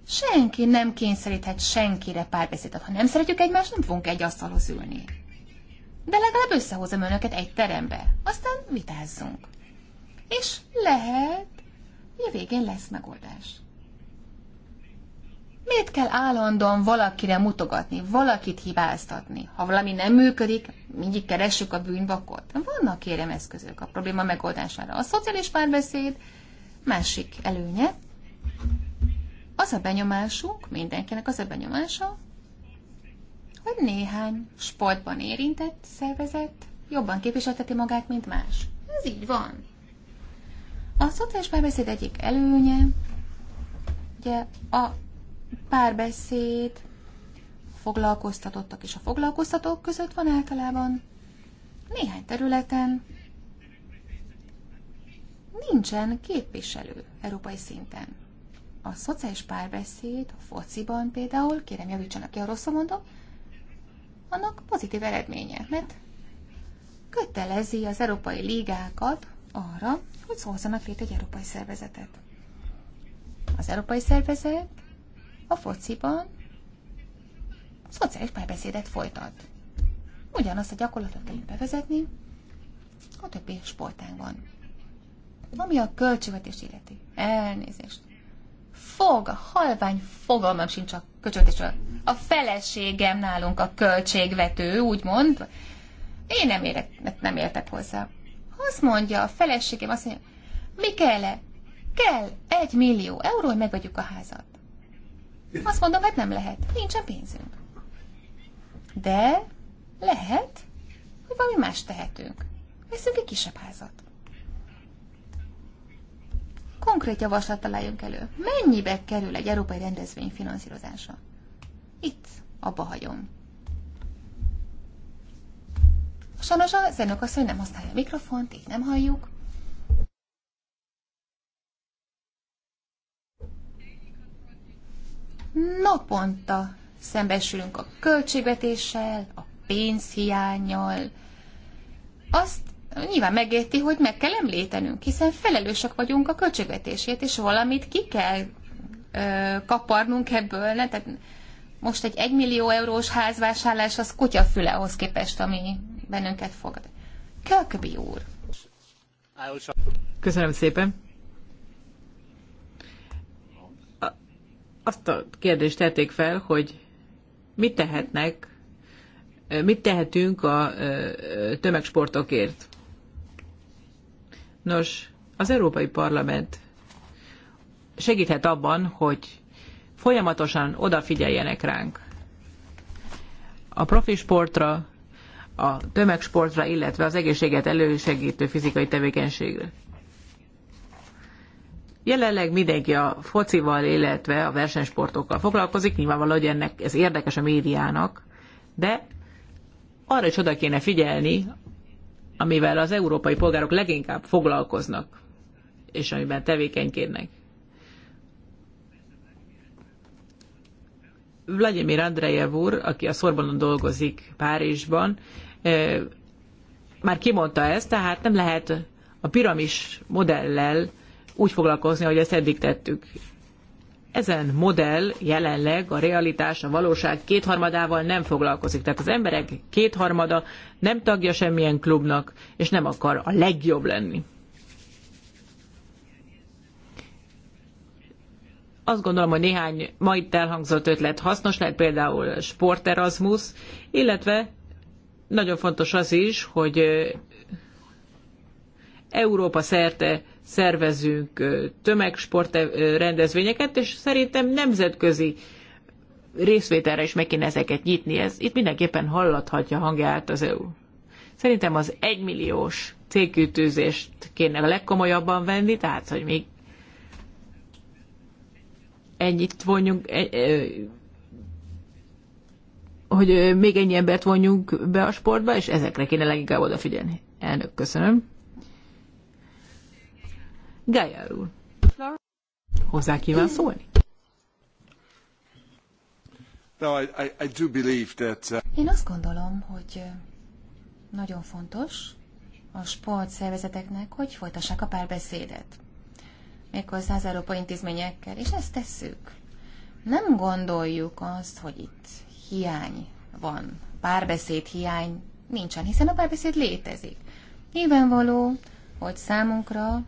Senki nem kényszeríthet senkire párbeszédet. Ha nem szeretjük egymást, nem fogunk egy asztalhoz ülni. De legalább összehozom önöket egy terembe, aztán vitázzunk. És lehet, hogy a végén lesz megoldás. Miért kell állandóan valakire mutogatni, valakit hibáztatni? Ha valami nem működik, mindig keressük a bűnbakot. Vannak kérem eszközök a probléma megoldására. A szociális párbeszéd, Másik előnye, az a benyomásunk, mindenkinek az a benyomása, hogy néhány sportban érintett szervezet jobban képviselteti magát, mint más. Ez így van. A szociális párbeszéd egyik előnye, ugye a párbeszéd foglalkoztatottak és a foglalkoztatók között van általában néhány területen nincsen képviselő európai szinten. A szociális párbeszéd, a fociban például, kérem javítsanak ki, a rosszul mondom, annak pozitív eredménye, mert kötelezi az európai ligákat arra, hogy szózzanak létre egy európai szervezetet. Az európai szervezet a fociban szociális párbeszédet folytat. Ugyanazt a gyakorlatot kell bevezetni a többi sportágban. Ami a költségvetés illeti. Elnézést. Fog, a halvány fogalmam sincs a költségvetésről. A feleségem nálunk a költségvető, úgymond. Én nem, érek, nem értek hozzá. Azt mondja, a feleségem azt mondja, mi kell -e? Kell egy millió euró, hogy megvegyük a házat. Azt mondom, hát nem lehet. Nincsen pénzünk. De lehet, hogy valami más tehetünk. Veszünk egy kisebb házat konkrét javaslattal találjunk elő. Mennyibe kerül egy európai rendezvény finanszírozása? Itt abba hagyom. Sajnos a zenekasszony nem használja a mikrofont, így nem halljuk. Naponta szembesülünk a költségvetéssel, a pénzhiányjal. Azt nyilván megérti, hogy meg kell említenünk, hiszen felelősek vagyunk a költségvetését, és valamit ki kell ö, kaparnunk ebből. Ne? Tehát most egy egymillió eurós házvásárlás az kutyafüle ahhoz képest, ami bennünket fogad. Kölköbi úr. Köszönöm szépen. Azt a kérdést tették fel, hogy mit tehetnek, mit tehetünk a tömegsportokért. Nos, az Európai Parlament segíthet abban, hogy folyamatosan odafigyeljenek ránk. A profi sportra, a tömegsportra, illetve az egészséget elősegítő fizikai tevékenységre. Jelenleg mindenki a focival, illetve a versenysportokkal foglalkozik, nyilvánvaló, hogy ennek ez érdekes a médiának, de arra is oda kéne figyelni, amivel az európai polgárok leginkább foglalkoznak, és amiben tevékenykednek. Vladimir Andrejev úr, aki a Szorbonon dolgozik Párizsban, már kimondta ezt, tehát nem lehet a piramis modellel úgy foglalkozni, ahogy ezt eddig tettük ezen modell jelenleg a realitás, a valóság kétharmadával nem foglalkozik. Tehát az emberek kétharmada nem tagja semmilyen klubnak, és nem akar a legjobb lenni. Azt gondolom, hogy néhány ma itt elhangzott ötlet hasznos lehet, például Sport Erasmus, illetve nagyon fontos az is, hogy Európa szerte szervezünk tömegsport rendezvényeket, és szerintem nemzetközi részvételre is meg kéne ezeket nyitni. Ez itt mindenképpen hallathatja hangját az EU. Szerintem az egymilliós célkütőzést kéne a legkomolyabban venni, tehát hogy még ennyit vonjunk, e, e, hogy még ennyi embert vonjunk be a sportba, és ezekre kéne leginkább odafigyelni. Elnök, köszönöm. Gaia úr. Hozzá kíván szólni? No, I, I, I do believe that, uh, Én azt gondolom, hogy nagyon fontos a sportszervezeteknek, hogy folytassák a párbeszédet. Méghozzá az európai intézményekkel, és ezt tesszük. Nem gondoljuk azt, hogy itt hiány van, párbeszéd hiány nincsen, hiszen a párbeszéd létezik. Nyilvánvaló, hogy számunkra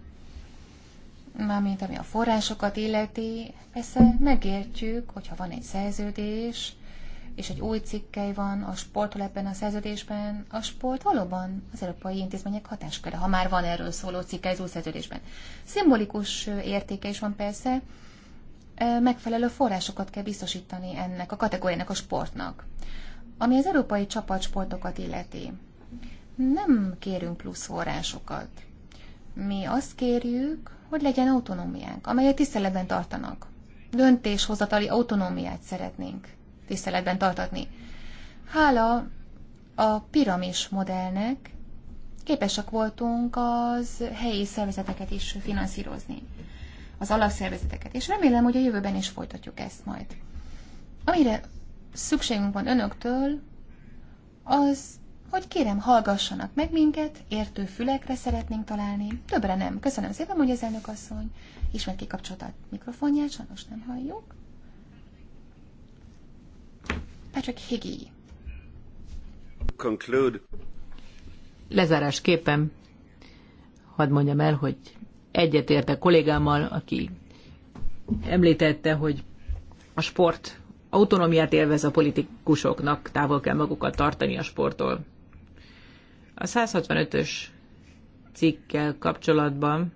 mármint ami a forrásokat illeti, persze megértjük, hogyha van egy szerződés, és egy új cikkely van a sportol ebben a szerződésben, a sport valóban az európai intézmények hatásköre, ha már van erről szóló cikkely az új szerződésben. Szimbolikus értéke is van persze, megfelelő forrásokat kell biztosítani ennek a kategóriának, a sportnak. Ami az európai csapatsportokat illeti, nem kérünk plusz forrásokat. Mi azt kérjük, hogy legyen autonómiánk, amelyet tiszteletben tartanak. Döntéshozatali autonómiát szeretnénk tiszteletben tartatni. Hála a piramis modellnek képesek voltunk az helyi szervezeteket is finanszírozni, az alapszervezeteket, és remélem, hogy a jövőben is folytatjuk ezt majd. Amire szükségünk van önöktől, az hogy kérem, hallgassanak meg minket, értő fülekre szeretnénk találni. Többre nem. Köszönöm szépen, hogy az elnök asszony. Ismét kikapcsolta a mikrofonját, sajnos nem halljuk. Patrick Higgy. Conclude. Lezárásképpen hadd mondjam el, hogy egyetértek kollégámmal, aki említette, hogy a sport autonómiát élvez a politikusoknak, távol kell magukat tartani a sporttól. A 165-ös cikkkel kapcsolatban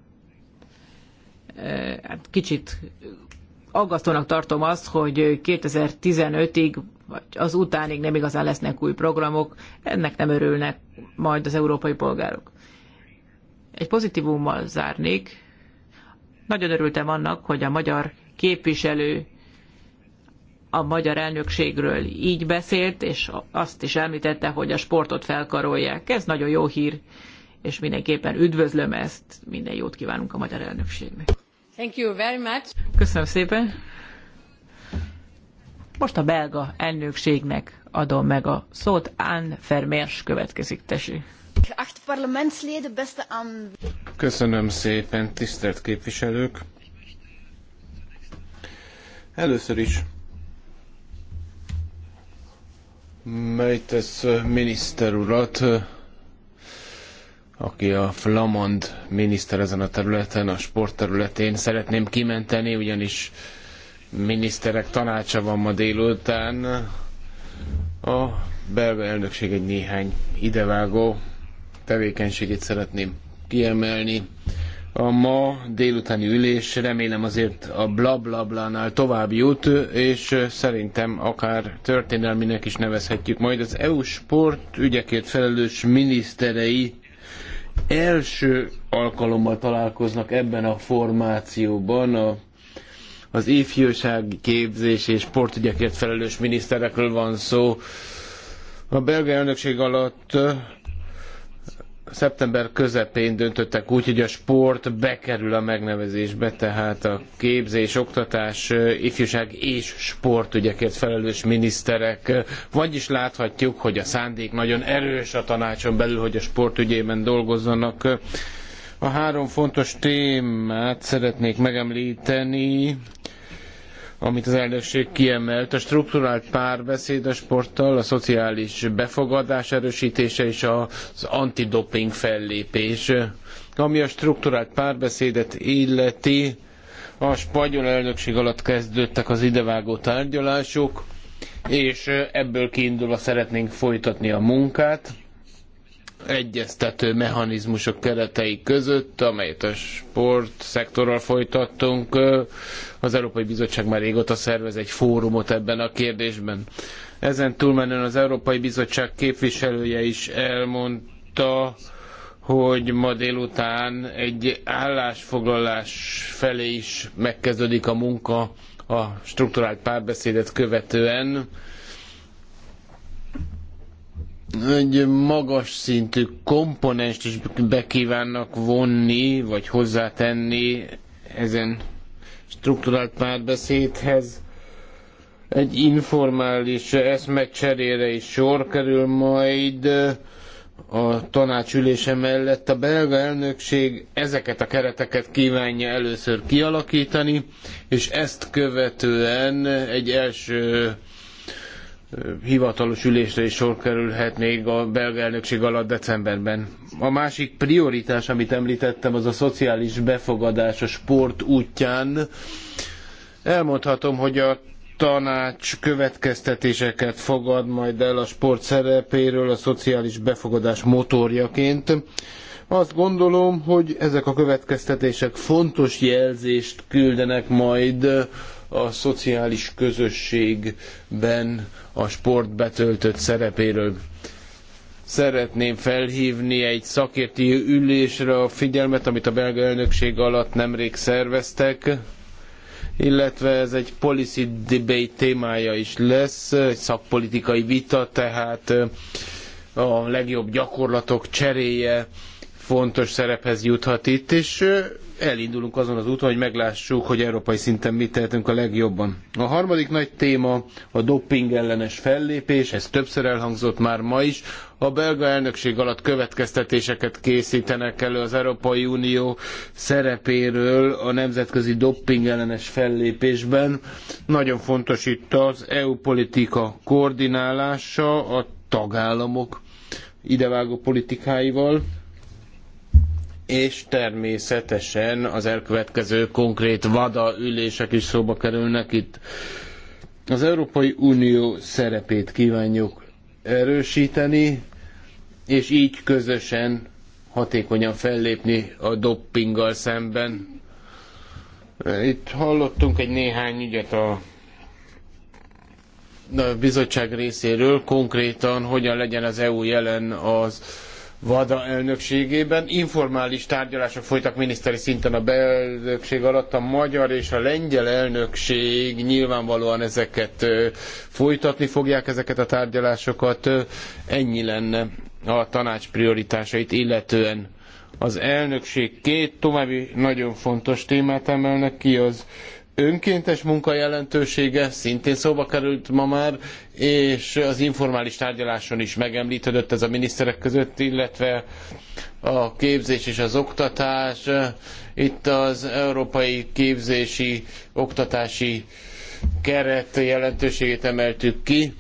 hát kicsit aggasztónak tartom azt, hogy 2015-ig vagy az utánig nem igazán lesznek új programok, ennek nem örülnek majd az európai polgárok. Egy pozitívummal zárnék. Nagyon örültem annak, hogy a magyar képviselő a magyar elnökségről így beszélt, és azt is említette, hogy a sportot felkarolják. Ez nagyon jó hír, és mindenképpen üdvözlöm ezt. Minden jót kívánunk a magyar elnökségnek. Thank you very much. Köszönöm szépen. Most a belga elnökségnek adom meg a szót. Anne Vermeers következik, tessék. Köszönöm szépen, tisztelt képviselők! Először is Mejtesz miniszter urat, aki a flamand miniszter ezen a területen, a sport területén szeretném kimenteni, ugyanis miniszterek tanácsa van ma délután. A belga elnökség egy néhány idevágó tevékenységét szeretném kiemelni a ma délutáni ülés remélem azért a blablablánál tovább jut, és szerintem akár történelminek is nevezhetjük majd az EU sport ügyekért felelős miniszterei első alkalommal találkoznak ebben a formációban a az ifjúsági képzés és sportügyekért felelős miniszterekről van szó. A belga elnökség alatt szeptember közepén döntöttek úgy, hogy a sport bekerül a megnevezésbe, tehát a képzés, oktatás, ifjúság és sport ügyekért felelős miniszterek. Vagyis láthatjuk, hogy a szándék nagyon erős a tanácson belül, hogy a sport ügyében dolgozzanak. A három fontos témát szeretnék megemlíteni, amit az elnökség kiemelt, a strukturált párbeszéd a sporttal, a szociális befogadás erősítése és az antidoping fellépés. Ami a strukturált párbeszédet illeti, a spanyol elnökség alatt kezdődtek az idevágó tárgyalások, és ebből kiindulva szeretnénk folytatni a munkát egyeztető mechanizmusok keretei között, amelyet a sport szektorral folytattunk. Az Európai Bizottság már régóta szervez egy fórumot ebben a kérdésben. Ezen túlmenően az Európai Bizottság képviselője is elmondta, hogy ma délután egy állásfoglalás felé is megkezdődik a munka a strukturált párbeszédet követően egy magas szintű komponenst is bekívánnak vonni, vagy hozzátenni ezen strukturált párbeszédhez. Egy informális eszmecserére is sor kerül majd a tanácsülése mellett. A belga elnökség ezeket a kereteket kívánja először kialakítani, és ezt követően egy első hivatalos ülésre is sor kerülhet még a belga elnökség alatt decemberben. A másik prioritás, amit említettem, az a szociális befogadás a sport útján. Elmondhatom, hogy a tanács következtetéseket fogad majd el a sport szerepéről a szociális befogadás motorjaként. Azt gondolom, hogy ezek a következtetések fontos jelzést küldenek majd a szociális közösségben a sport betöltött szerepéről. Szeretném felhívni egy szakértői ülésre a figyelmet, amit a belga elnökség alatt nemrég szerveztek, illetve ez egy policy debate témája is lesz, egy szakpolitikai vita, tehát a legjobb gyakorlatok cseréje fontos szerephez juthat itt, és elindulunk azon az úton, hogy meglássuk, hogy európai szinten mit tehetünk a legjobban. A harmadik nagy téma a dopping ellenes fellépés, ez többször elhangzott már ma is. A belga elnökség alatt következtetéseket készítenek elő az Európai Unió szerepéről a nemzetközi dopping ellenes fellépésben. Nagyon fontos itt az EU politika koordinálása a tagállamok idevágó politikáival és természetesen az elkövetkező konkrét vada ülések is szóba kerülnek itt. Az Európai Unió szerepét kívánjuk erősíteni, és így közösen hatékonyan fellépni a doppinggal szemben. Itt hallottunk egy néhány ügyet a a bizottság részéről konkrétan hogyan legyen az EU jelen az VADA elnökségében. Informális tárgyalások folytak miniszteri szinten a belnökség alatt. A magyar és a lengyel elnökség nyilvánvalóan ezeket folytatni fogják, ezeket a tárgyalásokat. Ennyi lenne a tanács prioritásait illetően. Az elnökség két további nagyon fontos témát emelnek ki, az önkéntes munka jelentősége szintén szóba került ma már, és az informális tárgyaláson is megemlítődött ez a miniszterek között, illetve a képzés és az oktatás. Itt az európai képzési, oktatási keret jelentőségét emeltük ki.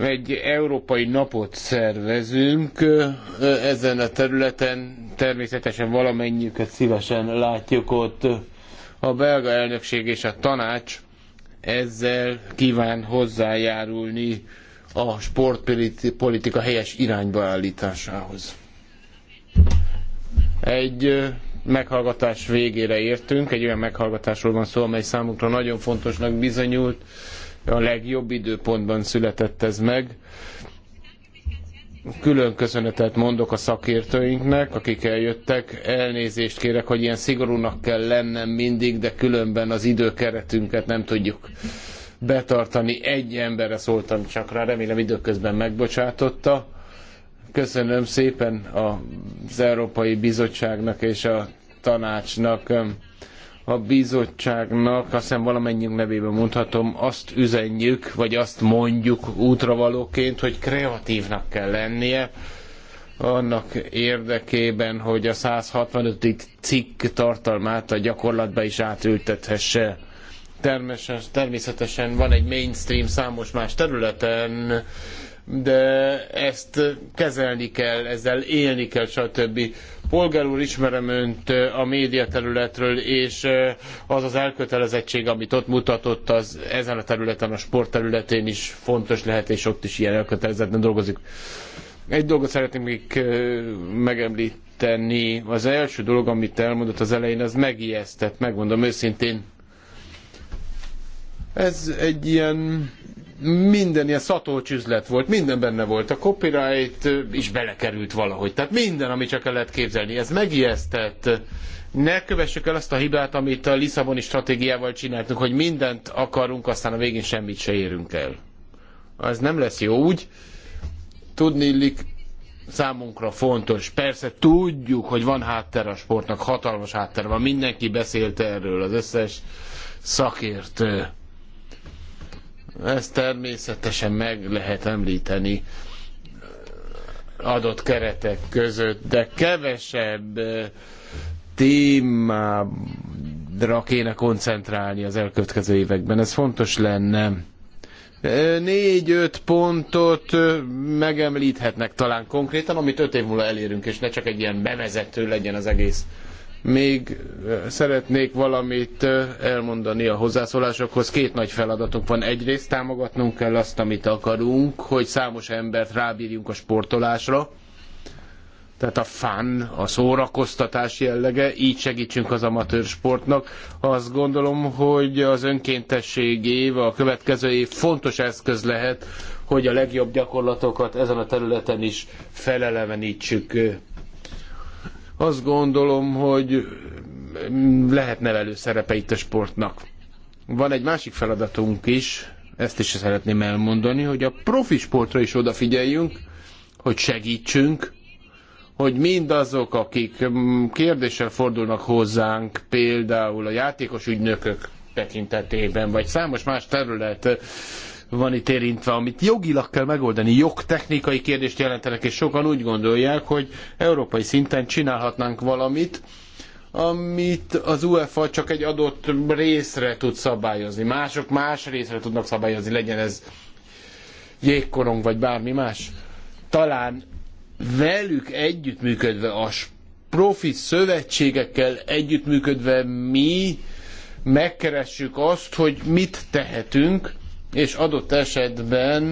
Egy európai napot szervezünk ezen a területen, természetesen valamennyiüket szívesen látjuk ott a belga elnökség és a tanács ezzel kíván hozzájárulni a sportpolitika helyes irányba állításához. Egy meghallgatás végére értünk, egy olyan meghallgatásról van szó, amely számunkra nagyon fontosnak bizonyult, a legjobb időpontban született ez meg külön köszönetet mondok a szakértőinknek, akik eljöttek. Elnézést kérek, hogy ilyen szigorúnak kell lennem mindig, de különben az időkeretünket nem tudjuk betartani. Egy emberre szóltam csak rá, remélem időközben megbocsátotta. Köszönöm szépen az Európai Bizottságnak és a tanácsnak a bizottságnak, azt hiszem valamennyiünk nevében mondhatom, azt üzenjük, vagy azt mondjuk útravalóként, hogy kreatívnak kell lennie, annak érdekében, hogy a 165. cikk tartalmát a gyakorlatba is átültethesse. Természetesen van egy mainstream számos más területen, de ezt kezelni kell, ezzel élni kell, stb. Polgár úr, ismerem önt a médiaterületről, és az az elkötelezettség, amit ott mutatott, az ezen a területen, a sport területén is fontos lehet, és ott is ilyen elkötelezetten dolgozik. Egy dolgot szeretnék még megemlíteni. Az első dolog, amit elmondott az elején, az megijesztett, megmondom őszintén. Ez egy ilyen minden ilyen szatolcs üzlet volt, minden benne volt. A copyright is belekerült valahogy. Tehát minden, amit csak el lehet képzelni. Ez megijesztett. Ne kövessük el azt a hibát, amit a Lisszaboni stratégiával csináltunk, hogy mindent akarunk, aztán a végén semmit se érünk el. Az nem lesz jó úgy. Tudni illik, számunkra fontos. Persze tudjuk, hogy van háttere a sportnak, hatalmas háttere van. Mindenki beszélt erről, az összes szakértő ezt természetesen meg lehet említeni adott keretek között, de kevesebb eh, témára kéne koncentrálni az elkövetkező években. Ez fontos lenne. Eh, négy-öt pontot eh, megemlíthetnek talán konkrétan, amit öt év múlva elérünk, és ne csak egy ilyen bevezető legyen az egész. Még szeretnék valamit elmondani a hozzászólásokhoz. Két nagy feladatunk van. Egyrészt támogatnunk kell azt, amit akarunk, hogy számos embert rábírjunk a sportolásra, tehát a fun, a szórakoztatás jellege, így segítsünk az amatőr sportnak. Azt gondolom, hogy az önkéntesség év, a következő év fontos eszköz lehet, hogy a legjobb gyakorlatokat ezen a területen is felelevenítsük. Azt gondolom, hogy lehet nevelő szerepe itt a sportnak. Van egy másik feladatunk is, ezt is szeretném elmondani, hogy a profi sportra is odafigyeljünk, hogy segítsünk, hogy mindazok, akik mm, kérdéssel fordulnak hozzánk, például a játékos ügynökök tekintetében, vagy számos más terület van itt érintve, amit jogilag kell megoldani, jogtechnikai kérdést jelentenek, és sokan úgy gondolják, hogy európai szinten csinálhatnánk valamit, amit az UEFA csak egy adott részre tud szabályozni. Mások más részre tudnak szabályozni, legyen ez jégkorong vagy bármi más. Talán velük együttműködve, a profi szövetségekkel együttműködve mi megkeressük azt, hogy mit tehetünk, és adott esetben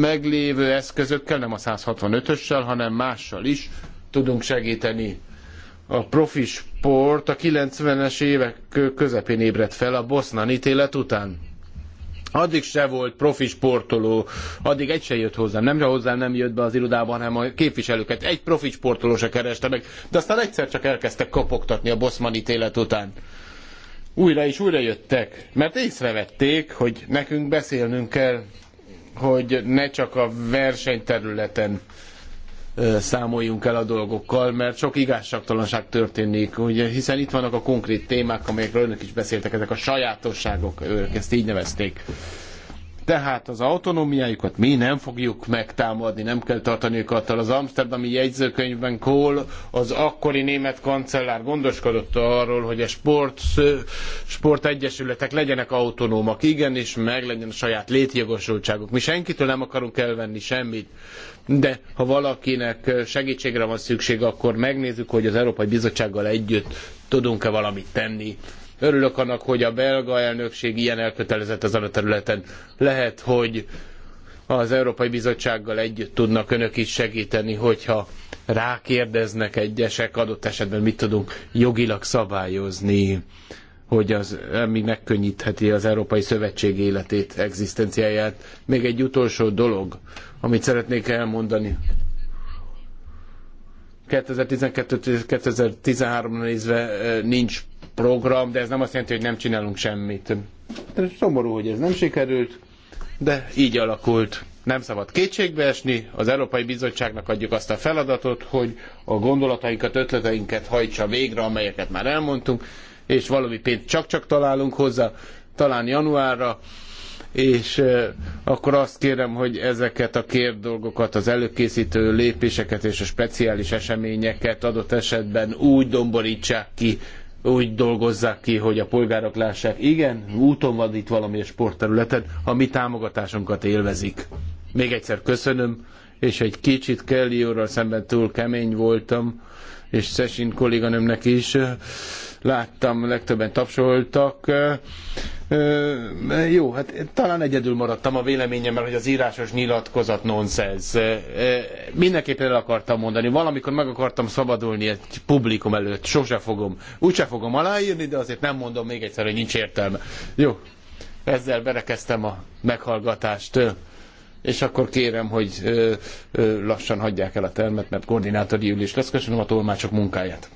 meglévő eszközökkel, nem a 165-össel, hanem mással is tudunk segíteni. A profi sport a 90-es évek közepén ébredt fel a Bosznan ítélet után. Addig se volt profi sportoló, addig egy se jött hozzám, nem hozzám nem jött be az irodában, hanem a képviselőket. Egy profi sportoló se kereste meg, de aztán egyszer csak elkezdtek kopogtatni a Boszman ítélet után újra és újra jöttek, mert észrevették, hogy nekünk beszélnünk kell, hogy ne csak a versenyterületen számoljunk el a dolgokkal, mert sok igazságtalanság történik, ugye, hiszen itt vannak a konkrét témák, amelyekről önök is beszéltek, ezek a sajátosságok, ők ezt így nevezték. Tehát az autonómiájukat mi nem fogjuk megtámadni, nem kell tartaniuk attól. Az Amsterdami jegyzőkönyvben Kohl, az akkori német kancellár gondoskodott arról, hogy a sport, sportegyesületek legyenek autonómak. Igen, és meg legyen a saját létjogosultságuk. Mi senkitől nem akarunk elvenni semmit. De ha valakinek segítségre van szüksége, akkor megnézzük, hogy az Európai Bizottsággal együtt tudunk-e valamit tenni Örülök annak, hogy a belga elnökség ilyen elkötelezett ezen a területen. Lehet, hogy az Európai Bizottsággal együtt tudnak önök is segíteni, hogyha rákérdeznek egyesek, adott esetben mit tudunk jogilag szabályozni, hogy az, ami megkönnyítheti az Európai Szövetség életét, egzisztenciáját. Még egy utolsó dolog, amit szeretnék elmondani. 2012-2013-ra nézve eh, nincs program, de ez nem azt jelenti, hogy nem csinálunk semmit. De Szomorú, hogy ez nem sikerült, de így alakult. Nem szabad kétségbeesni, az Európai Bizottságnak adjuk azt a feladatot, hogy a gondolatainkat, ötleteinket hajtsa végre, amelyeket már elmondtunk, és valami pénzt csak-csak találunk hozzá, talán januárra, és akkor azt kérem, hogy ezeket a kér dolgokat, az előkészítő lépéseket és a speciális eseményeket adott esetben úgy domborítsák ki, úgy dolgozzák ki, hogy a polgárok lássák, igen, úton van itt valami a sportterületen, a mi támogatásunkat élvezik. Még egyszer köszönöm, és egy kicsit Kelly úrral szemben túl kemény voltam, és Szesin kolléganőmnek is láttam, legtöbben tapsoltak. Jó, hát talán egyedül maradtam a véleményemmel, hogy az írásos nyilatkozat nonsens. Mindenképpen el akartam mondani, valamikor meg akartam szabadulni egy publikum előtt, sose fogom, úgyse fogom aláírni, de azért nem mondom még egyszer, hogy nincs értelme. Jó, ezzel berekeztem a meghallgatást és akkor kérem, hogy ö, ö, lassan hagyják el a termet, mert koordinátori ülés lesz. Köszönöm a tolmácsok munkáját.